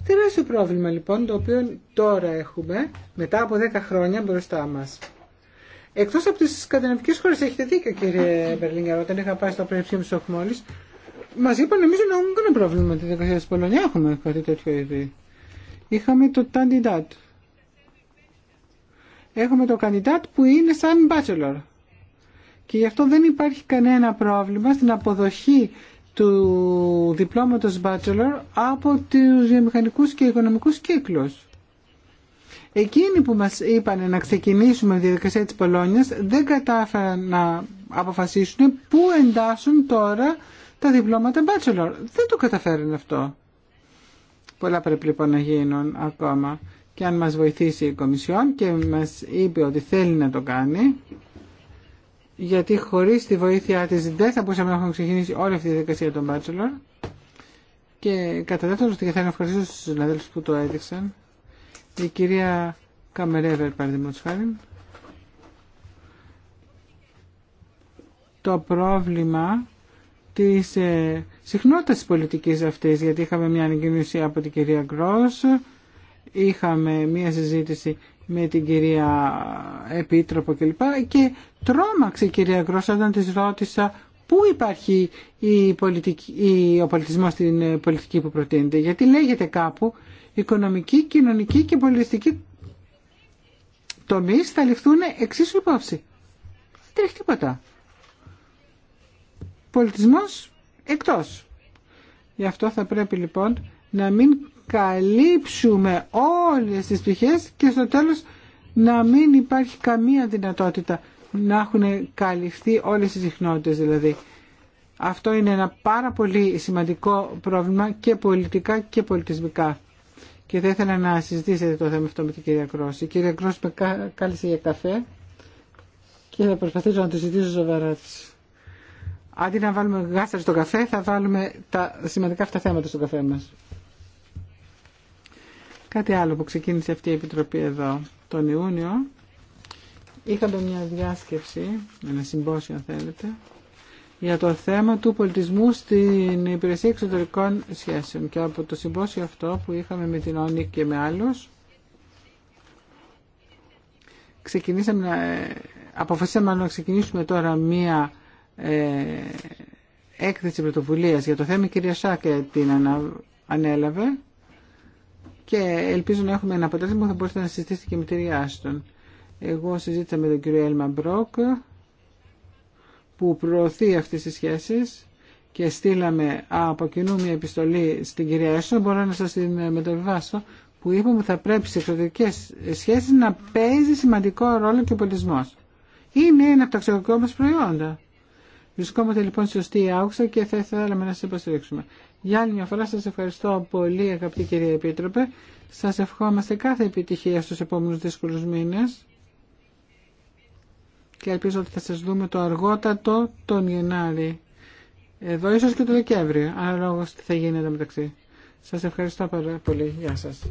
Τεράστιο πρόβλημα λοιπόν το διδακτεα ηλί ουτε βοηθησαν τώρα έχουμε μετά από 10 χρόνια μπροστά μα. Εκτό από τι σκανδιναβικέ χώρε έχετε δίκιο κύριε Μπερλίνγκερ, όταν είχα πάει στο Πανεπιστήμιο Στοκμόλης, Μα είπαν νομίζω να έχουν κανένα πρόβλημα με τη δεκαετία τη Πολωνία, έχουμε κάτι τέτοιο ήδη. Είχαμε το Ταντιντάτ. Έχουμε το καντιντάτ που είναι σαν μπάτσελορ. Και γι' αυτό δεν υπάρχει κανένα πρόβλημα στην αποδοχή του διπλώματος bachelor από τους βιομηχανικούς και οικονομικούς κύκλους. Εκείνοι που μας είπαν να ξεκινήσουμε τη διαδικασία της Πολώνιας δεν κατάφεραν να αποφασίσουν πού εντάσσουν τώρα τα διπλώματα bachelor. Δεν το καταφέρουν αυτό. Πολλά πρέπει λοιπόν να γίνουν ακόμα. Και αν μας βοηθήσει η Κομισιόν και μας είπε ότι θέλει να το κάνει, γιατί χωρίς τη βοήθειά της δεν θα μπορούσαμε να έχουμε ξεκινήσει όλη αυτή τη διαδικασία των bachelor. Και κατά δεύτερον, θα να ευχαριστήσω στους συναδέλφους που το έδειξαν. Η κυρία Καμερέβερ, παραδείγματος χάρη, το πρόβλημα της ε, συχνότητας της πολιτικής αυτής, γιατί είχαμε μια ανακοίνωση από την κυρία Γκρός, είχαμε μια συζήτηση με την κυρία Επίτροπο κλπ. Και τρόμαξε η κυρία Γκρός όταν της ρώτησα πού υπάρχει η πολιτική, η, ο πολιτισμός στην ε, πολιτική που προτείνεται. Γιατί λέγεται κάπου οικονομική, κοινωνική και πολιτιστική τομείς θα ληφθούν εξίσου υπόψη. Δεν τρέχει τίποτα. Πολιτισμός εκτός. Γι' αυτό θα πρέπει λοιπόν να μην καλύψουμε όλες τις πτυχές και στο τέλος να μην υπάρχει καμία δυνατότητα να έχουν καλυφθεί όλες οι συχνότητες δηλαδή. Αυτό είναι ένα πάρα πολύ σημαντικό πρόβλημα και πολιτικά και πολιτισμικά και θα ήθελα να συζητήσετε το θέμα αυτό με την κυρία Κρόση. Η κυρία Κρόση με κάλεσε για καφέ και θα προσπαθήσω να το συζητήσω σοβαρά τη. Αντί να βάλουμε γάστρα στο καφέ, θα βάλουμε τα σημαντικά αυτά θέματα στο καφέ μας. Κάτι άλλο που ξεκίνησε αυτή η Επιτροπή εδώ τον Ιούνιο. Είχαμε μια διάσκεψη, ένα συμπόσιο αν θέλετε, για το θέμα του πολιτισμού στην υπηρεσία εξωτερικών σχέσεων και από το συμπόσιο αυτό που είχαμε με την ΟΝΙΚ και με άλλους ξεκινήσαμε να, ε, αποφασίσαμε να ξεκινήσουμε τώρα μία ε, έκθεση πρωτοβουλίας για το θέμα η κυρία Σάκε την ανέλαβε και ελπίζω να έχουμε ένα αποτέλεσμα που θα μπορείτε να συζητήσετε και με την Ριάστον. Εγώ συζήτησα με τον κύριο Έλμα Μπρόκ που προωθεί αυτές τις σχέσεις και στείλαμε από κοινού μια επιστολή στην κυρία Έσο, μπορώ να σας την ε, μεταβιβάσω, που είπαμε ότι θα πρέπει σε εξωτερικές σχέσεις να παίζει σημαντικό ρόλο και ο πολιτισμός. Είναι ένα από τα εξωτερικά μας προϊόντα. Βρισκόμαστε λοιπόν στη σωστή άκουσα και θα ήθελα να σας υποστηρίξουμε. Για άλλη μια φορά σας ευχαριστώ πολύ αγαπητή κυρία Επίτροπε. Σας ευχόμαστε κάθε επιτυχία στους επόμενους δύσκολους μήνες και ελπίζω ότι θα σας δούμε το αργότατο τον Γενάρη. Εδώ ίσως και το Δεκέμβριο, Άρα τι θα γίνει εδώ μεταξύ. Σας ευχαριστώ πάρα πολύ. Γεια σας.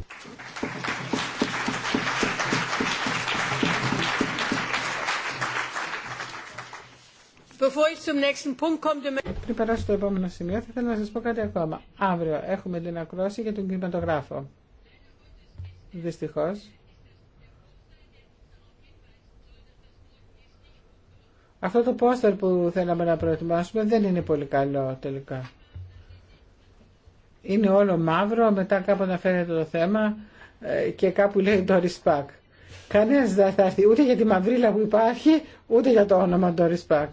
Πριν περάσω στο επόμενο σημείο, θα ήθελα να σας πω κάτι ακόμα. Αύριο έχουμε την ακρόση για τον κινηματογράφο. Δυστυχώς. Αυτό το πόστερ που θέλαμε να προετοιμάσουμε δεν είναι πολύ καλό τελικά. Είναι όλο μαύρο, μετά κάπου αναφέρεται το θέμα ε, και κάπου λέει Doris Pack. Κανένα δεν θα έρθει ούτε για τη μαυρίλα που υπάρχει, ούτε για το όνομα Doris Pack.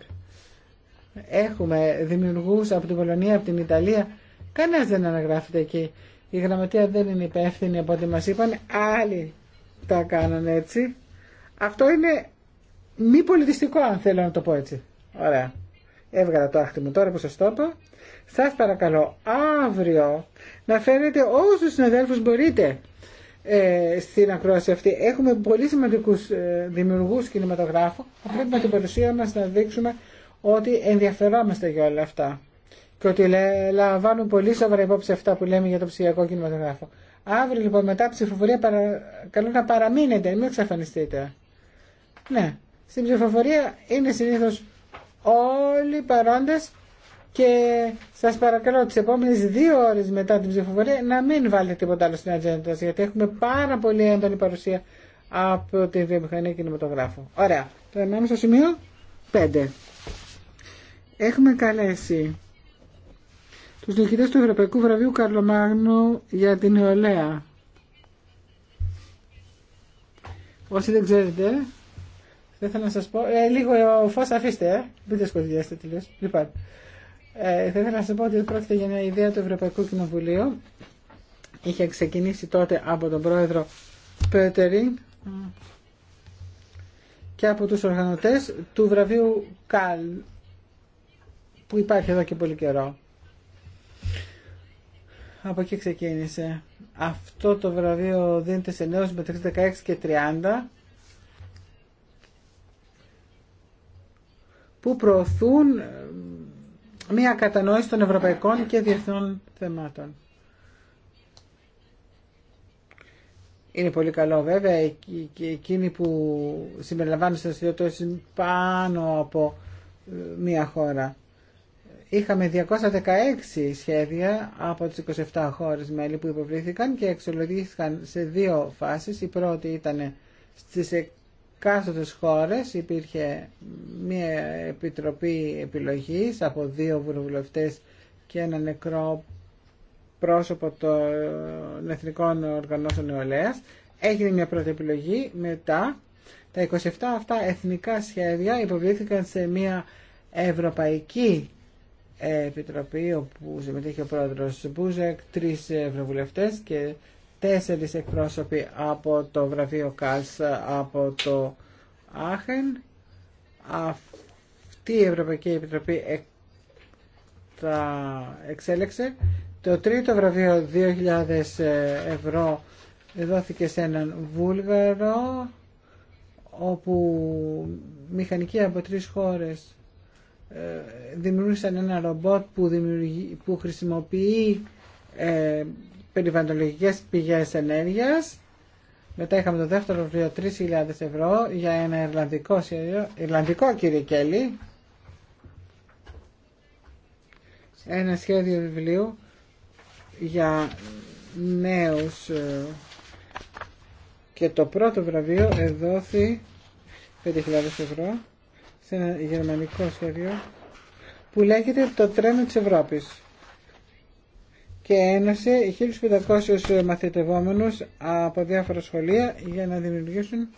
Έχουμε δημιουργού από την Πολωνία, από την Ιταλία. Κανένα δεν αναγράφεται εκεί. Η γραμματεία δεν είναι υπεύθυνη από ό,τι μα είπαν. Άλλοι τα κάνανε έτσι. Αυτό είναι μη πολιτιστικό αν θέλω να το πω έτσι. Ωραία. Έβγαλα το άχτι μου τώρα που σας το είπα. Σας παρακαλώ αύριο να φέρετε όσους συναδέλφους μπορείτε ε, στην ακρόαση αυτή. Έχουμε πολύ σημαντικούς ε, δημιουργούς κινηματογράφου. Πρέπει με την παρουσία μας να δείξουμε ότι ενδιαφερόμαστε για όλα αυτά και ότι λαμβάνουν πολύ σοβαρά υπόψη αυτά που λέμε για το ψηφιακό κινηματογράφο. Αύριο λοιπόν μετά ψηφοφορία καλό να παραμείνετε, μην εξαφανιστείτε. Ναι, στην ψηφοφορία είναι συνήθω όλοι παρόντε. και σα παρακαλώ τι επόμενε δύο ώρε μετά την ψηφοφορία να μην βάλετε τίποτα άλλο στην ατζέντα γιατί έχουμε πάρα πολύ έντονη παρουσία από τη βιομηχανία κινηματογράφου. Ωραία. Τώρα στο σημείο 5. Έχουμε καλέσει του διοικητέ του Ευρωπαϊκού Βραβείου Καρλομάγνου για την νεολαία. Όσοι δεν ξέρετε, δεν θέλω να σα πω. Ε, λίγο φω αφήστε, ε. Μην τα σκοτειάσετε τελείως. Λοιπόν, ε, θα ήθελα να σα πω ότι πρόκειται για μια ιδέα του Ευρωπαϊκού Κοινοβουλίου. Είχε ξεκινήσει τότε από τον πρόεδρο Πέτερινγκ και από τους οργανωτές του βραβείου ΚΑΛ που υπάρχει εδώ και πολύ καιρό. Από εκεί ξεκίνησε. Αυτό το βραβείο δίνεται σε νέους μεταξύ 16 και 30 που προωθούν ε, μια κατανόηση των ευρωπαϊκών και διεθνών θεμάτων. Είναι πολύ καλό βέβαια ε, εκείνοι που συμπεριλαμβάνουν στις στρατιωτικό πάνω από ε, μια χώρα. Είχαμε 216 σχέδια από τις 27 χώρες μέλη που υποβλήθηκαν και εξολογήθηκαν σε δύο φάσεις. Η πρώτη ήταν στις τι χώρες υπήρχε μια επιτροπή επιλογής από δύο βουλευτές και ένα νεκρό πρόσωπο των Εθνικών Οργανώσεων Νεολαίας. Έγινε μια πρώτη επιλογή, μετά τα 27 αυτά εθνικά σχέδια υποβλήθηκαν σε μια Ευρωπαϊκή Επιτροπή όπου συμμετείχε ο πρόεδρος Μπούζεκ, τρεις ευρωβουλευτές και τέσσερις εκπρόσωποι από το βραβείο ΚΑΣ από το Άχεν. Αυτή η Ευρωπαϊκή Επιτροπή τα εξέλεξε. Το τρίτο βραβείο 2.000 ευρώ δόθηκε σε έναν Βούλγαρο όπου μηχανικοί από τρεις χώρες ε, δημιούργησαν ένα ρομπότ που, που χρησιμοποιεί ε, περιβαλλοντικές πηγές ενέργειας. Μετά είχαμε το δεύτερο βιβλίο 3.000 ευρώ για ένα Ιρλανδικό, Ιρλανδικό κύριε Κέλλη. Ένα σχέδιο βιβλίου για νέους ε, και το πρώτο βραβείο εδόθη 5.000 ευρώ σε ένα γερμανικό σχέδιο που λέγεται το τρένο της Ευρώπης και ένωσε 1500 μαθητευόμενους από διάφορα σχολεία για να δημιουργήσουν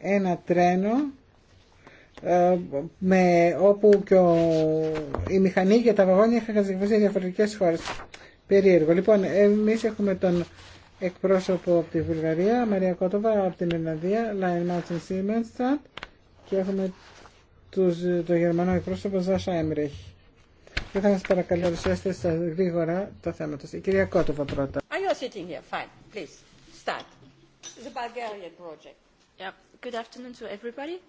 ένα τρένο ε, με, όπου και ο, η μηχανή και τα βαγόνια είχαν κατασκευαστεί σε διαφορετικές χώρες. Περίεργο. Λοιπόν, εμείς έχουμε τον εκπρόσωπο από τη Βουλγαρία, Μαρία Κότοβα από την Ελλανδία, Λάιν Μάτσιν Σίμενστατ και έχουμε τους, το γερμανό εκπρόσωπο Ζάσα Έμρεχ. Και θα σας παρακαλώ ρουσιάστε στα γρήγορα το θέμα του. Η κυρία Κότοβα πρώτα. Are you sitting here? Fine. Please. Start. The project. Good afternoon to everybody.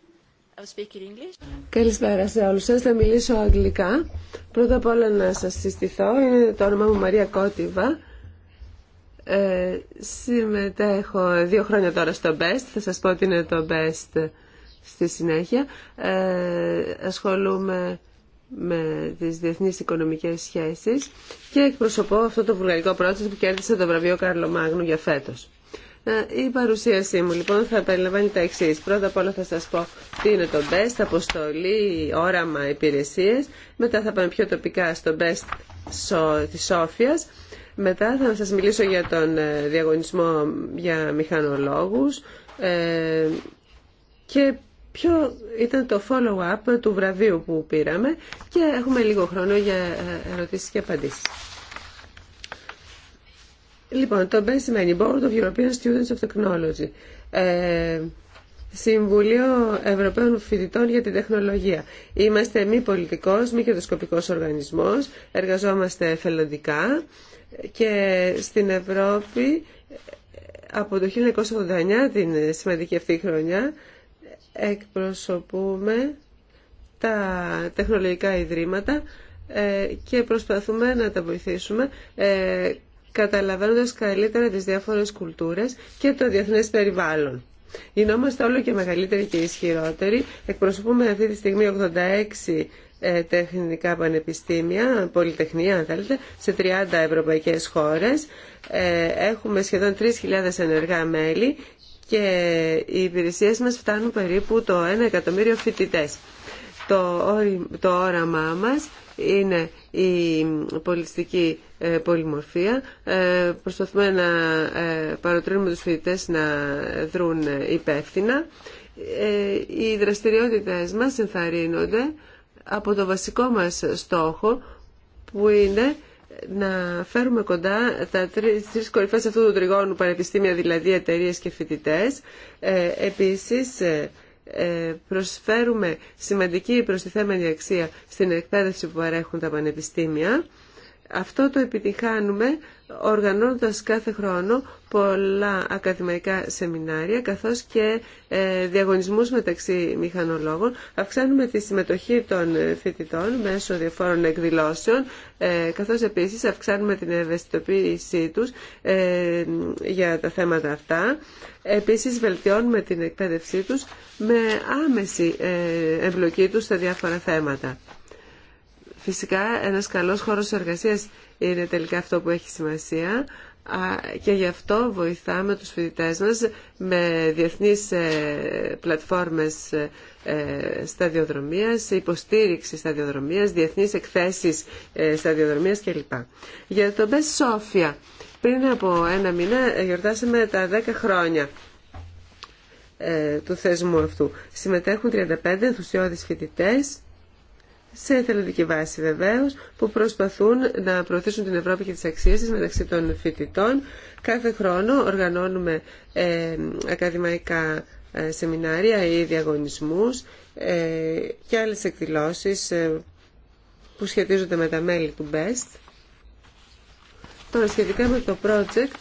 Καλησπέρα σε όλους σας. Θα μιλήσω αγγλικά. Πρώτα απ' όλα να σας συστηθώ. Είναι το όνομά μου Μαρία Κότιβα. Ε, συμμετέχω δύο χρόνια τώρα στο BEST. Θα σας πω ότι είναι το BEST στη συνέχεια. Ε, ασχολούμαι με τις διεθνείς οικονομικές σχέσεις και εκπροσωπώ αυτό το βουλγαρικό πρότυπο που κέρδισε το βραβείο Κάρλο Μάγνου για φέτος. Ε, η παρουσίασή μου λοιπόν θα περιλαμβάνει τα εξή. Πρώτα απ' όλα θα σας πω τι είναι το BEST, αποστολή, όραμα, υπηρεσίες. Μετά θα πάμε πιο τοπικά στο BEST της Σόφιας. Μετά θα σας μιλήσω για τον ε, διαγωνισμό για μηχανολόγους ε, και ποιο ήταν το follow-up του βραβείου που πήραμε και έχουμε λίγο χρόνο για ε, ερωτήσεις και απαντήσεις. Λοιπόν, το Best Many Board of European Students of Technology. Ε, Συμβουλίο Ευρωπαίων Φοιτητών για την Τεχνολογία. Είμαστε μη πολιτικός, μη κερδοσκοπικός οργανισμός, εργαζόμαστε εθελοντικά και στην Ευρώπη ε, από το 1989, την σημαντική αυτή χρονιά, εκπροσωπούμε τα τεχνολογικά ιδρύματα ε, και προσπαθούμε να τα βοηθήσουμε ε, καταλαβαίνοντας καλύτερα τις διάφορες κουλτούρες και το διεθνές περιβάλλον. Γινόμαστε όλο και μεγαλύτεροι και ισχυρότεροι. Εκπροσωπούμε αυτή τη στιγμή 86 ε, τεχνικά πανεπιστήμια, πολυτεχνία αν θέλετε, σε 30 ευρωπαϊκές χώρες. Έχουμε σχεδόν 3.000 ενεργά μέλη και οι υπηρεσίες μας φτάνουν περίπου το 1 εκατομμύριο φοιτητές. Το, το όραμά μας είναι η πολιτιστική ε, πολυμορφία. Ε, προσπαθούμε να ε, παροτρύνουμε τους φοιτητές να δρουν υπεύθυνα. Οι δραστηριότητες μας ενθαρρύνονται από το βασικό μας στόχο που είναι να φέρουμε κοντά τα τρεις κορυφές αυτού του τριγώνου πανεπιστήμια, δηλαδή εταιρείε και φοιτητέ. Ε, επίσης, ε, ε, προσφέρουμε σημαντική προστιθέμενη αξία στην εκπαίδευση που παρέχουν τα πανεπιστήμια. Αυτό το επιτυχάνουμε οργανώνοντας κάθε χρόνο πολλά ακαδημαϊκά σεμινάρια καθώς και ε, διαγωνισμούς μεταξύ μηχανολόγων. Αυξάνουμε τη συμμετοχή των ε, φοιτητών μέσω διαφόρων εκδηλώσεων ε, καθώς επίσης αυξάνουμε την ευαισθητοποίησή τους για τα θέματα αυτά. Επίσης βελτιώνουμε την εκπαίδευσή τους με άμεση εμπλοκή τους στα διάφορα θέματα. Φυσικά ένας καλός χώρος εργασίας είναι τελικά αυτό που έχει σημασία και γι' αυτό βοηθάμε τους φοιτητές μας με διεθνείς ε, πλατφόρμες ε, σταδιοδρομίας, υποστήριξη σταδιοδρομίας, διεθνείς εκθέσεις ε, σταδιοδρομίας κλπ. Για το Best Sofia, πριν από ένα μήνα γιορτάσαμε τα 10 χρόνια του θεσμού αυτού. Συμμετέχουν 35 ενθουσιώδεις φοιτητές σε εθελοντική βάση βεβαίω, που προσπαθούν να προωθήσουν την Ευρώπη και τις αξίες της μεταξύ των φοιτητών. Κάθε χρόνο οργανώνουμε ε, ακαδημαϊκά ε, σεμινάρια ή διαγωνισμούς ε, και άλλες εκδηλώσεις που σχετίζονται με τα μέλη του BEST. Τώρα σχετικά με το project,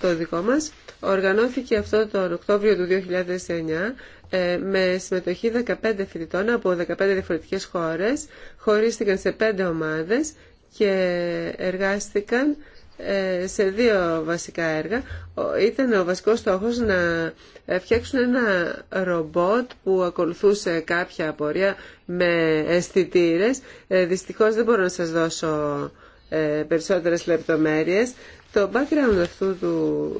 το δικό μας, Οργανώθηκε αυτό τον Οκτώβριο του 2009 ε, με συμμετοχή 15 φοιτητών από 15 διαφορετικές χώρες, χωρίστηκαν σε 5 ομάδες και εργάστηκαν ε, σε δύο βασικά έργα. Ήταν ο βασικός στόχος να ε, φτιάξουν ένα ρομπότ που ακολουθούσε κάποια απορία με αισθητήρε. Δυστυχώς δεν μπορώ να σας δώσω περισσότερες λεπτομέρειες. Το background αυτού του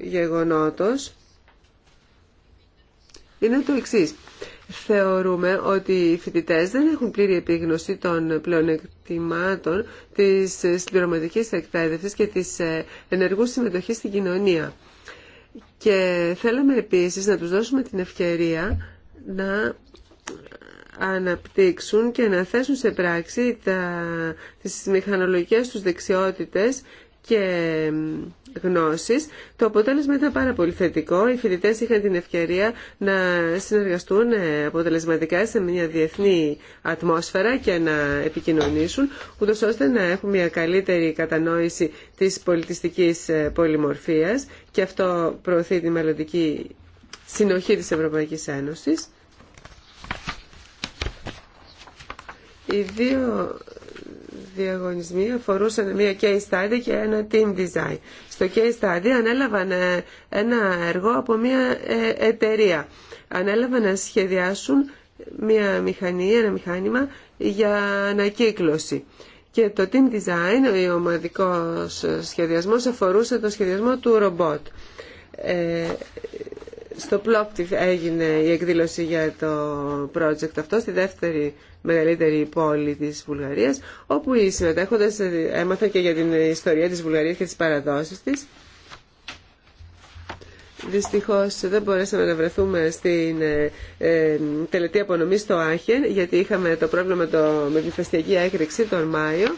γεγονότος είναι το εξής. Θεωρούμε ότι οι φοιτητέ δεν έχουν πλήρη επίγνωση των πλεονεκτημάτων της συμπληρωματικής εκπαίδευσης και της ε, ενεργού συμμετοχής στην κοινωνία. Και θέλαμε επίσης να τους δώσουμε την ευκαιρία να αναπτύξουν και να θέσουν σε πράξη τα, τις μηχανολογικές τους δεξιότητες και γνώσεις. Το αποτέλεσμα ήταν πάρα πολύ θετικό. Οι φοιτητές είχαν την ευκαιρία να συνεργαστούν ε, αποτελεσματικά σε μια διεθνή ατμόσφαιρα και να επικοινωνήσουν, ούτως ώστε να έχουν μια καλύτερη κατανόηση της πολιτιστικής ε, πολυμορφίας και αυτό προωθεί τη μελλοντική συνοχή της Ευρωπαϊκής Ένωσης. Οι δύο διαγωνισμοί αφορούσαν μια case study και ένα team design. Στο case study ανέλαβαν ε, ένα έργο από μια ε, εταιρεία. Ανέλαβαν να σχεδιάσουν μια μηχανή, ένα μηχάνημα για ανακύκλωση. Και το team design, ο ομαδικός ε, σχεδιασμός, αφορούσε το σχεδιασμό του ρομπότ. Στο πλόκτη έγινε η εκδήλωση για το project αυτό, στη δεύτερη μεγαλύτερη πόλη της Βουλγαρίας, όπου οι συμμετέχοντες έμαθαν και για την ιστορία της Βουλγαρίας και τις παραδόσεις της. Δυστυχώς δεν μπορέσαμε να βρεθούμε στην ε, ε τελετή απονομή στο Άχεν, γιατί είχαμε το πρόβλημα το, με την φεστιακή έκρηξη τον Μάιο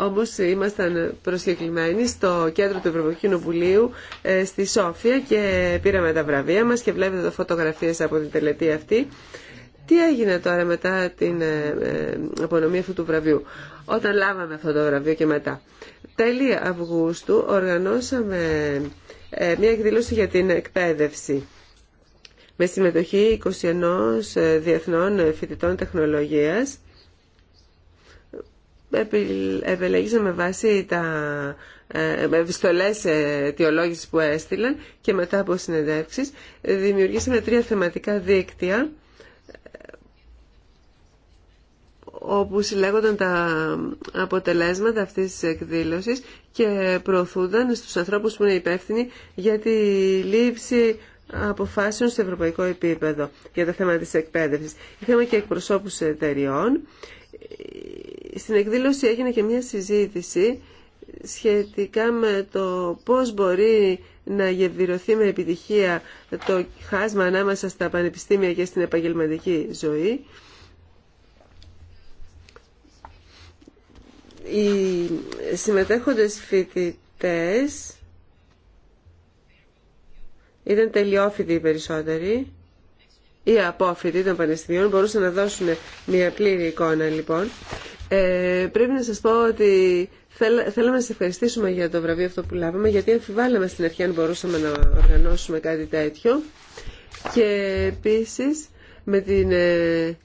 όμως ήμασταν προσκεκλημένοι στο κέντρο του Ευρωπαϊκού Κοινοβουλίου ε, στη Σόφια και πήραμε τα βραβεία μας και βλέπετε τα φωτογραφίες από την τελετή αυτή. Τι έγινε τώρα μετά την ε, ε, απονομή αυτού του βραβείου, όταν λάβαμε αυτό το βραβείο και μετά. Τέλη Αυγούστου οργανώσαμε μια εκδήλωση για την εκπαίδευση με συμμετοχή 21 διεθνών φοιτητών τεχνολογίας επιλέγησαν με βάση τα ε, επιστολές αιτιολόγηση που έστειλαν και μετά από συνεντεύξεις δημιουργήσαμε τρία θεματικά δίκτυα όπου συλλέγονταν τα αποτελέσματα αυτής της εκδήλωσης και προωθούνταν στους ανθρώπους που είναι υπεύθυνοι για τη λήψη αποφάσεων στο ευρωπαϊκό επίπεδο για το θέμα της εκπαίδευσης. Είχαμε και εκπροσώπους εταιριών στην εκδήλωση έγινε και μια συζήτηση σχετικά με το πώς μπορεί να γεβηρωθεί με επιτυχία το χάσμα ανάμεσα στα πανεπιστήμια και στην επαγγελματική ζωή. Οι συμμετέχοντες φοιτητές ήταν τελειόφοιτοι οι περισσότεροι οι απόφοιτοι των πανεπιστημίων μπορούσαν να δώσουν μια πλήρη εικόνα λοιπόν. Ε, πρέπει να σας πω ότι θέλαμε να σας ευχαριστήσουμε για το βραβείο αυτό που λάβαμε γιατί αμφιβάλαμε στην αρχή αν μπορούσαμε να οργανώσουμε κάτι τέτοιο και επίσης με την ε,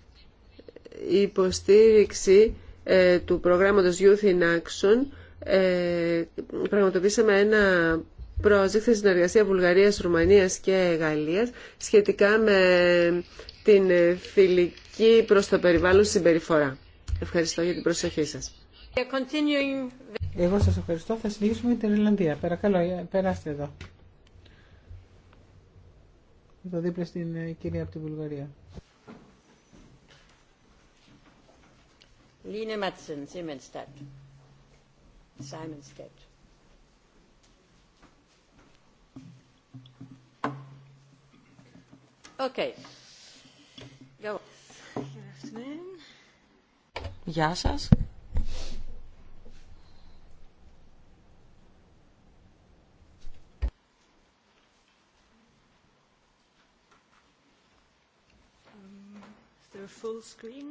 υποστήριξη ε, του προγράμματος Youth in Action ε, πραγματοποιήσαμε ένα project συνεργασία Βουλγαρίας, Ρουμανίας και Γαλλίας σχετικά με την φιλική προς το περιβάλλον συμπεριφορά. Ευχαριστώ για την προσοχή σας. Εγώ σας ευχαριστώ. Θα συνεχίσουμε με την Ιρλανδία. Παρακαλώ, ε, περάστε εδώ. Εδώ δίπλα στην ε, κυρία από τη Βουλγαρία. Λίνε Μάτσεν, Okay. Go. Γεια σας. full screen.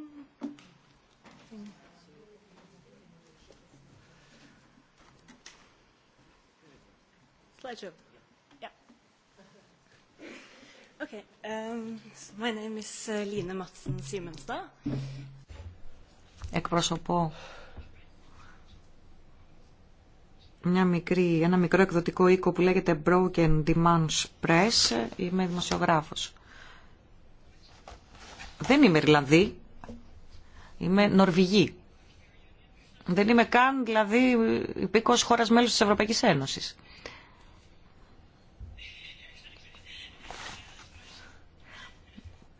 Slideshow. Okay. Um, my name is uh, Line Εκπροσωπώ μια μικρή, ένα μικρό εκδοτικό οίκο που λέγεται Broken Demands Press. Είμαι δημοσιογράφος. Δεν είμαι Ιρλανδή. Είμαι Νορβηγή. Δεν είμαι καν, δηλαδή, υπήκος χώρας μέλος της Ευρωπαϊκής Ένωσης.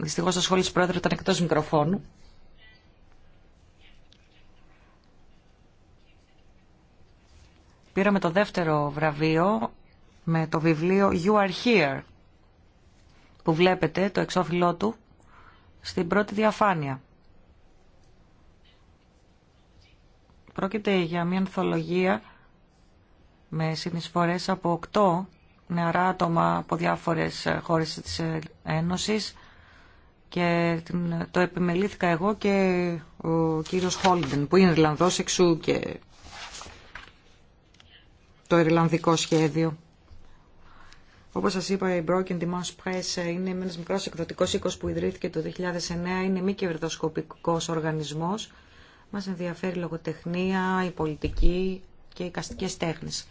Δυστυχώ, το σχόλιο του Πρόεδρου ήταν εκτό μικροφώνου. Πήραμε το δεύτερο βραβείο με το βιβλίο You Are Here που βλέπετε το εξώφυλλό του στην πρώτη διαφάνεια. Πρόκειται για μια ανθολογία με συνεισφορές από 8 νεαρά άτομα από διάφορες χώρες της Ένωσης και το επιμελήθηκα εγώ και ο κύριος Χόλντεν που είναι Ιρλανδός εξού και το Ιρλανδικό σχέδιο. Όπως σας είπα, η Broken Demands Press είναι ένας μικρός εκδοτικός οίκος που ιδρύθηκε το 2009, είναι μη κερδοσκοπικός οργανισμός. Μας ενδιαφέρει η λογοτεχνία, η πολιτική και οι καστικές τέχνες.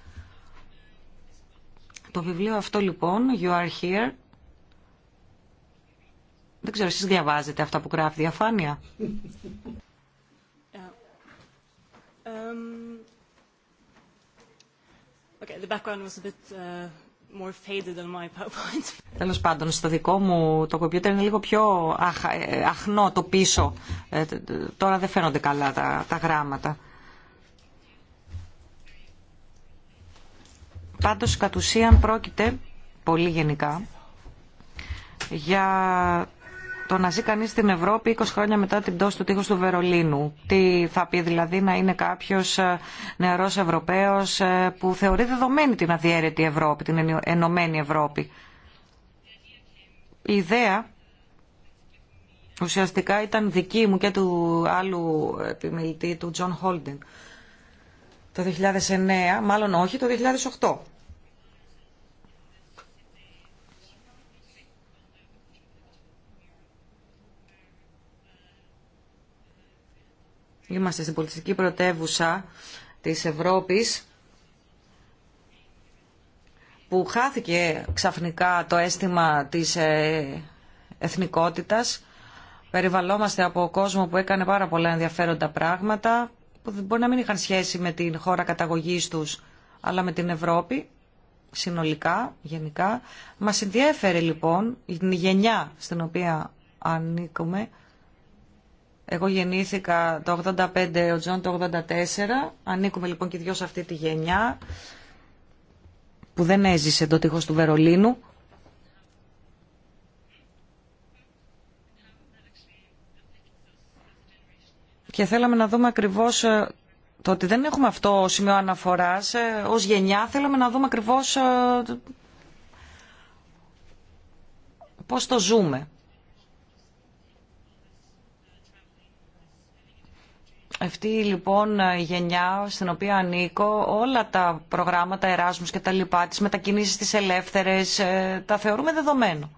Το βιβλίο αυτό λοιπόν, You Are Here, δεν ξέρω, εσείς διαβάζετε αυτά που γράφει διαφάνεια. Τέλος πάντων, στο δικό μου το κομπιούτερ είναι λίγο πιο αχ, ε, αχνό το πίσω. Ε, τώρα δεν φαίνονται καλά τα, τα γράμματα. Πάντως, κατ' ουσίαν πρόκειται, πολύ γενικά, για το να ζει κανεί στην Ευρώπη 20 χρόνια μετά την πτώση του τείχου του Βερολίνου. Τι θα πει δηλαδή να είναι κάποιο ε, νεαρός Ευρωπαίος ε, που θεωρεί δεδομένη την αδιέρετη Ευρώπη, την ενωμένη Ευρώπη. Η ιδέα ουσιαστικά ήταν δική μου και του άλλου επιμελητή, του Τζον Χόλντεν. Το 2009, μάλλον όχι, το 2008. Είμαστε στην πολιτιστική πρωτεύουσα της Ευρώπης που χάθηκε ξαφνικά το αίσθημα της ε, εθνικότητας. Περιβαλλόμαστε από κόσμο που έκανε πάρα πολλά ενδιαφέροντα πράγματα που μπορεί να μην είχαν σχέση με την χώρα καταγωγής τους αλλά με την Ευρώπη συνολικά, γενικά. Μας ενδιαφέρει λοιπόν η γενιά στην οποία ανήκουμε εγώ γεννήθηκα το 85, ο Τζον το 84. Ανήκουμε λοιπόν και δυο σε αυτή τη γενιά που δεν έζησε το τείχος του Βερολίνου. Και θέλαμε να δούμε ακριβώς ε, το ότι δεν έχουμε αυτό σημείο αναφοράς ε, ως γενιά. Θέλαμε να δούμε ακριβώς ε, πώς το ζούμε. Αυτή λοιπόν η γενιά στην οποία ανήκω, όλα τα προγράμματα Εράσμους και τα λοιπά, τις μετακινήσεις τις ελεύθερες, ε, τα θεωρούμε δεδομένο.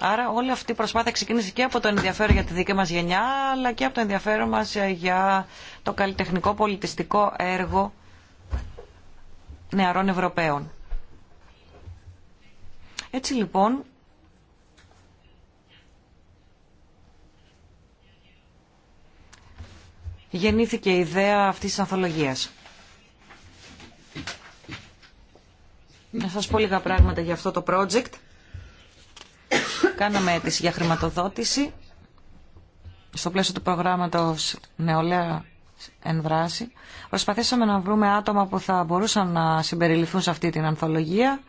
Άρα όλη αυτή η προσπάθεια ξεκίνησε και από το ενδιαφέρον για τη δική μας γενιά, αλλά και από το ενδιαφέρον μας ε, για το καλλιτεχνικό πολιτιστικό έργο νεαρών Ευρωπαίων. Έτσι λοιπόν, γεννήθηκε η ιδέα αυτής της ανθολογίας. Να σας πω λίγα πράγματα για αυτό το project. Κάναμε αίτηση για χρηματοδότηση στο πλαίσιο του προγράμματος Νεολαία ενδράση, Προσπαθήσαμε να βρούμε άτομα που θα μπορούσαν να συμπεριληφθούν σε αυτή την ανθολογία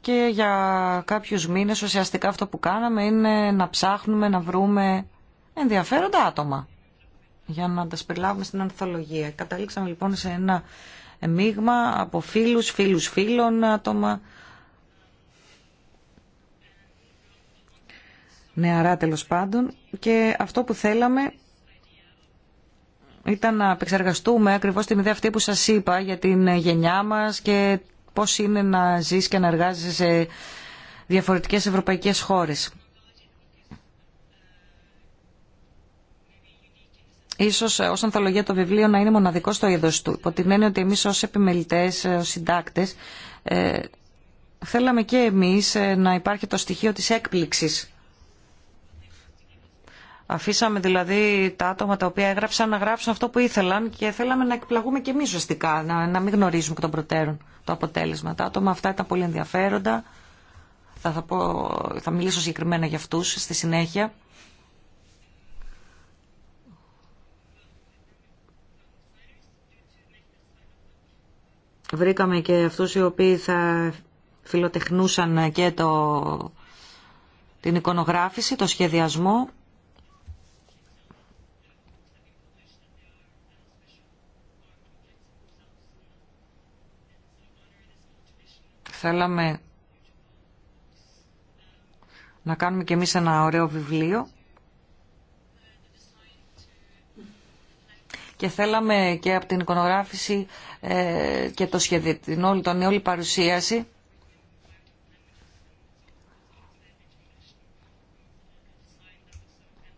και για κάποιους μήνες ουσιαστικά αυτό που κάναμε είναι να ψάχνουμε, να βρούμε ενδιαφέροντα άτομα για να τα συμπεριλάβουμε στην ανθολογία. Καταλήξαμε λοιπόν σε ένα μείγμα από φίλους, φίλους φίλων, άτομα, νεαρά τέλο πάντων και αυτό που θέλαμε ήταν να επεξεργαστούμε ακριβώς την ιδέα αυτή που σας είπα για την γενιά μας και πώς είναι να ζεις και να εργάζεσαι σε διαφορετικές ευρωπαϊκές χώρες. ίσως ε, ω ανθολογία το βιβλίο να είναι μοναδικό στο είδο του. Υπό την έννοια ότι εμεί ω επιμελητές, ε, ω συντάκτε ε, θέλαμε και εμείς ε, να υπάρχει το στοιχείο τη έκπληξη. Αφήσαμε δηλαδή τα άτομα τα οποία έγραψαν να γράψουν αυτό που ήθελαν και θέλαμε να εκπλαγούμε και εμεί ουσιαστικά, να, να μην γνωρίζουμε εκ των προτέρων το αποτέλεσμα. Τα άτομα αυτά ήταν πολύ ενδιαφέροντα. Θα, θα, θα μιλήσω συγκεκριμένα για αυτού, στη συνέχεια. βρήκαμε και αυτούς οι οποίοι θα φιλοτεχνούσαν και το, την εικονογράφηση, το σχεδιασμό. Θέλαμε να κάνουμε και εμείς ένα ωραίο βιβλίο και θέλαμε και από την εικονογράφηση ε, και το σχέδιο, την όλη, τον όλη παρουσίαση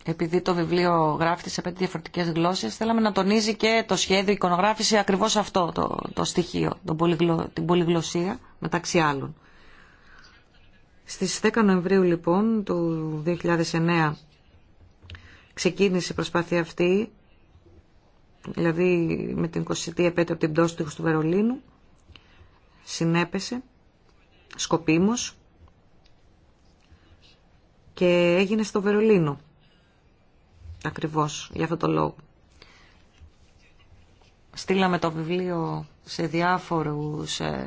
επειδή το βιβλίο γράφεται σε πέντε διαφορετικές γλώσσες, θέλαμε να τονίζει και το σχέδιο εικονογράφηση ακριβώς αυτό το, το στοιχείο, τον πολυγλω, την πολυγλωσία μεταξύ άλλων. Στις 10 Νοεμβρίου λοιπόν του 2009 ξεκίνησε η προσπάθεια αυτή δηλαδή με την 20η επέτειο από την πτώση του του Βερολίνου, συνέπεσε σκοπίμος και έγινε στο Βερολίνο. Ακριβώς, για αυτό το λόγο. Στείλαμε το βιβλίο σε διάφορους ε,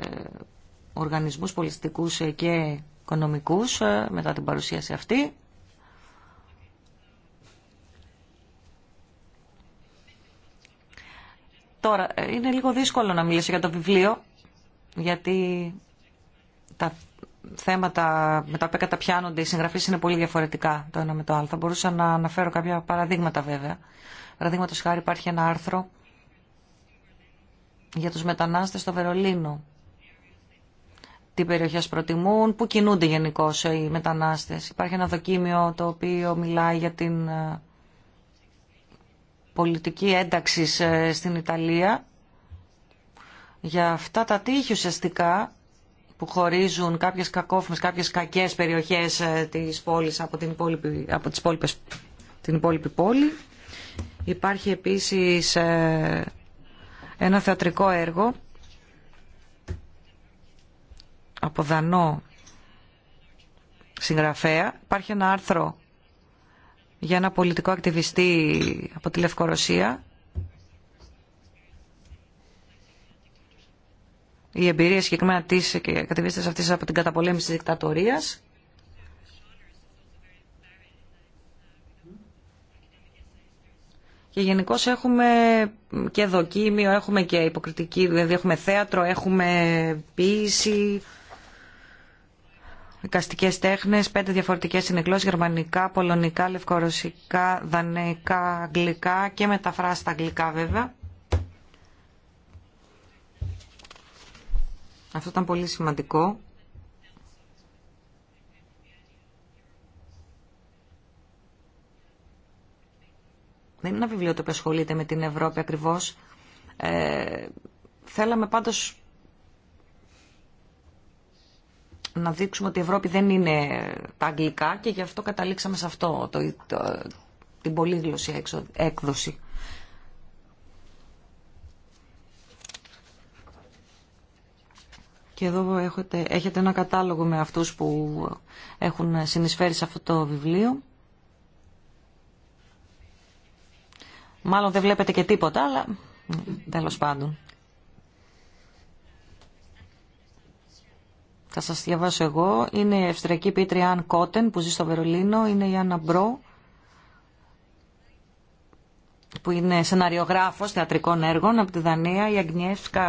οργανισμούς πολιτικούς ε, και οικονομικούς ε, μετά την παρουσίαση αυτή. Τώρα, ε, είναι λίγο δύσκολο να μιλήσω για το βιβλίο, γιατί τα θέματα με τα οποία καταπιάνονται οι συγγραφείς είναι πολύ διαφορετικά το ένα με το άλλο. Θα μπορούσα να αναφέρω κάποια παραδείγματα βέβαια. Παραδείγματο χάρη υπάρχει ένα άρθρο για τους μετανάστες στο Βερολίνο. Τι περιοχές προτιμούν, πού κινούνται γενικώ οι μετανάστες. Υπάρχει ένα δοκίμιο το οποίο μιλάει για την ε, πολιτική ένταξης ε, στην Ιταλία για αυτά τα τείχη ουσιαστικά που χωρίζουν κάποιες κακόφημες, κάποιες κακές περιοχές ε, της πόλης από, την υπόλοιπη, από τις την υπόλοιπη πόλη. Υπάρχει επίσης ε, ένα θεατρικό έργο από δανό συγγραφέα. Υπάρχει ένα άρθρο για ένα πολιτικό ακτιβιστή από τη Λευκορωσία. Η εμπειρία συγκεκριμένα τη και αυτή από την καταπολέμηση τη δικτατορία. Και γενικώ έχουμε και δοκίμιο, έχουμε και υποκριτική, δηλαδή έχουμε θέατρο, έχουμε ποίηση, εικαστικές τέχνες, πέντε διαφορετικές συνεκλώσει, γερμανικά, πολωνικά, λευκορωσικά, δανεικά, αγγλικά και μεταφράστα στα αγγλικά βέβαια. Αυτό ήταν πολύ σημαντικό. Δεν είναι ένα βιβλίο το οποίο ασχολείται με την Ευρώπη ακριβώς. Ε, θέλαμε πάντως να δείξουμε ότι η Ευρώπη δεν είναι τα αγγλικά και γι' αυτό καταλήξαμε σε αυτό, το, το την πολύγλωση έκδοση. Και εδώ έχετε, έχετε ένα κατάλογο με αυτούς που έχουν συνεισφέρει σε αυτό το βιβλίο. Μάλλον δεν βλέπετε και τίποτα, αλλά τέλος πάντων. θα σας διαβάσω εγώ. Είναι η ευστριακή Πίτρια Αν Κότεν που ζει στο Βερολίνο, είναι η Άννα Μπρό που είναι σεναριογράφος θεατρικών έργων από τη Δανία, η Αγνιέσκα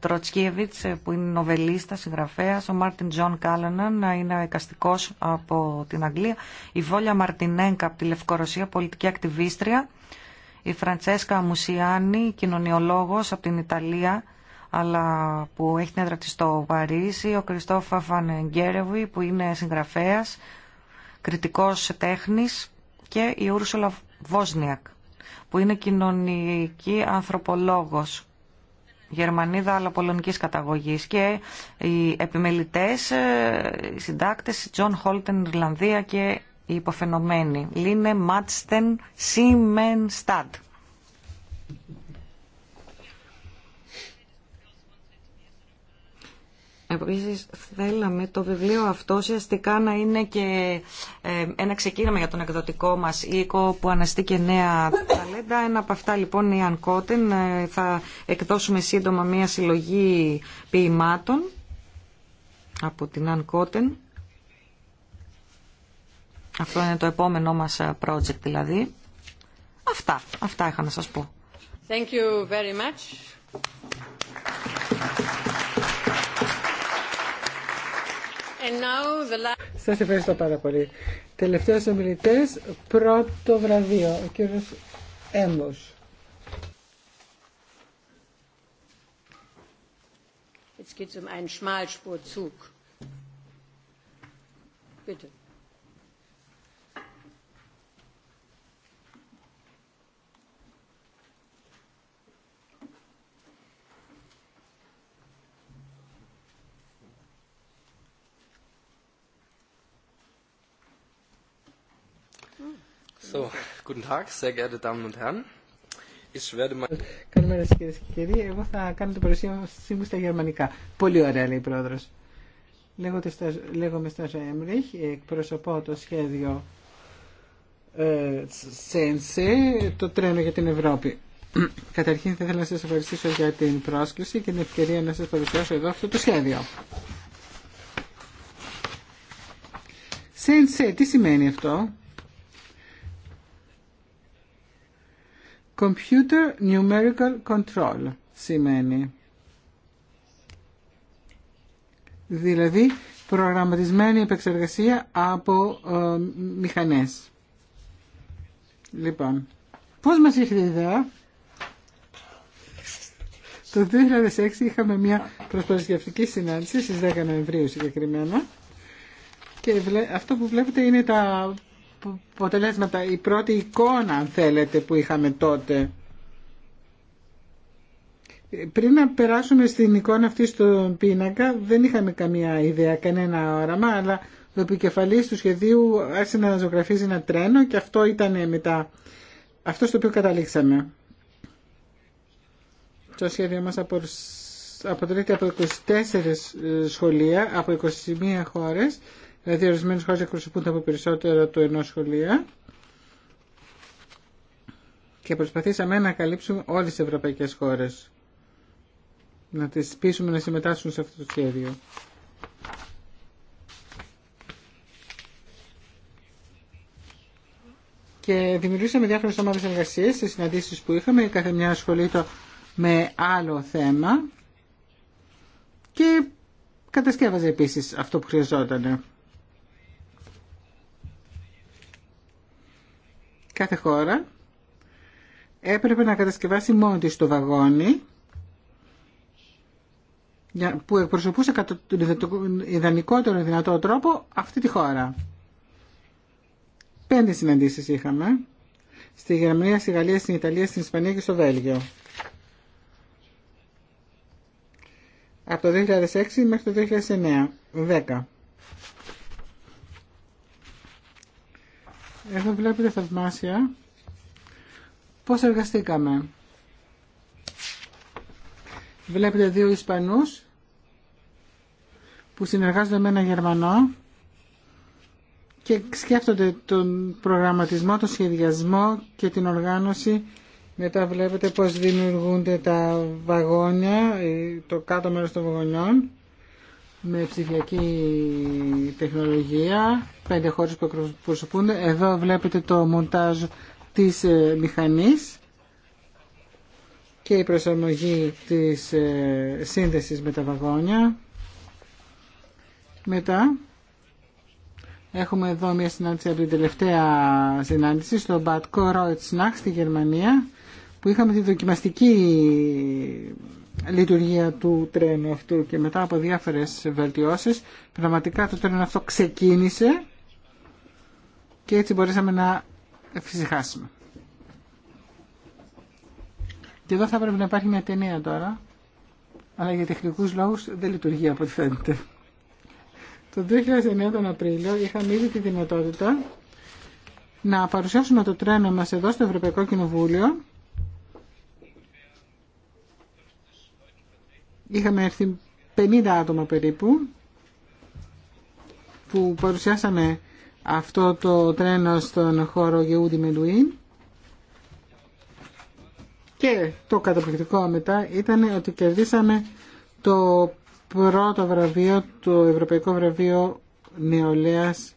Τροτσκίεβιτς που είναι νοβελίστα, συγγραφέας, ο Μάρτιν Τζον Κάλαναν είναι εκαστικός από την Αγγλία, η Βόλια Μαρτινέγκα από τη Λευκορωσία, πολιτική ακτιβίστρια, η Φραντσέσκα Μουσιάνη, κοινωνιολόγος από την Ιταλία, αλλά που έχει την έδρα της στο Παρίσι, ο Κριστόφα Φανγκέρεβι που είναι συγγραφέας, κριτικός τέχνης και η Ούρσουλα Βόσνιακ που είναι κοινωνική ανθρωπολόγος. Γερμανίδα αλλά πολωνικής καταγωγής και οι επιμελητές, ε, οι συντάκτες, Τζον Χόλτεν Ιρλανδία και οι υποφαινομένοι. Λίνε Μάτστεν Σίμενσταντ. Επίση, θέλαμε το βιβλίο αυτό ουσιαστικά να είναι και ε, ένα ξεκίνημα για τον εκδοτικό μα οίκο που αναστεί νέα ταλέντα. Ένα από αυτά λοιπόν είναι η Ανκότεν. θα εκδώσουμε σύντομα μία συλλογή ποιημάτων από την Ανκότεν. Αυτό είναι το επόμενό μας ε, project δηλαδή. Αυτά, αυτά είχα να σας πω. Thank The... Σας ευχαριστώ πάρα πολύ. Τελευταίος ομιλητές, πρώτο βραβείο, ο κύριος Έμπος. Jetzt geht es um einen Schmalspurzug. Bitte. Καλημέρα σας κυρίες και κύριοι. Εγώ θα κάνω την παρουσία μου στα γερμανικά. Πολύ ωραία λέει η πρόεδρος. Λέγομαι Στάζα Εμρίχ, εκπροσωπώ το σχέδιο ΣΕΝΣΕ, το τρένο για την Ευρώπη. Καταρχήν θα ήθελα να σας ευχαριστήσω για την πρόσκληση και την ευκαιρία να σας παρουσιάσω εδώ αυτό το σχέδιο. ΣΕΝΣΕ, τι σημαίνει αυτό? Computer Numerical Control σημαίνει. Δηλαδή προγραμματισμένη επεξεργασία από ε, μηχανές. Λοιπόν, πώς μας ήρθε η ιδέα. Το 2006 είχαμε μια προσπαθιαυτική συνάντηση στις 10 Νοεμβρίου συγκεκριμένα και αυτό που βλέπετε είναι τα αποτελέσματα, η πρώτη εικόνα αν θέλετε που είχαμε τότε. Πριν να περάσουμε στην εικόνα αυτή στον πίνακα δεν είχαμε καμία ιδέα, κανένα όραμα, αλλά ο επικεφαλής του σχεδίου άρχισε να ζωγραφίζει ένα τρένο και αυτό ήταν μετά αυτό στο οποίο καταλήξαμε. Το σχέδιο μας αποτελείται από 24 ε, σχολεία από 21 χώρες δηλαδή ορισμένε χώρε εκπροσωπούνται από περισσότερα του ενός σχολεία και προσπαθήσαμε να καλύψουμε όλες τις ευρωπαϊκές χώρες να τις πείσουμε να συμμετάσχουν σε αυτό το σχέδιο. Και δημιουργήσαμε διάφορες ομάδε εργασία σε συναντήσει που είχαμε, κάθε μια ασχολείται με άλλο θέμα και κατασκεύαζε επίση αυτό που χρειαζόταν. κάθε χώρα έπρεπε να κατασκευάσει μόνη της το βαγόνι που εκπροσωπούσε κατά τον ιδανικότερο δυνατό τρόπο αυτή τη χώρα. Πέντε συναντήσεις είχαμε στη Γερμανία, στη Γαλλία, στην Ιταλία, στην Ισπανία και στο Βέλγιο. Από το 2006 μέχρι το 2009, 10. Εδώ βλέπετε θαυμάσια πώς εργαστήκαμε. Βλέπετε δύο Ισπανούς που συνεργάζονται με ένα Γερμανό και σκέφτονται τον προγραμματισμό, τον σχεδιασμό και την οργάνωση. Μετά βλέπετε πώς δημιουργούνται τα βαγόνια, το κάτω μέρος των βαγονιών με ψηφιακή τεχνολογία, πέντε χώρες που εκπροσωπούνται. Εδώ βλέπετε το μοντάζ της ε, μηχανής και η προσαρμογή της ε, σύνδεσης με τα βαγόνια. Μετά έχουμε εδώ μια συνάντηση από την τελευταία συνάντηση στο Bad Korotsnacht στη Γερμανία που είχαμε τη δοκιμαστική λειτουργία του τρένου αυτού και μετά από διάφορες βελτιώσεις πραγματικά το τρένο αυτό ξεκίνησε και έτσι μπορέσαμε να εφησυχάσουμε. Και εδώ θα πρέπει να υπάρχει μια ταινία τώρα αλλά για τεχνικούς λόγους δεν λειτουργεί από ό,τι φαίνεται. Το 2009 τον Απρίλιο είχαμε ήδη τη δυνατότητα να παρουσιάσουμε το τρένο μας εδώ στο Ευρωπαϊκό Κοινοβούλιο είχαμε έρθει 50 άτομα περίπου που παρουσιάσαμε αυτό το τρένο στον χώρο Γεούδη Μελουίν και το καταπληκτικό μετά ήταν ότι κερδίσαμε το πρώτο βραβείο, το Ευρωπαϊκό Βραβείο Νεολαίας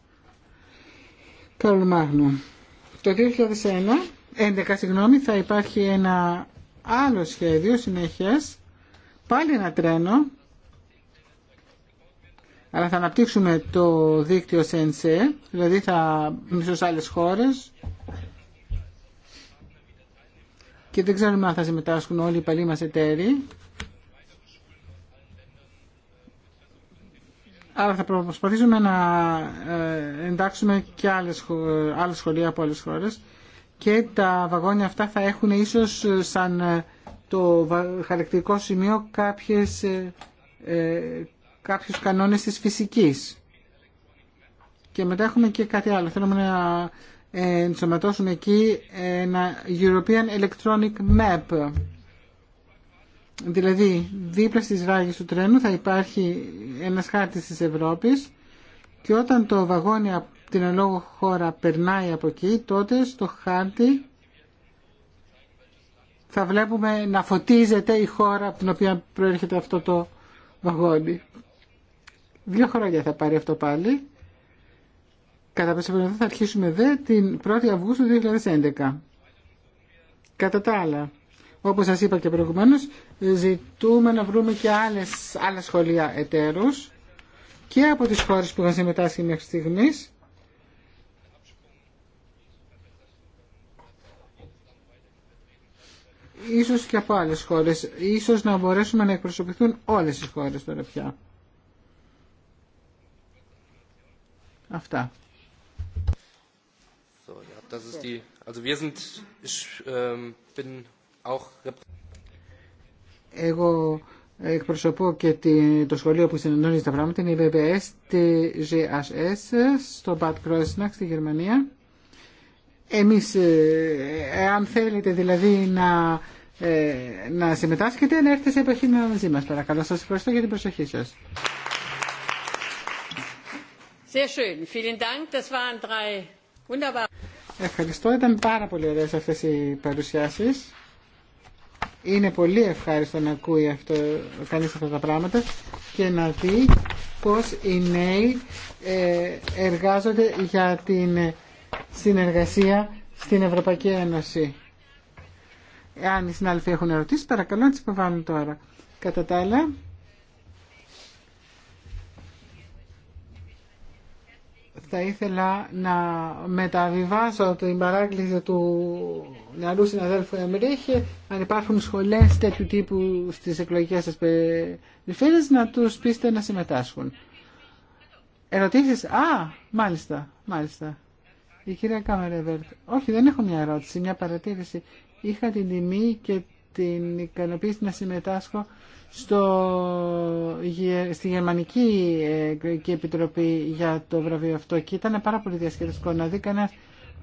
Καρολμάγνου. Το 2001, 11 συγγνώμη, θα υπάρχει ένα άλλο σχέδιο συνέχειας πάλι ένα τρένο, αλλά θα αναπτύξουμε το δίκτυο ΣΕΝΣΕ, δηλαδή θα μισούς άλλες χώρες και δεν ξέρουμε αν θα συμμετάσχουν όλοι οι παλιοί μας εταίροι. Άρα θα προσπαθήσουμε να ε, εντάξουμε και άλλες, άλλες σχολεία από άλλες χώρες και τα βαγόνια αυτά θα έχουν ίσως σαν ε, το χαρακτηρικό σημείο κάποιες, ε, ε, κάποιους κανόνες της φυσικής. Και μετά έχουμε και κάτι άλλο. Θέλουμε να ενσωματώσουμε εκεί ένα European Electronic Map. Δηλαδή, δίπλα στις ράγες του τρένου θα υπάρχει ένας χάρτης της Ευρώπης και όταν το βαγόνι από την ελόγω χώρα περνάει από εκεί, τότε στο χάρτη θα βλέπουμε να φωτίζεται η χώρα από την οποία προέρχεται αυτό το βαγόνι. Δύο χρόνια θα πάρει αυτό πάλι. Κατά πέσα θα αρχίσουμε δε την 1η Αυγούστου 2011. Κατά τα άλλα, όπως σας είπα και προηγουμένως, ζητούμε να βρούμε και άλλες, άλλα σχολεία εταίρους και από τις χώρες που είχαν συμμετάσχει μέχρι στιγμής ίσως και από άλλες χώρες. Ίσως να μπορέσουμε να εκπροσωπηθούν όλες οι χώρες τώρα πια. Αυτά. Εγώ εκπροσωπώ και το σχολείο που συνενώνει τα πράγματα, είναι η BBS, τη GHS, στο Bad Kreuznach στη Γερμανία. Εμείς, εάν ε, θέλετε δηλαδή να ε, να συμμετάσχετε, να έρθετε σε επαφή μαζί μας. Παρακαλώ, σας ευχαριστώ για την προσοχή σας. Ευχαριστώ, ήταν πάρα πολύ ωραίες αυτές οι παρουσιάσεις. Είναι πολύ ευχάριστο να ακούει αυτό, κανείς αυτά τα πράγματα και να δει πώς οι νέοι ε, εργάζονται για την συνεργασία στην Ευρωπαϊκή Ένωση. Εάν οι συνάδελφοι έχουν ερωτήσει, παρακαλώ να τι υποβάλουν τώρα. Κατά τα άλλα, θα ήθελα να μεταβιβάσω την παράκληση του νεαρού συναδέλφου Εμρίχη αν υπάρχουν σχολές τέτοιου τύπου στις εκλογικές σας περιφέρειες να τους πείστε να συμμετάσχουν. Ερωτήσεις? Α, μάλιστα, μάλιστα. Η κυρία Κάμερεβερτ. Όχι, δεν έχω μια ερώτηση, μια παρατήρηση είχα την τιμή και την ικανοποίηση να συμμετάσχω στο, στη Γερμανική ε, Επιτροπή για το βραβείο αυτό και ήταν πάρα πολύ διασκεδαστικό να δει κανένα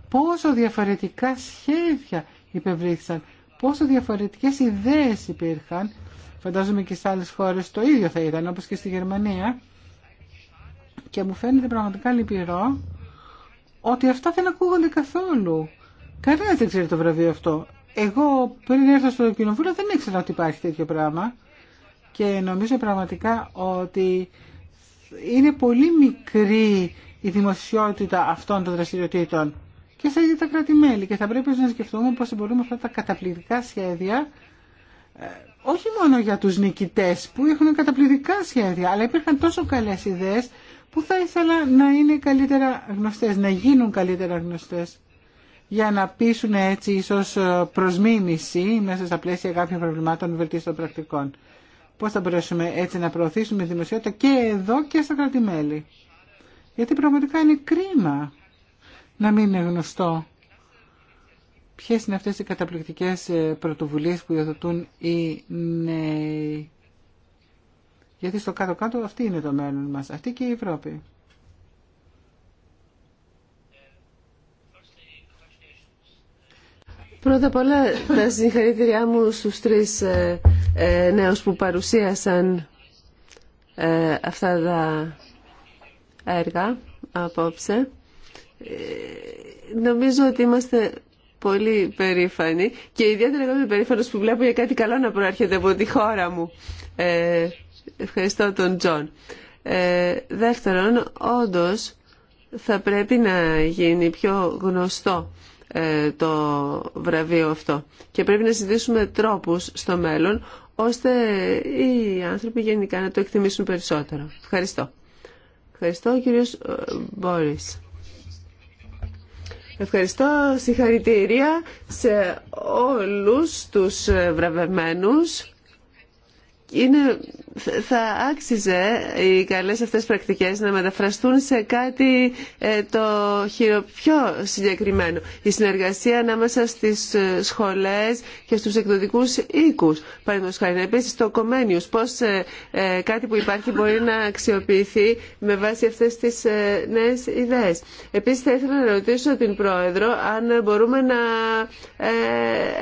πόσο διαφορετικά σχέδια υπευρύθησαν, πόσο διαφορετικές ιδέες υπήρχαν. Φαντάζομαι και σε άλλες χώρες το ίδιο θα ήταν, όπως και στη Γερμανία. Και μου φαίνεται πραγματικά λυπηρό ότι αυτά δεν ακούγονται καθόλου. Κανένα δεν ξέρει το βραβείο αυτό εγώ πριν έρθω στο κοινοβούλιο δεν ήξερα ότι υπάρχει τέτοιο πράγμα και νομίζω πραγματικά ότι είναι πολύ μικρή η δημοσιότητα αυτών των δραστηριοτήτων και στα ίδια τα κρατη και θα πρέπει να σκεφτούμε πώς μπορούμε αυτά τα καταπληκτικά σχέδια ε, όχι μόνο για τους νικητές που έχουν καταπληκτικά σχέδια αλλά υπήρχαν τόσο καλές ιδέες που θα ήθελα να είναι καλύτερα γνωστές, να γίνουν καλύτερα γνωστές για να πείσουν έτσι ίσως ε, προς μέσα στα πλαίσια κάποιων προβλημάτων βελτίστων πρακτικών. Πώς θα μπορέσουμε έτσι να προωθήσουμε δημοσιότητα και εδώ και στα κρατημέλη. Γιατί πραγματικά είναι κρίμα να μην είναι γνωστό Ποιε είναι αυτές οι καταπληκτικές ε, πρωτοβουλίες που υιοθετούν οι νέοι. Γιατί στο κάτω-κάτω αυτή είναι το μέλλον μας, αυτή και η Ευρώπη. Πρώτα απ' όλα τα συγχαρητήριά μου στους τρεις ε, ε νέους που παρουσίασαν ε, αυτά τα έργα απόψε. Ε, νομίζω ότι είμαστε πολύ περήφανοι και ιδιαίτερα εγώ είμαι περήφανος που βλέπω για κάτι καλό να προέρχεται από τη χώρα μου. Ευχαριστώ τον Τζον. Δεύτερον, όντως θα πρέπει να γίνει πιο γνωστό ε, το βραβείο αυτό. Και πρέπει να συζητήσουμε τρόπους στο μέλλον ώστε οι άνθρωποι γενικά να το εκτιμήσουν περισσότερο. Ευχαριστώ. Ευχαριστώ κύριος ε, Μπόρις. Ευχαριστώ. Συγχαρητήρια σε όλους τους ε, βραβευμένους είναι, θα άξιζε οι καλές αυτές πρακτικές να μεταφραστούν σε κάτι ε, το πιο συγκεκριμένο. Η συνεργασία ανάμεσα στις ε, σχολές και στους εκδοτικούς οίκους. Παραδείγματος χάρη, επίσης το Κομένιους, πώς ε, κάτι που υπάρχει μπορεί να αξιοποιηθεί με βάση αυτές τις ε, νέες ιδέες. Επίσης θα ήθελα να ρωτήσω την Πρόεδρο αν μπορούμε να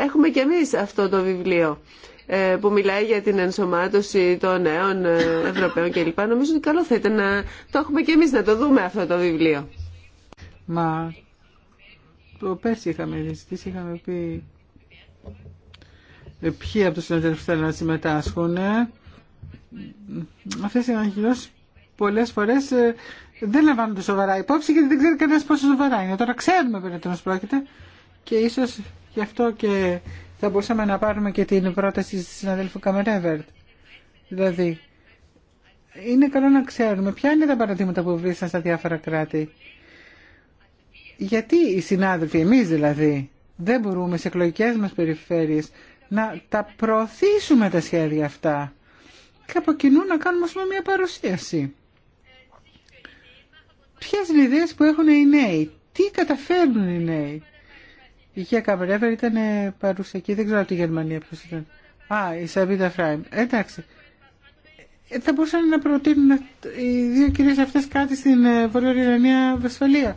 έχουμε κι εμείς αυτό το βιβλίο. Ε, που μιλάει για την ενσωμάτωση των νέων ε, Ευρωπαίων κλπ. Νομίζω ότι καλό θα ήταν να το έχουμε και εμείς να το δούμε αυτό το βιβλίο. Μα το πέρσι είχαμε ζητήσει, είχαμε πει ε, ποιοι από τους συνεργάτες θέλουν να συμμετάσχουν. Αυτές οι ανακοινώσεις πολλές φορές δεν λαμβάνονται σοβαρά υπόψη γιατί δεν ξέρει κανένα πόσο σοβαρά είναι. Τώρα ξέρουμε περί μας πρόκειται και ίσως γι' αυτό και θα μπορούσαμε να πάρουμε και την πρόταση της συναδέλφου Καμερέβερτ. Δηλαδή, είναι καλό να ξέρουμε ποια είναι τα παραδείγματα που βρίσκαν στα διάφορα κράτη. Γιατί οι συνάδελφοι, εμείς δηλαδή, δεν μπορούμε σε εκλογικέ μας περιφέρειες να τα προωθήσουμε τα σχέδια αυτά και από κοινού να κάνουμε μια παρουσίαση. Ποιες είναι οι ιδέες που έχουν οι νέοι, τι καταφέρνουν οι νέοι. Η Κία Καμπρέβερ ήταν παρουσιακή. δεν ξέρω από τη Γερμανία ποιο ήταν. Α, η Σαβίδα Φράιμ. Εντάξει. Ε, θα μπορούσαν να προτείνουν οι δύο κυρίες αυτές κάτι στην ε, Βορειοειρλανδία Βεσφαλία.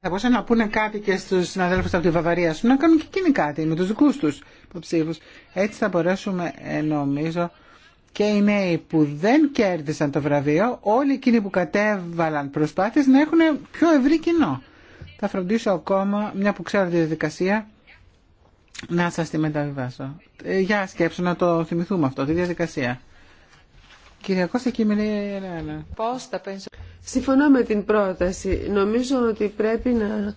Θα μπορούσαν να πούνε κάτι και στου συναδέλφου από τη Βαβαρία σου, να κάνουν και εκείνοι κάτι με του δικού του υποψήφου. Έτσι θα μπορέσουμε, ε, νομίζω, και οι νέοι που δεν κέρδισαν το βραβείο, όλοι εκείνοι που κατέβαλαν προσπάθειες να έχουν πιο ευρύ κοινό θα φροντίσω ακόμα, μια που ξέρω τη διαδικασία, να σα τη μεταβιβάσω. Ε, για σκέψω, να το θυμηθούμε αυτό, τη διαδικασία. Κυριακό και λέει Πώς τα Συμφωνώ με την πρόταση. Νομίζω ότι πρέπει να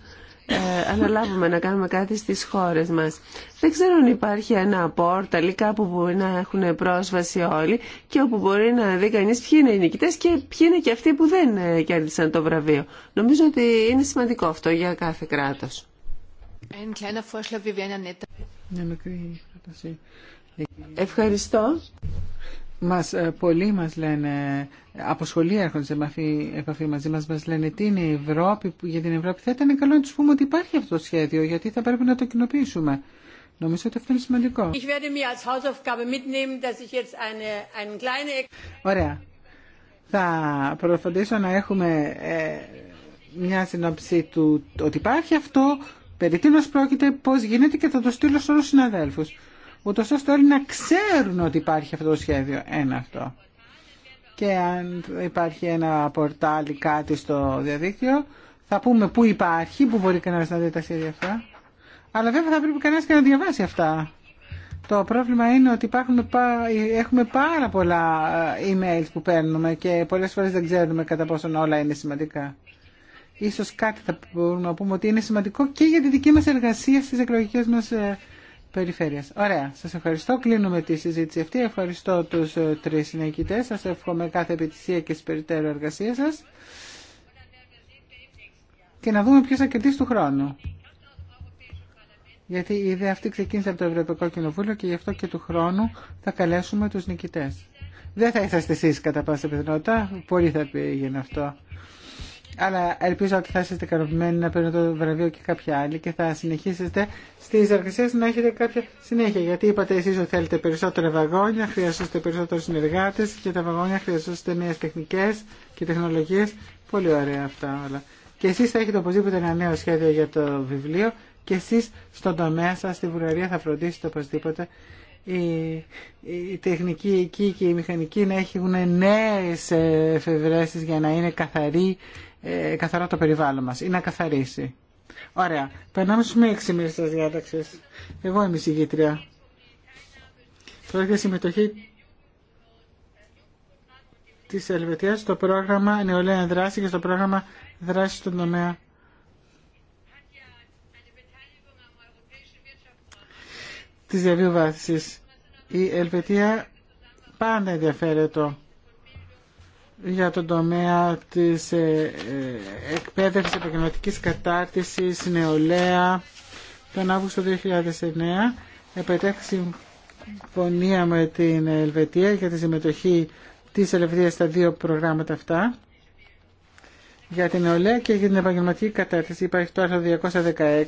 ε, αναλάβουμε να κάνουμε κάτι στις χώρες μας. Δεν ξέρω αν υπάρχει ένα πόρταλ ή κάπου που μπορεί να έχουν πρόσβαση όλοι και όπου μπορεί να δει κανεί ποιοι είναι οι νικητές και ποιοι είναι και αυτοί που δεν ε, κέρδισαν το βραβείο. Νομίζω ότι είναι σημαντικό αυτό για κάθε κράτος. Ευχαριστώ. Μας, ε, πολλοί μας λένε, από σχολεία έρχονται σε επαφή, επαφή μαζί μας, μας λένε τι είναι η Ευρώπη, για την Ευρώπη θα ήταν καλό να τους πούμε ότι υπάρχει αυτό το σχέδιο, γιατί θα πρέπει να το κοινοποιήσουμε. Νομίζω ότι αυτό είναι σημαντικό. Ωραία. Θα προφαντήσω να έχουμε ε, μια συνοψή του ότι υπάρχει αυτό, περί τίνος πρόκειται, πώς γίνεται και θα το στείλω στους συναδέλφους ούτω ώστε όλοι να ξέρουν ότι υπάρχει αυτό το σχέδιο. Ένα αυτό. Και αν υπάρχει ένα πορτάλι κάτι στο διαδίκτυο, θα πούμε πού υπάρχει, πού μπορεί κανένα να δει τα σχέδια αυτά. Αλλά βέβαια θα πρέπει κανένα και να διαβάσει αυτά. Το πρόβλημα είναι ότι έχουμε πάρα πολλά ε, email που παίρνουμε και πολλές φορές δεν ξέρουμε κατά πόσον όλα είναι σημαντικά. Ίσως κάτι θα μπορούμε να πούμε ότι είναι σημαντικό και για τη δική μας εργασία στις εκλογικές μας ε, περιφέρειας. Ωραία. Σας ευχαριστώ. Κλείνουμε τη συζήτηση αυτή. Ευχαριστώ τους ε, τρει συνεκητές. Σας εύχομαι κάθε επιτυχία και σπεριτέρω εργασία σας. Και να δούμε ποιο θα κερδίσει του χρόνου. Γιατί η ιδέα αυτή ξεκίνησε από το Ευρωπαϊκό Κοινοβούλιο και γι' αυτό και του χρόνου θα καλέσουμε τους νικητές. Δεν θα είσαστε εσεί κατά πάσα πιθανότητα. Πολύ θα πήγαινε αυτό αλλά ελπίζω ότι θα είστε ικανοποιημένοι να παίρνω το βραβείο και κάποια άλλη και θα συνεχίσετε στι εργασίε να έχετε κάποια συνέχεια. Γιατί είπατε εσεί ότι θέλετε περισσότερα βαγόνια, χρειαζόστε περισσότερου συνεργάτε και τα βαγόνια χρειαζόστε νέε τεχνικέ και τεχνολογίε. Πολύ ωραία αυτά όλα. Και εσεί θα έχετε οπωσδήποτε ένα νέο σχέδιο για το βιβλίο και εσεί στον τομέα σα, στη Βουλγαρία, θα φροντίσετε οπωσδήποτε η, η τεχνική εκεί και η μηχανική να έχουν νέες εφευρέσεις για να είναι καθαροι ε, το περιβάλλον μας ή να καθαρίσει. Ωραία. Περνάμε στους μία εξημείρες της διάταξης. Εγώ είμαι η συγγήτρια. Πρόκειται μια μήνες της διαταξης εγω ειμαι η Τώρα για συμμετοχη της ελβετιας στο πρόγραμμα Νεολαία Δράση και στο πρόγραμμα Δράση στον τομέα της βάθησης. Η Ελβετία πάντα ενδιαφέρεται για τον τομέα της ε, ε, εκπαίδευσης επαγγελματικής κατάρτισης νεολαία τον Αύγουστο 2009 επετέχθη συμφωνία με την Ελβετία για τη συμμετοχή της Ελβετίας στα δύο προγράμματα αυτά για την νεολαία και για την επαγγελματική κατάρτιση υπάρχει το άρθρο 216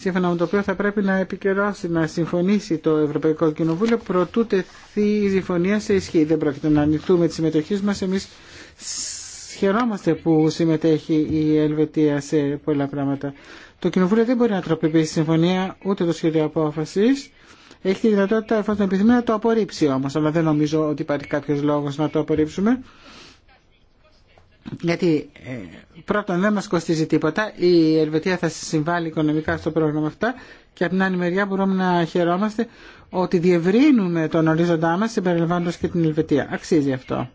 σύμφωνα με το οποίο θα πρέπει να επικαιρώσει, να συμφωνήσει το Ευρωπαϊκό Κοινοβούλιο προτού τεθεί η συμφωνία σε ισχύ. Δεν πρόκειται να ανοιχτούμε τη συμμετοχή μα. Εμεί χαιρόμαστε που συμμετέχει η Ελβετία σε πολλά πράγματα. Το Κοινοβούλιο δεν μπορεί να τροποποιήσει τη συμφωνία ούτε το σχέδιο απόφαση. Έχει τη δυνατότητα, εφόσον επιθυμεί, να το απορρίψει όμω. Αλλά δεν νομίζω ότι υπάρχει κάποιο λόγο να το απορρίψουμε γιατί ε, πρώτον δεν μας κοστίζει τίποτα, η Ελβετία θα συμβάλλει οικονομικά στο πρόγραμμα αυτά και από την άλλη μεριά μπορούμε να χαιρόμαστε ότι διευρύνουμε τον ορίζοντά μας συμπεριλαμβάνοντας και την Ελβετία. Αξίζει αυτό.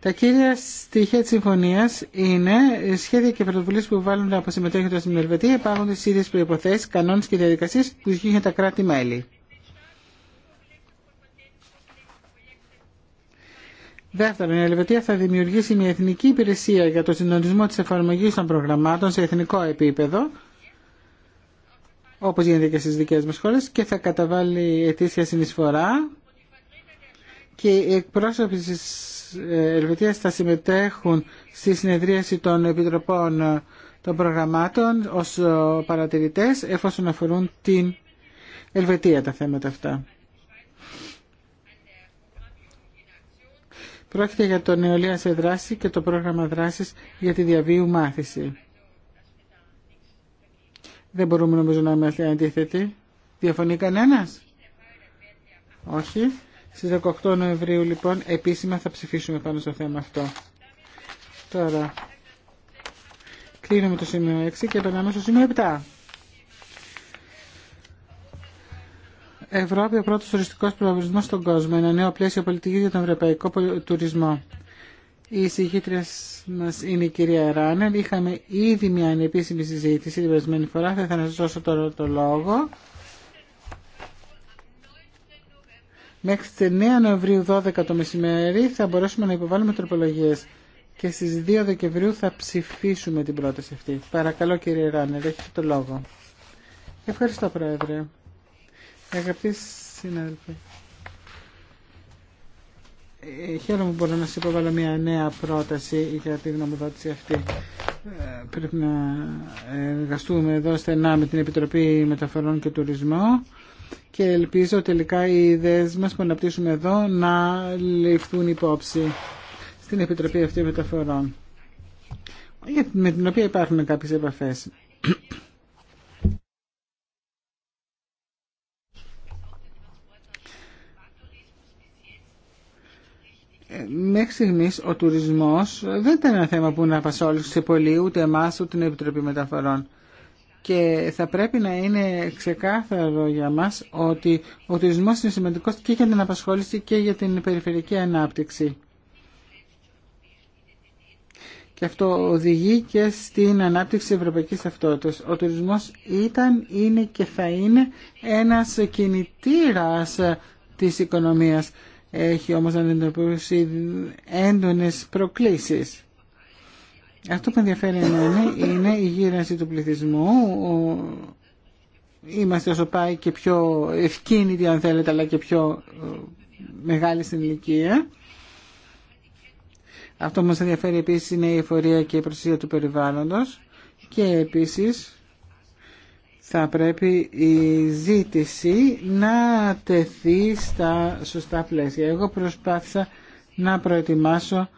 Τα κύρια στοιχεία τη συμφωνία είναι σχέδια και πρωτοβουλίε που βάλουν από συμμετέχοντα στην Ελβετία υπάρχουν τι ίδιε προποθέσει, κανόνε και διαδικασίε που ισχύουν τα κράτη-μέλη. Δεύτερον, η Ελβετία θα δημιουργήσει μια εθνική υπηρεσία για το συντονισμό της εφαρμογής των προγραμμάτων σε εθνικό επίπεδο, όπως γίνεται και στις δικές μας χώρες, και θα καταβάλει ετήσια συνεισφορά και οι εκπρόσωποι της ε, Ελβετίας θα συμμετέχουν στη συνεδρίαση των επιτροπών ε, των προγραμμάτων ως ε, παρατηρητές εφόσον αφορούν την Ελβετία τα θέματα αυτά. Πρόκειται για το Νεολαία σε δράση και το πρόγραμμα δράσης για τη διαβίου μάθηση. Δεν μπορούμε νομίζω να είμαστε αντίθετοι. Διαφωνεί κανένας? Όχι. Στις 18 Νοεμβρίου λοιπόν επίσημα θα ψηφίσουμε πάνω στο θέμα αυτό. Τώρα κλείνουμε το σημείο 6 και περνάμε στο σημείο 7. Ευρώπη ο πρώτος τουριστικός προορισμός στον κόσμο, ένα νέο πλαίσιο πολιτική για τον ευρωπαϊκό τουρισμό. Η εισηγήτρια μα είναι η κυρία Ράνερ. Είχαμε ήδη μια ανεπίσημη συζήτηση την περασμένη φορά. Θα ήθελα να σα δώσω τώρα το λόγο. Μέχρι τι 9 Νοεμβρίου 12 το μεσημέρι θα μπορέσουμε να υποβάλουμε τροπολογίε. Και στι 2 Δεκεμβρίου θα ψηφίσουμε την πρόταση αυτή. Παρακαλώ κύριε Ράνερ, έχετε το λόγο. Ευχαριστώ Πρόεδρε. Αγαπητοί συνάδελφοι, ε, χαίρομαι που μπορώ να σας υποβάλω μια νέα πρόταση για τη γνωμοδότηση αυτή. Ε, πρέπει να εργαστούμε εδώ στενά με την Επιτροπή Μεταφορών και Τουρισμού και ελπίζω τελικά οι ιδέες μας που αναπτύσσουμε εδώ να ληφθούν υπόψη στην Επιτροπή αυτή Μεταφορών με την οποία υπάρχουν κάποιες επαφές. μέχρι στιγμή ο τουρισμός δεν ήταν ένα θέμα που να απασχόλησε πολύ ούτε εμά ούτε την Επιτροπή Μεταφορών. Και θα πρέπει να είναι ξεκάθαρο για μας ότι ο τουρισμός είναι σημαντικός και για την απασχόληση και για την περιφερειακή ανάπτυξη. Και αυτό οδηγεί και στην ανάπτυξη ευρωπαϊκής ταυτότητας. Ο τουρισμός ήταν, είναι και θα είναι ένας κινητήρας της οικονομίας έχει όμως αντιμετωπίσει έντονες προκλήσεις. Αυτό που ενδιαφέρει εμένα είναι η γύρανση του πληθυσμού. Είμαστε όσο πάει και πιο ευκίνητοι αν θέλετε αλλά και πιο ε, μεγάλη στην ηλικία. Αυτό που μας ενδιαφέρει επίσης είναι η εφορία και η προστασία του περιβάλλοντος και επίσης θα πρέπει η ζήτηση να τεθεί στα σωστά πλαίσια. Εγώ προσπάθησα να προετοιμάσω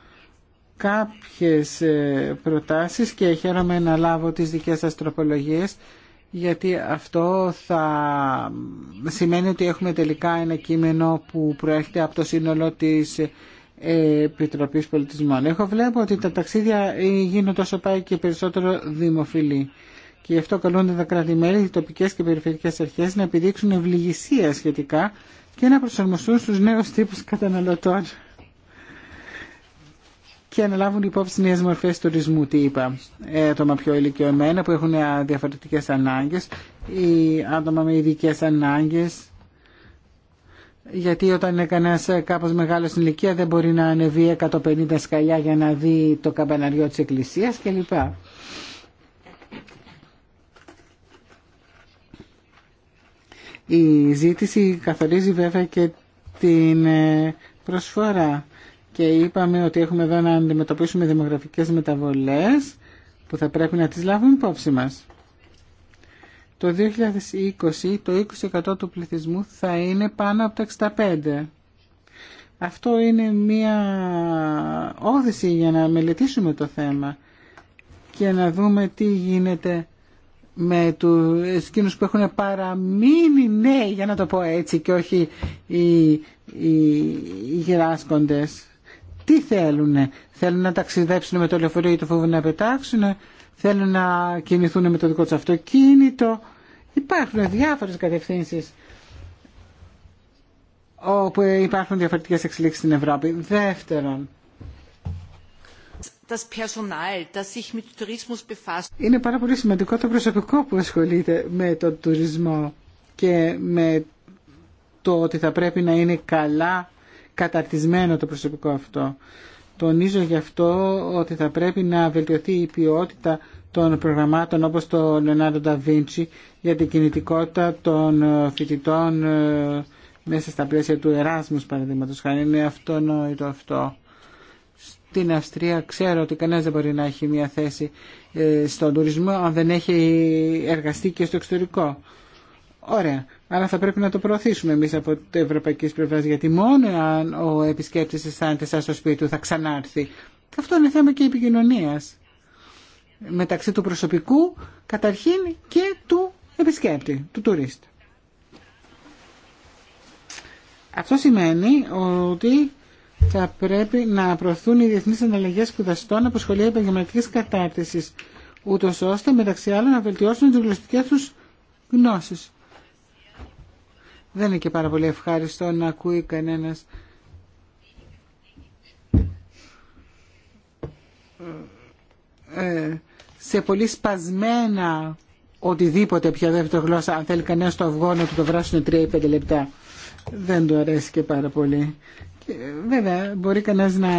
κάποιες ε, προτάσεις και χαίρομαι να λάβω τις δικές σας τροπολογίες γιατί αυτό θα σημαίνει ότι έχουμε τελικά ένα κείμενο που προέρχεται από το σύνολο της ε, Επιτροπής Πολιτισμών. Έχω βλέπω ότι τα ταξίδια ε, γίνονται όσο πάει και περισσότερο δημοφιλή. Και γι' αυτό καλούνται τα κράτη-μέλη, οι τοπικές και περιφερειακές αρχές να επιδείξουν ευληγησία σχετικά και να προσαρμοστούν στους νέους τύπους καταναλωτών και να λάβουν υπόψη νέε μορφέ τουρισμού, τι είπα. Ε, άτομα πιο ηλικιωμένα που έχουν ε, διαφορετικέ ανάγκε ή άτομα με ειδικέ ανάγκε. Γιατί όταν είναι κανένα ε, κάπω μεγάλο στην ηλικία δεν μπορεί να ανεβεί 150 σκαλιά για να δει το καμπαναριό τη εκκλησία κλπ. Η ζήτηση καθορίζει βέβαια και την ε, προσφορά και είπαμε ότι έχουμε εδώ να αντιμετωπίσουμε δημογραφικές μεταβολές που θα πρέπει να τις λάβουμε υπόψη μας. Το 2020 το 20% του πληθυσμού θα είναι πάνω από τα 65. Αυτό είναι μία όθηση για να μελετήσουμε το θέμα και να δούμε τι γίνεται με του εκείνου που έχουν παραμείνει νέοι, για να το πω έτσι, και όχι οι, οι, οι Τι θέλουνε, θέλουν να ταξιδέψουν με το λεωφορείο ή το φόβο να πετάξουν, θέλουν να κινηθούν με το δικό τους αυτοκίνητο. Υπάρχουν διάφορε κατευθύνσει. όπου υπάρχουν διαφορετικές εξελίξεις στην Ευρώπη. Δεύτερον, είναι πάρα πολύ σημαντικό το προσωπικό που ασχολείται με τον τουρισμό και με το ότι θα πρέπει να είναι καλά καταρτισμένο το προσωπικό αυτό. Τονίζω γι' αυτό ότι θα πρέπει να βελτιωθεί η ποιότητα των προγραμμάτων όπως το da Νταβίντσι για την κινητικότητα των ε, φοιτητών ε, μέσα στα πλαίσια του Εράσμους παραδείγματος χάρη. Είναι αυτονόητο αυτό την Αυστρία ξέρω ότι κανένας δεν μπορεί να έχει μια θέση ε, στον τουρισμό αν δεν έχει εργαστεί και στο εξωτερικό. Ωραία. Αλλά θα πρέπει να το προωθήσουμε εμείς από την ευρωπαϊκή πλευρά γιατί μόνο αν ο επισκέπτης αισθάνεται σαν στο σπίτι του θα ξανάρθει. Αυτό είναι θέμα και επικοινωνία. Μεταξύ του προσωπικού καταρχήν και του επισκέπτη, του τουρίστ. Αυτό σημαίνει ότι θα πρέπει να προωθούν οι διεθνεί ανταλλαγές σπουδαστών από σχολεία επαγγελματική κατάρτιση, ούτω ώστε μεταξύ άλλων να βελτιώσουν τι γλωσσικέ του γνώσεις. Δεν είναι και πάρα πολύ ευχάριστο να ακούει κανένα. Ε, σε πολύ σπασμένα οτιδήποτε πια δεύτερη γλώσσα, αν θέλει κανένα το αυγό να του το βράσουν 3 ή 5 λεπτά. Δεν του αρέσει και πάρα πολύ. Ε, βέβαια μπορεί κανένας να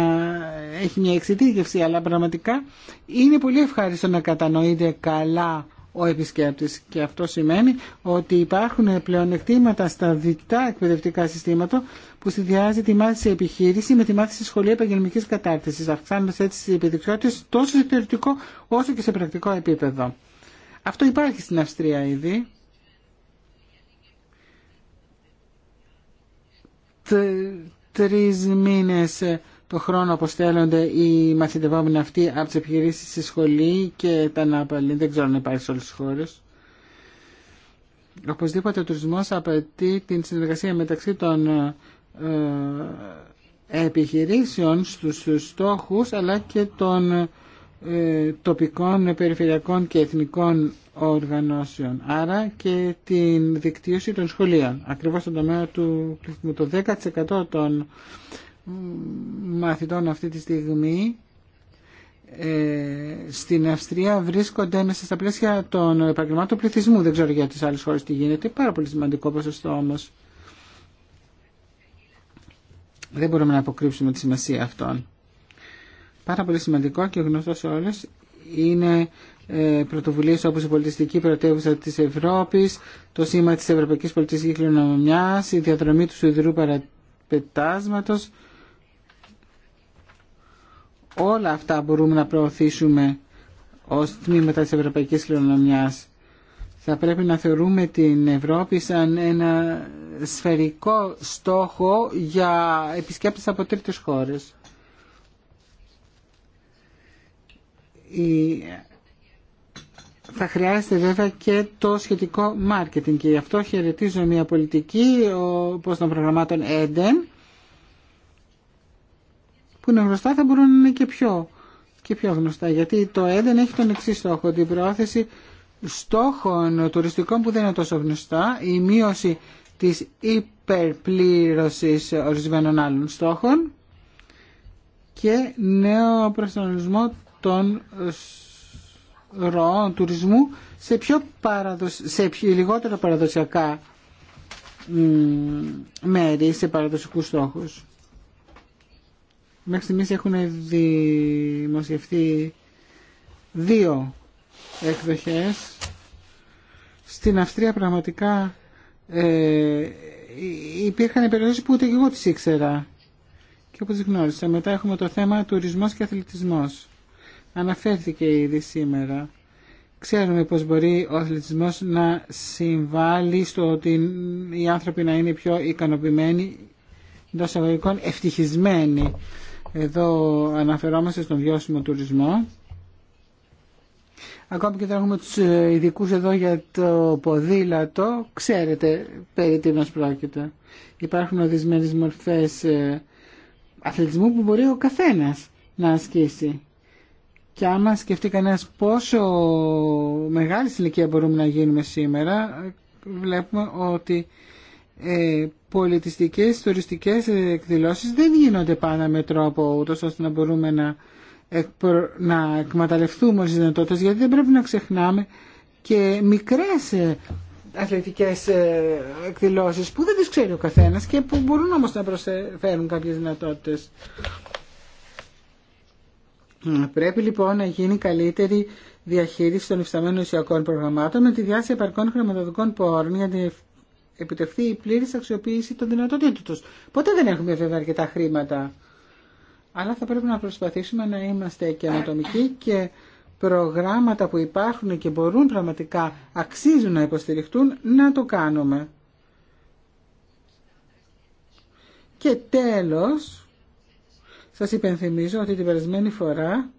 έχει μια εξειδίκευση, αλλά πραγματικά είναι πολύ ευχάριστο να κατανοείται καλά ο επισκέπτης και αυτό σημαίνει ότι υπάρχουν πλεονεκτήματα στα διτά εκπαιδευτικά συστήματα που συνδυάζει τη μάθηση επιχείρηση με τη μάθηση σχολεία επαγγελματική κατάρτιση, αυξάνοντα έτσι τι επιδεξιότητε τόσο σε θεωρητικό όσο και σε πρακτικό επίπεδο. Αυτό υπάρχει στην Αυστρία ήδη. Τρει μήνε το χρόνο αποστέλλονται οι μαθητευόμενοι αυτοί από τι επιχειρήσει στη σχολή και τα αναπαλή. Δεν ξέρω αν υπάρχει σε όλε τι χώρε. Οπωσδήποτε ο τουρισμό απαιτεί την συνεργασία μεταξύ των ε, επιχειρήσεων στου στόχους αλλά και των ε, τοπικών, ε, περιφερειακών και εθνικών οργανώσεων. Άρα και την δικτύωση των σχολείων. Ακριβώς στον τομέα του πληθυσμού. Το 10% των μαθητών αυτή τη στιγμή ε, στην Αυστρία βρίσκονται μέσα στα πλαίσια των επαγγελμάτων πληθυσμού. Δεν ξέρω για τις άλλες χώρες τι γίνεται. Πάρα πολύ σημαντικό ποσοστό όμως. Δεν μπορούμε να αποκρύψουμε τη σημασία αυτών. Πάρα πολύ σημαντικό και γνωστό σε όλες είναι ε, πρωτοβουλίες όπως η πολιτιστική πρωτεύουσα της Ευρώπης, το σήμα της Ευρωπαϊκής Πολιτιστικής Κληρονομιάς, η διαδρομή του Σουηδρού Παραπετάσματος. Όλα αυτά μπορούμε να προωθήσουμε ως τμήματα της Ευρωπαϊκής Κληρονομιάς. Θα πρέπει να θεωρούμε την Ευρώπη σαν ένα σφαιρικό στόχο για επισκέπτες από τρίτες χώρες. θα χρειάζεται βέβαια και το σχετικό μάρκετινγκ και γι' αυτό χαιρετίζω μια πολιτική όπως των προγραμμάτων EDEN που είναι γνωστά θα μπορούν να είναι και πιο, και πιο γνωστά γιατί το EDEN έχει τον εξή στόχο την προώθηση στόχων τουριστικών που δεν είναι τόσο γνωστά η μείωση της υπερπλήρωσης ορισμένων άλλων στόχων και νέο προσανατολισμό των ε, ροών τουρισμού σε, πιο παραδοσ... σε πιο λιγότερο παραδοσιακά μέρη, σε παραδοσιακούς στόχους. Μέχρι στιγμής έχουν δημοσιευτεί δύο εκδοχές. Στην Αυστρία πραγματικά ε, υπήρχαν περιοχές που ούτε και εγώ τις ήξερα και όπως γνώρισα. Μετά έχουμε το θέμα τουρισμός και αθλητισμός. Αναφέρθηκε ήδη σήμερα. Ξέρουμε πως μπορεί ο αθλητισμός να συμβάλλει στο ότι οι άνθρωποι να είναι πιο ικανοποιημένοι, εντό αγωγικών ευτυχισμένοι. Εδώ αναφερόμαστε στον βιώσιμο τουρισμό. Ακόμη και τώρα έχουμε τους ε, ειδικού εδώ για το ποδήλατο. Ξέρετε περί μας πρόκειται. Υπάρχουν ορισμένες μορφές ε, αθλητισμού που μπορεί ο καθένας να ασκήσει. Και άμα σκεφτεί κανένα πόσο μεγάλη ηλικία μπορούμε να γίνουμε σήμερα, βλέπουμε ότι ε, πολιτιστικές, τουριστικές εκδηλώσεις δεν γίνονται πάντα με τρόπο ούτως ώστε να μπορούμε να, να εκμεταλλευτούμε τις δυνατότητες γιατί δεν πρέπει να ξεχνάμε και μικρές ε, αθλητικές ε, εκδηλώσεις που δεν τις ξέρει ο καθένας και που μπορούν όμως να προσφέρουν κάποιες δυνατότητες. Πρέπει λοιπόν να γίνει καλύτερη διαχείριση των υφισταμένων ουσιακών προγραμμάτων με τη διάρκεια επαρκών χρηματοδοτικών πόρων για να επιτευχθεί η πλήρης αξιοποίηση των δυνατοτήτων του. Ποτέ δεν έχουμε βέβαια αρκετά χρήματα. Αλλά θα πρέπει να προσπαθήσουμε να είμαστε και ανατομικοί και προγράμματα που υπάρχουν και μπορούν πραγματικά αξίζουν να υποστηριχτούν να το κάνουμε. Και τέλος, σας υπενθυμίζω ότι την περασμένη φορά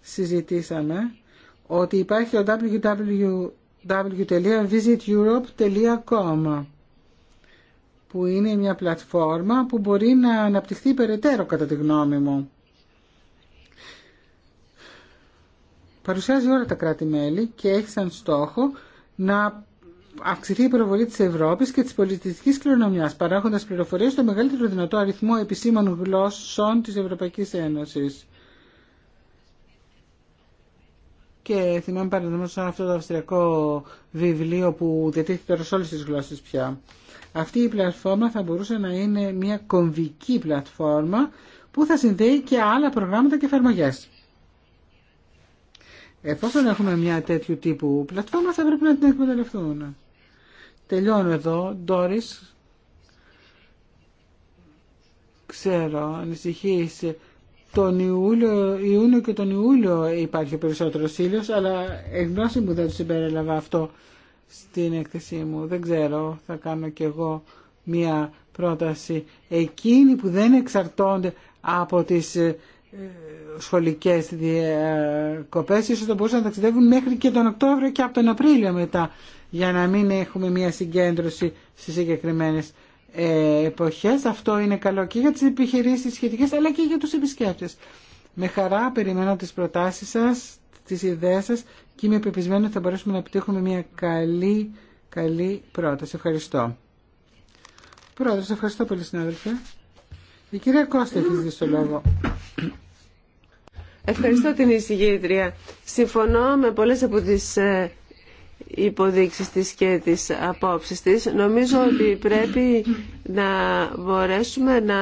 συζητήσαμε ότι υπάρχει ο www.visiteurope.com που είναι μια πλατφόρμα που μπορεί να αναπτυχθεί περαιτέρω κατά τη γνώμη μου. Παρουσιάζει όλα τα κράτη-μέλη και έχει σαν στόχο να αυξηθεί η προβολή της Ευρώπης και της πολιτιστικής κληρονομιάς, παράγοντας πληροφορίες στο μεγαλύτερο δυνατό αριθμό επισήμων γλώσσων της Ευρωπαϊκής Ένωσης. Και θυμάμαι παραδείγματος αυτό το αυστριακό βιβλίο που διατίθεται τώρα σε όλες τις γλώσσες πια. Αυτή η πλατφόρμα θα μπορούσε να είναι μια κομβική πλατφόρμα που θα συνδέει και άλλα προγράμματα και εφαρμογές. Εφόσον έχουμε μια τέτοιου τύπου πλατφόρμα θα πρέπει να την εκμεταλλευτούμε. Τελειώνω εδώ. Ντόρις, ξέρω, ανησυχείς. Τον Ιούλιο, Ιούνιο και τον Ιούλιο υπάρχει περισσότερο περισσότερος αλλά εγγνώση μου δεν το συμπερέλαβα αυτό στην έκθεσή μου. Δεν ξέρω, θα κάνω κι εγώ μία πρόταση. Εκείνοι που δεν εξαρτώνται από τις ε, σχολικές διακοπές ίσως θα μπορούσαν να ταξιδεύουν μέχρι και τον Οκτώβριο και από τον Απρίλιο μετά για να μην έχουμε μια συγκέντρωση στις συγκεκριμένες ε, εποχές. Αυτό είναι καλό και για τις επιχειρήσεις σχετικές αλλά και για τους επισκέπτες. Με χαρά περιμένω τις προτάσεις σας, τις ιδέες σας και είμαι πεπισμένο ότι θα μπορέσουμε να επιτύχουμε μια καλή, καλή πρόταση. Ευχαριστώ. Πρόεδρος, ευχαριστώ πολύ συνάδελφε. Η κυρία Κώστα έχει δει στο λόγο. Ευχαριστώ την εισηγήτρια. Συμφωνώ με πολλές από τις ε, υποδείξεις της και της απόψεις της. Νομίζω ότι πρέπει να μπορέσουμε να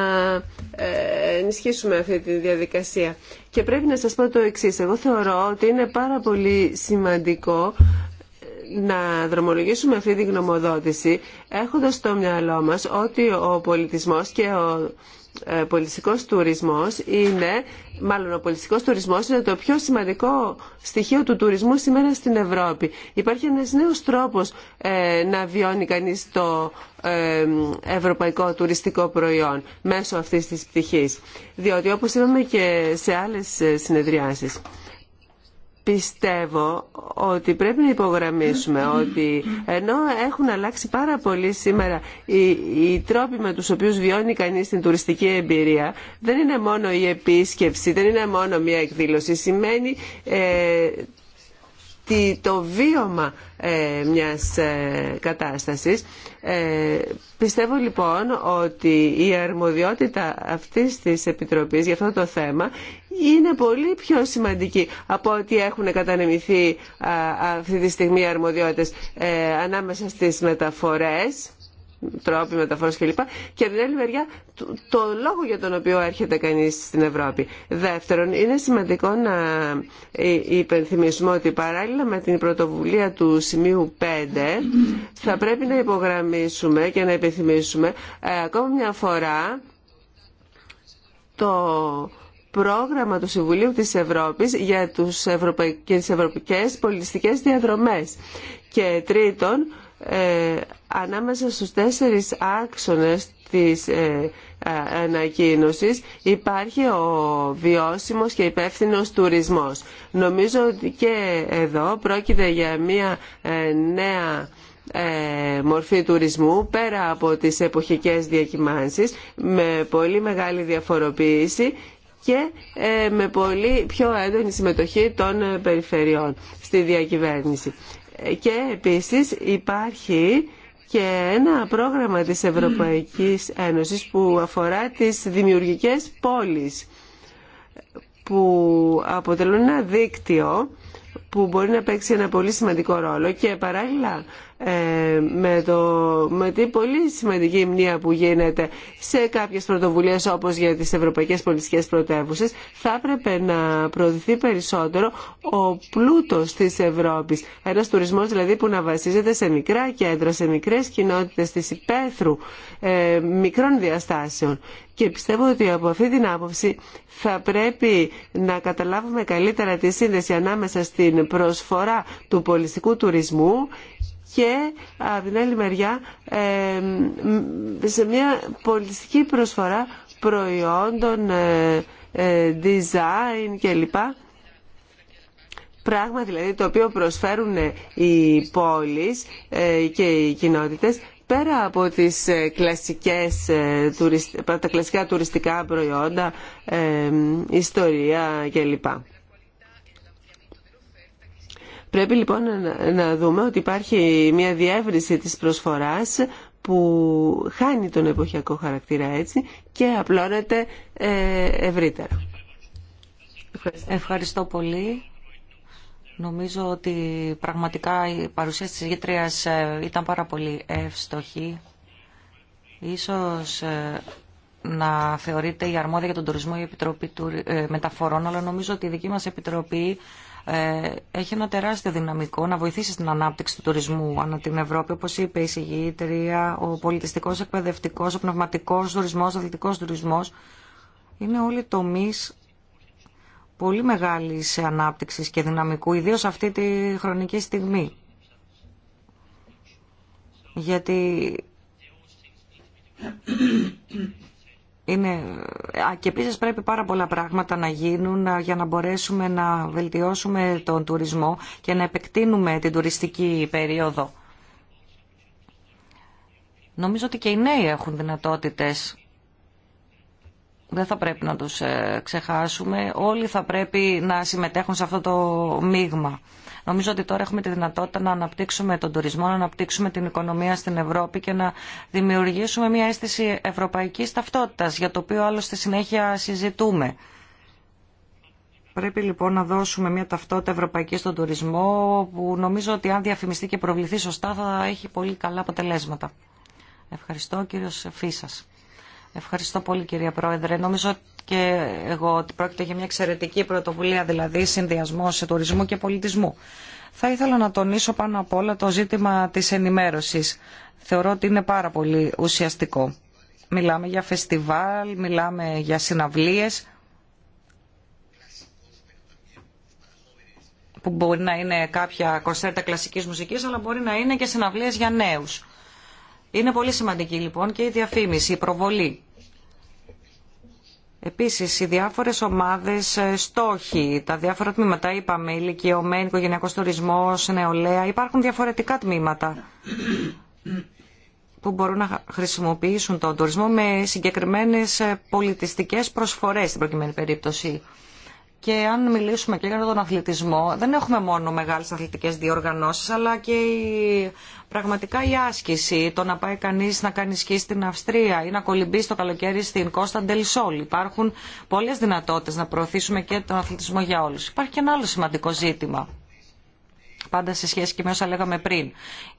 ε, ενισχύσουμε αυτή τη διαδικασία. Και πρέπει να σας πω το εξής. Εγώ θεωρώ ότι είναι πάρα πολύ σημαντικό ε, να δρομολογήσουμε αυτή τη γνωμοδότηση έχοντας στο μυαλό μας ότι ο πολιτισμός και ο ε, πολιτιστικός τουρισμός είναι, μάλλον ο πολιτιστικός τουρισμός είναι το πιο σημαντικό στοιχείο του τουρισμού σήμερα στην Ευρώπη. Υπάρχει ένας νέος τρόπος ε, να βιώνει κανείς το ε, ευρωπαϊκό τουριστικό προϊόν μέσω αυτής της πτυχής. Διότι όπως είπαμε και σε άλλες συνεδριάσεις πιστεύω ότι πρέπει να υπογραμμίσουμε ότι ενώ έχουν αλλάξει πάρα πολύ σήμερα οι, τρόποι με τους οποίους βιώνει κανείς την τουριστική εμπειρία δεν είναι μόνο η επίσκεψη, δεν είναι μόνο μια εκδήλωση σημαίνει ε, το βίωμα ε, μιας ε, κατάστασης. Ε, πιστεύω λοιπόν ότι η αρμοδιότητα αυτής της Επιτροπής για αυτό το θέμα είναι πολύ πιο σημαντική από ότι έχουν κατανεμηθεί αυτή τη στιγμή οι αρμοδιότητες ανάμεσα στις μεταφορές τρόποι μεταφορών κλπ. Και από την άλλη μεριά, το λόγο για τον οποίο έρχεται κανείς στην Ευρώπη. Δεύτερον, είναι σημαντικό να ε, υπενθυμίσουμε ότι παράλληλα με την πρωτοβουλία του σημείου 5 θα πρέπει να υπογραμμίσουμε και να υπενθυμίσουμε ε, ακόμα μια φορά το πρόγραμμα του Συμβουλίου της Ευρώπης για τους ευρωπαϊκές, τις ευρωπαϊκές πολιτιστικές διαδρομές. Και τρίτον, ε, ανάμεσα στους τέσσερις άξονες της ε, υπάρχει ο βιώσιμος και υπεύθυνος τουρισμός. Νομίζω ότι και εδώ πρόκειται για μια ε, νέα ε, μορφή τουρισμού πέρα από τις εποχικές διακυμάνσεις με πολύ μεγάλη διαφοροποίηση και ε, με πολύ πιο έντονη συμμετοχή των περιφερειών στη διακυβέρνηση. Και επίσης υπάρχει και ένα πρόγραμμα της Ευρωπαϊκής Ένωσης που αφορά τις δημιουργικές πόλεις που αποτελούν ένα δίκτυο που μπορεί να παίξει ένα πολύ σημαντικό ρόλο και παράλληλα ε, με, το, με την πολύ σημαντική μνήμα που γίνεται σε κάποιες πρωτοβουλίες όπως για τις ευρωπαϊκές πολιτικές πρωτεύουσες θα έπρεπε να προωθηθεί περισσότερο ο πλούτος της Ευρώπης. Ένας τουρισμός δηλαδή που να βασίζεται σε μικρά κέντρα, σε μικρές κοινότητες της υπαίθρου ε, μικρών διαστάσεων. Και πιστεύω ότι από αυτή την άποψη θα πρέπει να καταλάβουμε καλύτερα τη σύνδεση ανάμεσα στην προσφορά του πολιστικού τουρισμού και από την άλλη μεριά ε, σε μια πολιτιστική προσφορά προϊόντων, ε, ε, design κλπ. Πράγμα δηλαδή το οποίο προσφέρουν οι πόλεις και οι κοινότητες πέρα από τις κλασικές, τα κλασικά τουριστικά προϊόντα, ιστορία κλπ. Πρέπει λοιπόν να δούμε ότι υπάρχει μια διεύρυνση της προσφοράς που χάνει τον εποχιακό χαρακτήρα έτσι και απλώνεται ε, ευρύτερα. Ευχαριστώ. πολύ. Νομίζω ότι πραγματικά η παρουσία της γήτριας ε, ήταν πάρα πολύ εύστοχη. Ίσως ε, να θεωρείται η αρμόδια για τον τουρισμό η Επιτροπή Μεταφορών, αλλά νομίζω ότι η δική μας Επιτροπή ε, έχει ένα τεράστιο δυναμικό να βοηθήσει στην ανάπτυξη του τουρισμού ανά την Ευρώπη. Όπω είπε η συγγήτρια, ο πολιτιστικό, εκπαιδευτικό, ο πνευματικό τουρισμό, ο αθλητικό τουρισμό είναι όλοι τομεί πολύ μεγάλη ανάπτυξη και δυναμικού, ιδίω αυτή τη χρονική στιγμή. Γιατί είναι... Και επίση πρέπει πάρα πολλά πράγματα να γίνουν για να μπορέσουμε να βελτιώσουμε τον τουρισμό και να επεκτείνουμε την τουριστική περίοδο. Νομίζω ότι και οι νέοι έχουν δυνατότητες. Δεν θα πρέπει να τους ε, ξεχάσουμε. Όλοι θα πρέπει να συμμετέχουν σε αυτό το μείγμα. Νομίζω ότι τώρα έχουμε τη δυνατότητα να αναπτύξουμε τον τουρισμό, να αναπτύξουμε την οικονομία στην Ευρώπη και να δημιουργήσουμε μια αίσθηση ευρωπαϊκής ταυτότητας, για το οποίο άλλωστε συνέχεια συζητούμε. Πρέπει λοιπόν να δώσουμε μια ταυτότητα ευρωπαϊκή στον τουρισμό που νομίζω ότι αν διαφημιστεί και προβληθεί σωστά θα έχει πολύ καλά αποτελέσματα. Ευχαριστώ κύριος Φίσας. Ευχαριστώ πολύ κυρία Πρόεδρε. Νομίζω και εγώ ότι πρόκειται για μια εξαιρετική πρωτοβουλία, δηλαδή συνδυασμό τουρισμού και πολιτισμού. Θα ήθελα να τονίσω πάνω απ' όλα το ζήτημα της ενημέρωσης. Θεωρώ ότι είναι πάρα πολύ ουσιαστικό. Μιλάμε για φεστιβάλ, μιλάμε για συναυλίες που μπορεί να είναι κάποια κονσέρτα κλασικής μουσικής αλλά μπορεί να είναι και συναυλίες για νέους. Είναι πολύ σημαντική λοιπόν και η διαφήμιση, η προβολή Επίσης, οι διάφορες ομάδες ε, στόχοι, τα διάφορα τμήματα, είπαμε, ηλικιωμένοι, οικογενειακό τουρισμός, νεολαία, υπάρχουν διαφορετικά τμήματα που μπορούν να χρησιμοποιήσουν τον τουρισμό με συγκεκριμένες ε, πολιτιστικές προσφορές στην προκειμένη περίπτωση. Και αν μιλήσουμε και για τον αθλητισμό, δεν έχουμε μόνο μεγάλες αθλητικές διοργανώσεις, αλλά και η, πραγματικά η άσκηση, το να πάει κανείς να κάνει σκι στην Αυστρία ή να κολυμπήσει το καλοκαίρι στην Κώστα Ντελσόλ. Υπάρχουν πολλές δυνατότητες να προωθήσουμε και τον αθλητισμό για όλους. Υπάρχει και ένα άλλο σημαντικό ζήτημα πάντα σε σχέση και με όσα λέγαμε πριν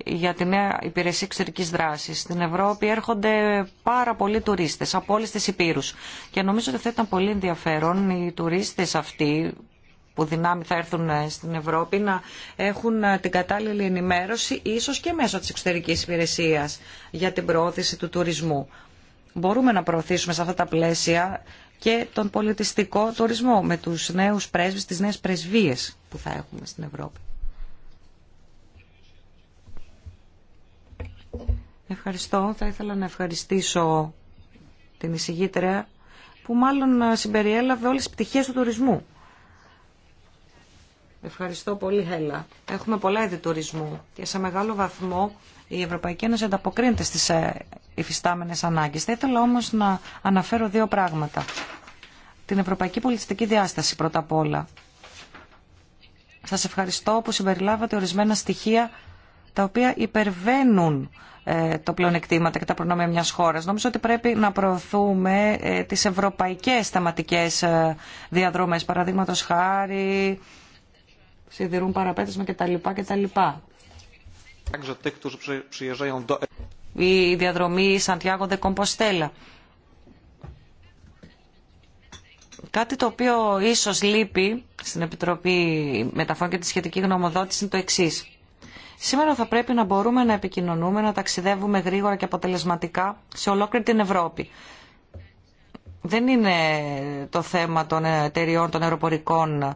για τη νέα υπηρεσία εξωτερική δράση. Στην Ευρώπη έρχονται πάρα πολλοί τουρίστε από όλε τι υπήρου. Και νομίζω ότι θα ήταν πολύ ενδιαφέρον οι τουρίστε αυτοί που δυνάμει θα έρθουν ε, στην Ευρώπη να έχουν ε, την κατάλληλη ενημέρωση ίσως και μέσω της εξωτερικής υπηρεσίας για την προώθηση του τουρισμού. Μπορούμε να προωθήσουμε σε αυτά τα πλαίσια και τον πολιτιστικό τουρισμό με τους νέους πρέσβεις, τις νέες πρεσβείες που θα έχουμε στην Ευρώπη. Ευχαριστώ. Θα ήθελα να ευχαριστήσω την εισηγήτρια που μάλλον συμπεριέλαβε όλες τις πτυχές του τουρισμού. Ευχαριστώ πολύ, Χέλα. Έχουμε πολλά είδη τουρισμού και σε μεγάλο βαθμό η Ευρωπαϊκή Ένωση ανταποκρίνεται στις ε, υφιστάμενες ανάγκες. Θα ήθελα όμως να αναφέρω δύο πράγματα. Την Ευρωπαϊκή Πολιτιστική Διάσταση πρώτα απ' όλα. Σας ευχαριστώ που συμπεριλάβατε ορισμένα στοιχεία τα οποία υπερβαίνουν ε, το πλεονεκτήματα και τα προνόμια μιας χώρας. Νομίζω ότι πρέπει να προωθούμε ε, τις ευρωπαϊκές θεματικές ε, διαδρομές, παραδείγματος χάρη, σιδηρούν παραπέτασμα κτλ. κτλ. Η διαδρομή Σαντιάγο Δε Κομποστέλα. Κάτι το οποίο ίσως λείπει στην Επιτροπή Μεταφών και τη σχετική γνωμοδότηση είναι το εξής Σήμερα θα πρέπει να μπορούμε να επικοινωνούμε, να ταξιδεύουμε γρήγορα και αποτελεσματικά σε ολόκληρη την Ευρώπη. Δεν είναι το θέμα των εταιριών των αεροπορικών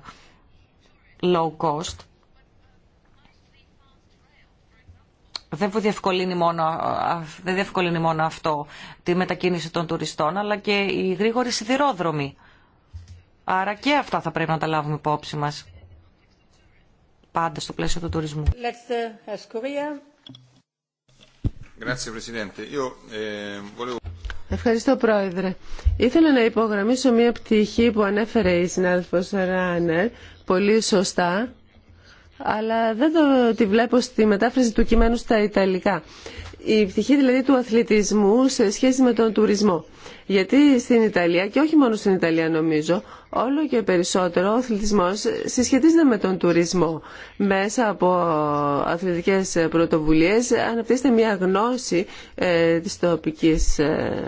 low cost. Δεν διευκολύνει, μόνο, δεν μόνο αυτό τη μετακίνηση των τουριστών, αλλά και οι γρήγοροι σιδηρόδρομοι. Άρα και αυτά θα πρέπει να τα λάβουμε υπόψη μας πάντα στο πλαίσιο του τουρισμού. Eh, Ευχαριστώ Πρόεδρε. Ήθελα να υπογραμμίσω μια πτυχή που ανέφερε η συνάδελφος Ράνερ πολύ σωστά αλλά δεν το, τη βλέπω στη μετάφραση του κειμένου στα Ιταλικά η πτυχή δηλαδή του αθλητισμού σε σχέση με τον τουρισμό. Γιατί στην Ιταλία, και όχι μόνο στην Ιταλία νομίζω, όλο και περισσότερο ο αθλητισμός συσχετίζεται με τον τουρισμό. Μέσα από αθλητικές πρωτοβουλίες αναπτύσσεται μια γνώση ε, της τοπικής ε,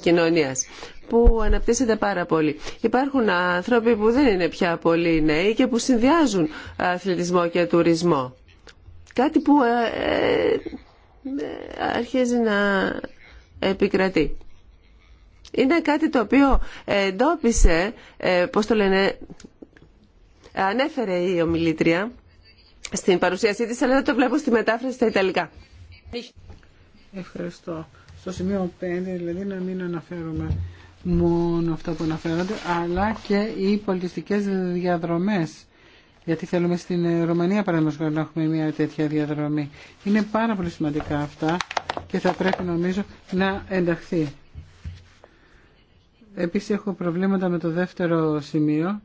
κοινωνίας που αναπτύσσεται πάρα πολύ. Υπάρχουν άνθρωποι που δεν είναι πια πολύ νέοι και που συνδυάζουν αθλητισμό και τουρισμό. Κάτι που ε, ε, ε, αρχίζει να επικρατεί. Είναι κάτι το οποίο εντόπισε, ε, πώς το λένε, ανέφερε η ομιλήτρια στην παρουσίασή της, αλλά δεν το βλέπω στη μετάφραση στα Ιταλικά. Ευχαριστώ. Στο σημείο 5, δηλαδή, να μην αναφέρουμε μόνο αυτά που αναφέρονται, αλλά και οι πολιτιστικές διαδρομές γιατί θέλουμε στην ε, Ρωμανία παραδείγματος να έχουμε μια τέτοια διαδρομή. Είναι πάρα πολύ σημαντικά αυτά και θα πρέπει νομίζω να ενταχθεί. Επίσης έχω προβλήματα με το δεύτερο σημείο.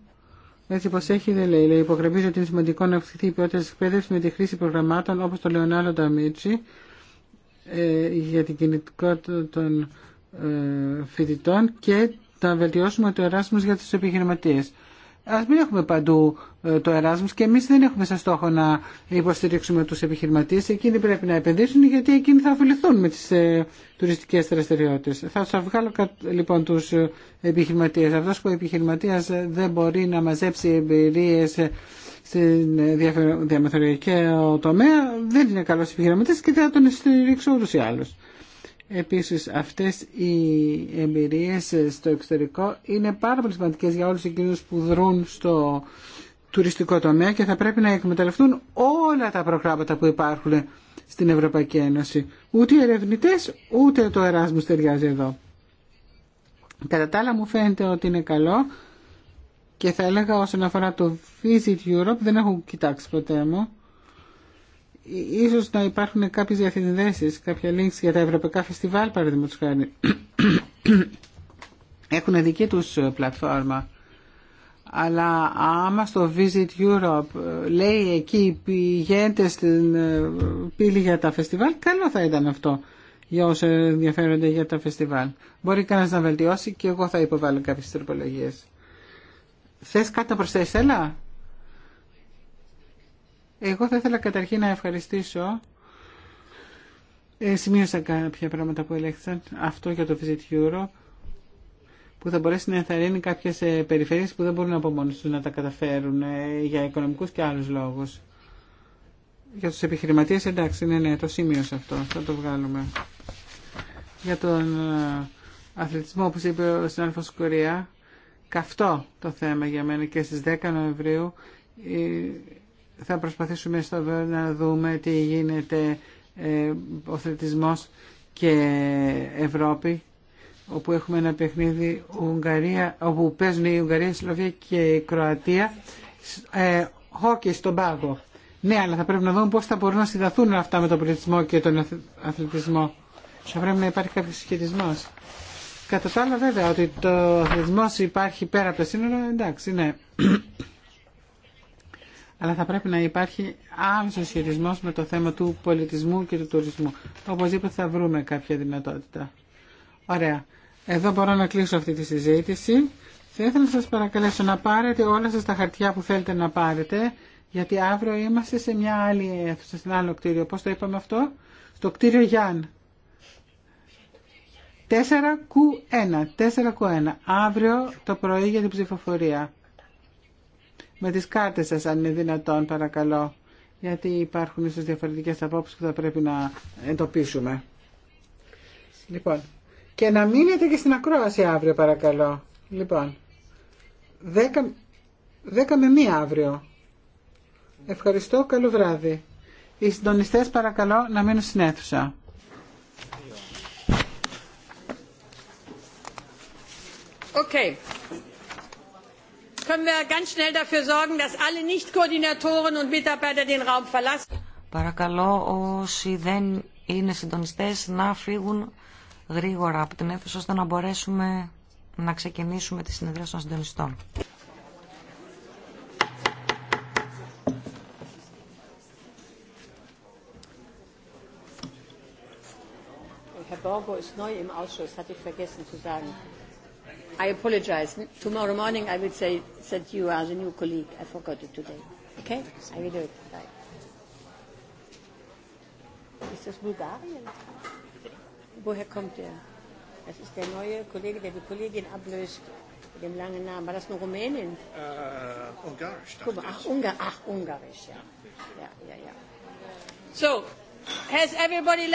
Έτσι πως έχει δεν λέει. λέει υπογραμμίζω ότι είναι σημαντικό να αυξηθεί η ποιότητα της εκπαίδευσης με τη χρήση προγραμμάτων όπως το Λεωνάλο Νταμίτσι ε, για την κινητικότητα των ε, φοιτητών και τα βελτιώσουμε το Εράσμος για του επιχειρηματίες. Α μην έχουμε παντού ε, το Εράσμος και εμείς δεν έχουμε σαν στόχο να υποστηρίξουμε τους επιχειρηματίες. Εκείνοι πρέπει να επενδύσουν γιατί εκείνοι θα αφηληθούν με τις ε, τουριστικές δραστηριότητε. Θα σα βγάλω λοιπόν τους ε, επιχειρηματίες. Αυτό που ο επιχειρηματίας δεν μπορεί να μαζέψει εμπειρίες στην διαμεθοριακή τομέα δεν είναι καλό επιχειρηματής και θα τον στηρίξω ούτω ή άλλω. Επίσης αυτές οι εμπειρίες στο εξωτερικό είναι πάρα πολύ σημαντικέ για όλους εκείνους που δρούν στο τουριστικό τομέα και θα πρέπει να εκμεταλλευτούν όλα τα προγράμματα που υπάρχουν στην Ευρωπαϊκή Ένωση. Ούτε οι ερευνητές ούτε το Εράσμου ταιριάζει εδώ. Κατά τα άλλα μου φαίνεται ότι είναι καλό και θα έλεγα όσον αφορά το Visit Europe δεν έχω κοιτάξει ποτέ μου ίσως να υπάρχουν κάποιες διαθυνδέσεις κάποια links για τα ευρωπαϊκά φεστιβάλ παραδείγματος χάρη. Έχουν δική τους ε, πλατφόρμα. Αλλά άμα στο Visit Europe ε, λέει εκεί πηγαίνετε στην ε, πύλη για τα φεστιβάλ, καλό θα ήταν αυτό για όσοι ενδιαφέρονται για τα φεστιβάλ. Μπορεί κανένα να βελτιώσει και εγώ θα υποβάλω κάποιες τροπολογίες. Θες κάτι να προσθέσεις, έλα. Εγώ θα ήθελα καταρχήν να ευχαριστήσω. Ε, σημείωσα κάποια πράγματα που ελέγχθησαν. Αυτό για το Visit Europe που θα μπορέσει να ενθαρρύνει κάποιε ε, περιφέρειες που δεν μπορούν από μόνος τους να τα καταφέρουν ε, για οικονομικού και άλλου λόγου. Για του επιχειρηματίε εντάξει, ναι, ναι, το σημείωσα αυτό, θα το βγάλουμε. Για τον ε, αθλητισμό, όπω είπε ο συνάδελφο Κορία, καυτό το θέμα για μένα και στι 10 Νοεμβρίου θα προσπαθήσουμε στο να δούμε τι γίνεται ε, ο θετισμός και Ευρώπη όπου έχουμε ένα παιχνίδι Ουγγαρία, όπου παίζουν η Ουγγαρία, η Σλοβία και η Κροατία ε, χόκι στον πάγο. Ναι, αλλά θα πρέπει να δούμε πώς θα μπορούν να συνταθούν αυτά με τον πολιτισμό και τον αθλητισμό. Θα πρέπει να υπάρχει κάποιο σχετισμό. Κατά τα άλλα βέβαια, ότι το αθλητισμός υπάρχει πέρα από τα σύνορα, εντάξει, ναι αλλά θα πρέπει να υπάρχει άμεσο χειρισμό με το θέμα του πολιτισμού και του τουρισμού. Οπωσδήποτε θα βρούμε κάποια δυνατότητα. Ωραία. Εδώ μπορώ να κλείσω αυτή τη συζήτηση. Θα ήθελα να σας παρακαλέσω να πάρετε όλα σας τα χαρτιά που θέλετε να πάρετε, γιατί αύριο είμαστε σε μια άλλη αίθουσα, σε ένα άλλο κτίριο. Πώς το είπαμε αυτό? Στο κτίριο Γιάν. 4Q1, 4Q1, αύριο το πρωί για την ψηφοφορία με τις κάρτες σας αν είναι δυνατόν παρακαλώ γιατί υπάρχουν ίσως διαφορετικές απόψεις που θα πρέπει να εντοπίσουμε. Λοιπόν, και να μείνετε και στην ακρόαση αύριο παρακαλώ. Λοιπόν, 10, 10 με μία αύριο. Ευχαριστώ, καλό βράδυ. Οι συντονιστές παρακαλώ να μείνουν στην αίθουσα. Okay können wir ganz schnell dafür sorgen, dass alle Nicht-Koordinatoren und Mitarbeiter den Raum verlassen. Παρακαλώ όσοι δεν είναι συντονιστές να φύγουν γρήγορα από την αίθουσα ώστε να μπορέσουμε να ξεκινήσουμε τη συνεδρία των συντονιστών. Herr Borgo ist neu im Ausschuss, hatte ich vergessen zu sagen. I apologize. Tomorrow morning I will say that you are the new colleague. I forgot it today. Okay? I will do it. Bye. Ist das Bulgarian? Woher kommt der? Das ist der neue Kollege, der die Kollegin ablöst mit dem langen Namen. War das nur Rumänien? Äh, Ungarisch. Guck mal, ach, Ungar, ach, Ungarisch, ja. Ja, ja, ja. So, has everybody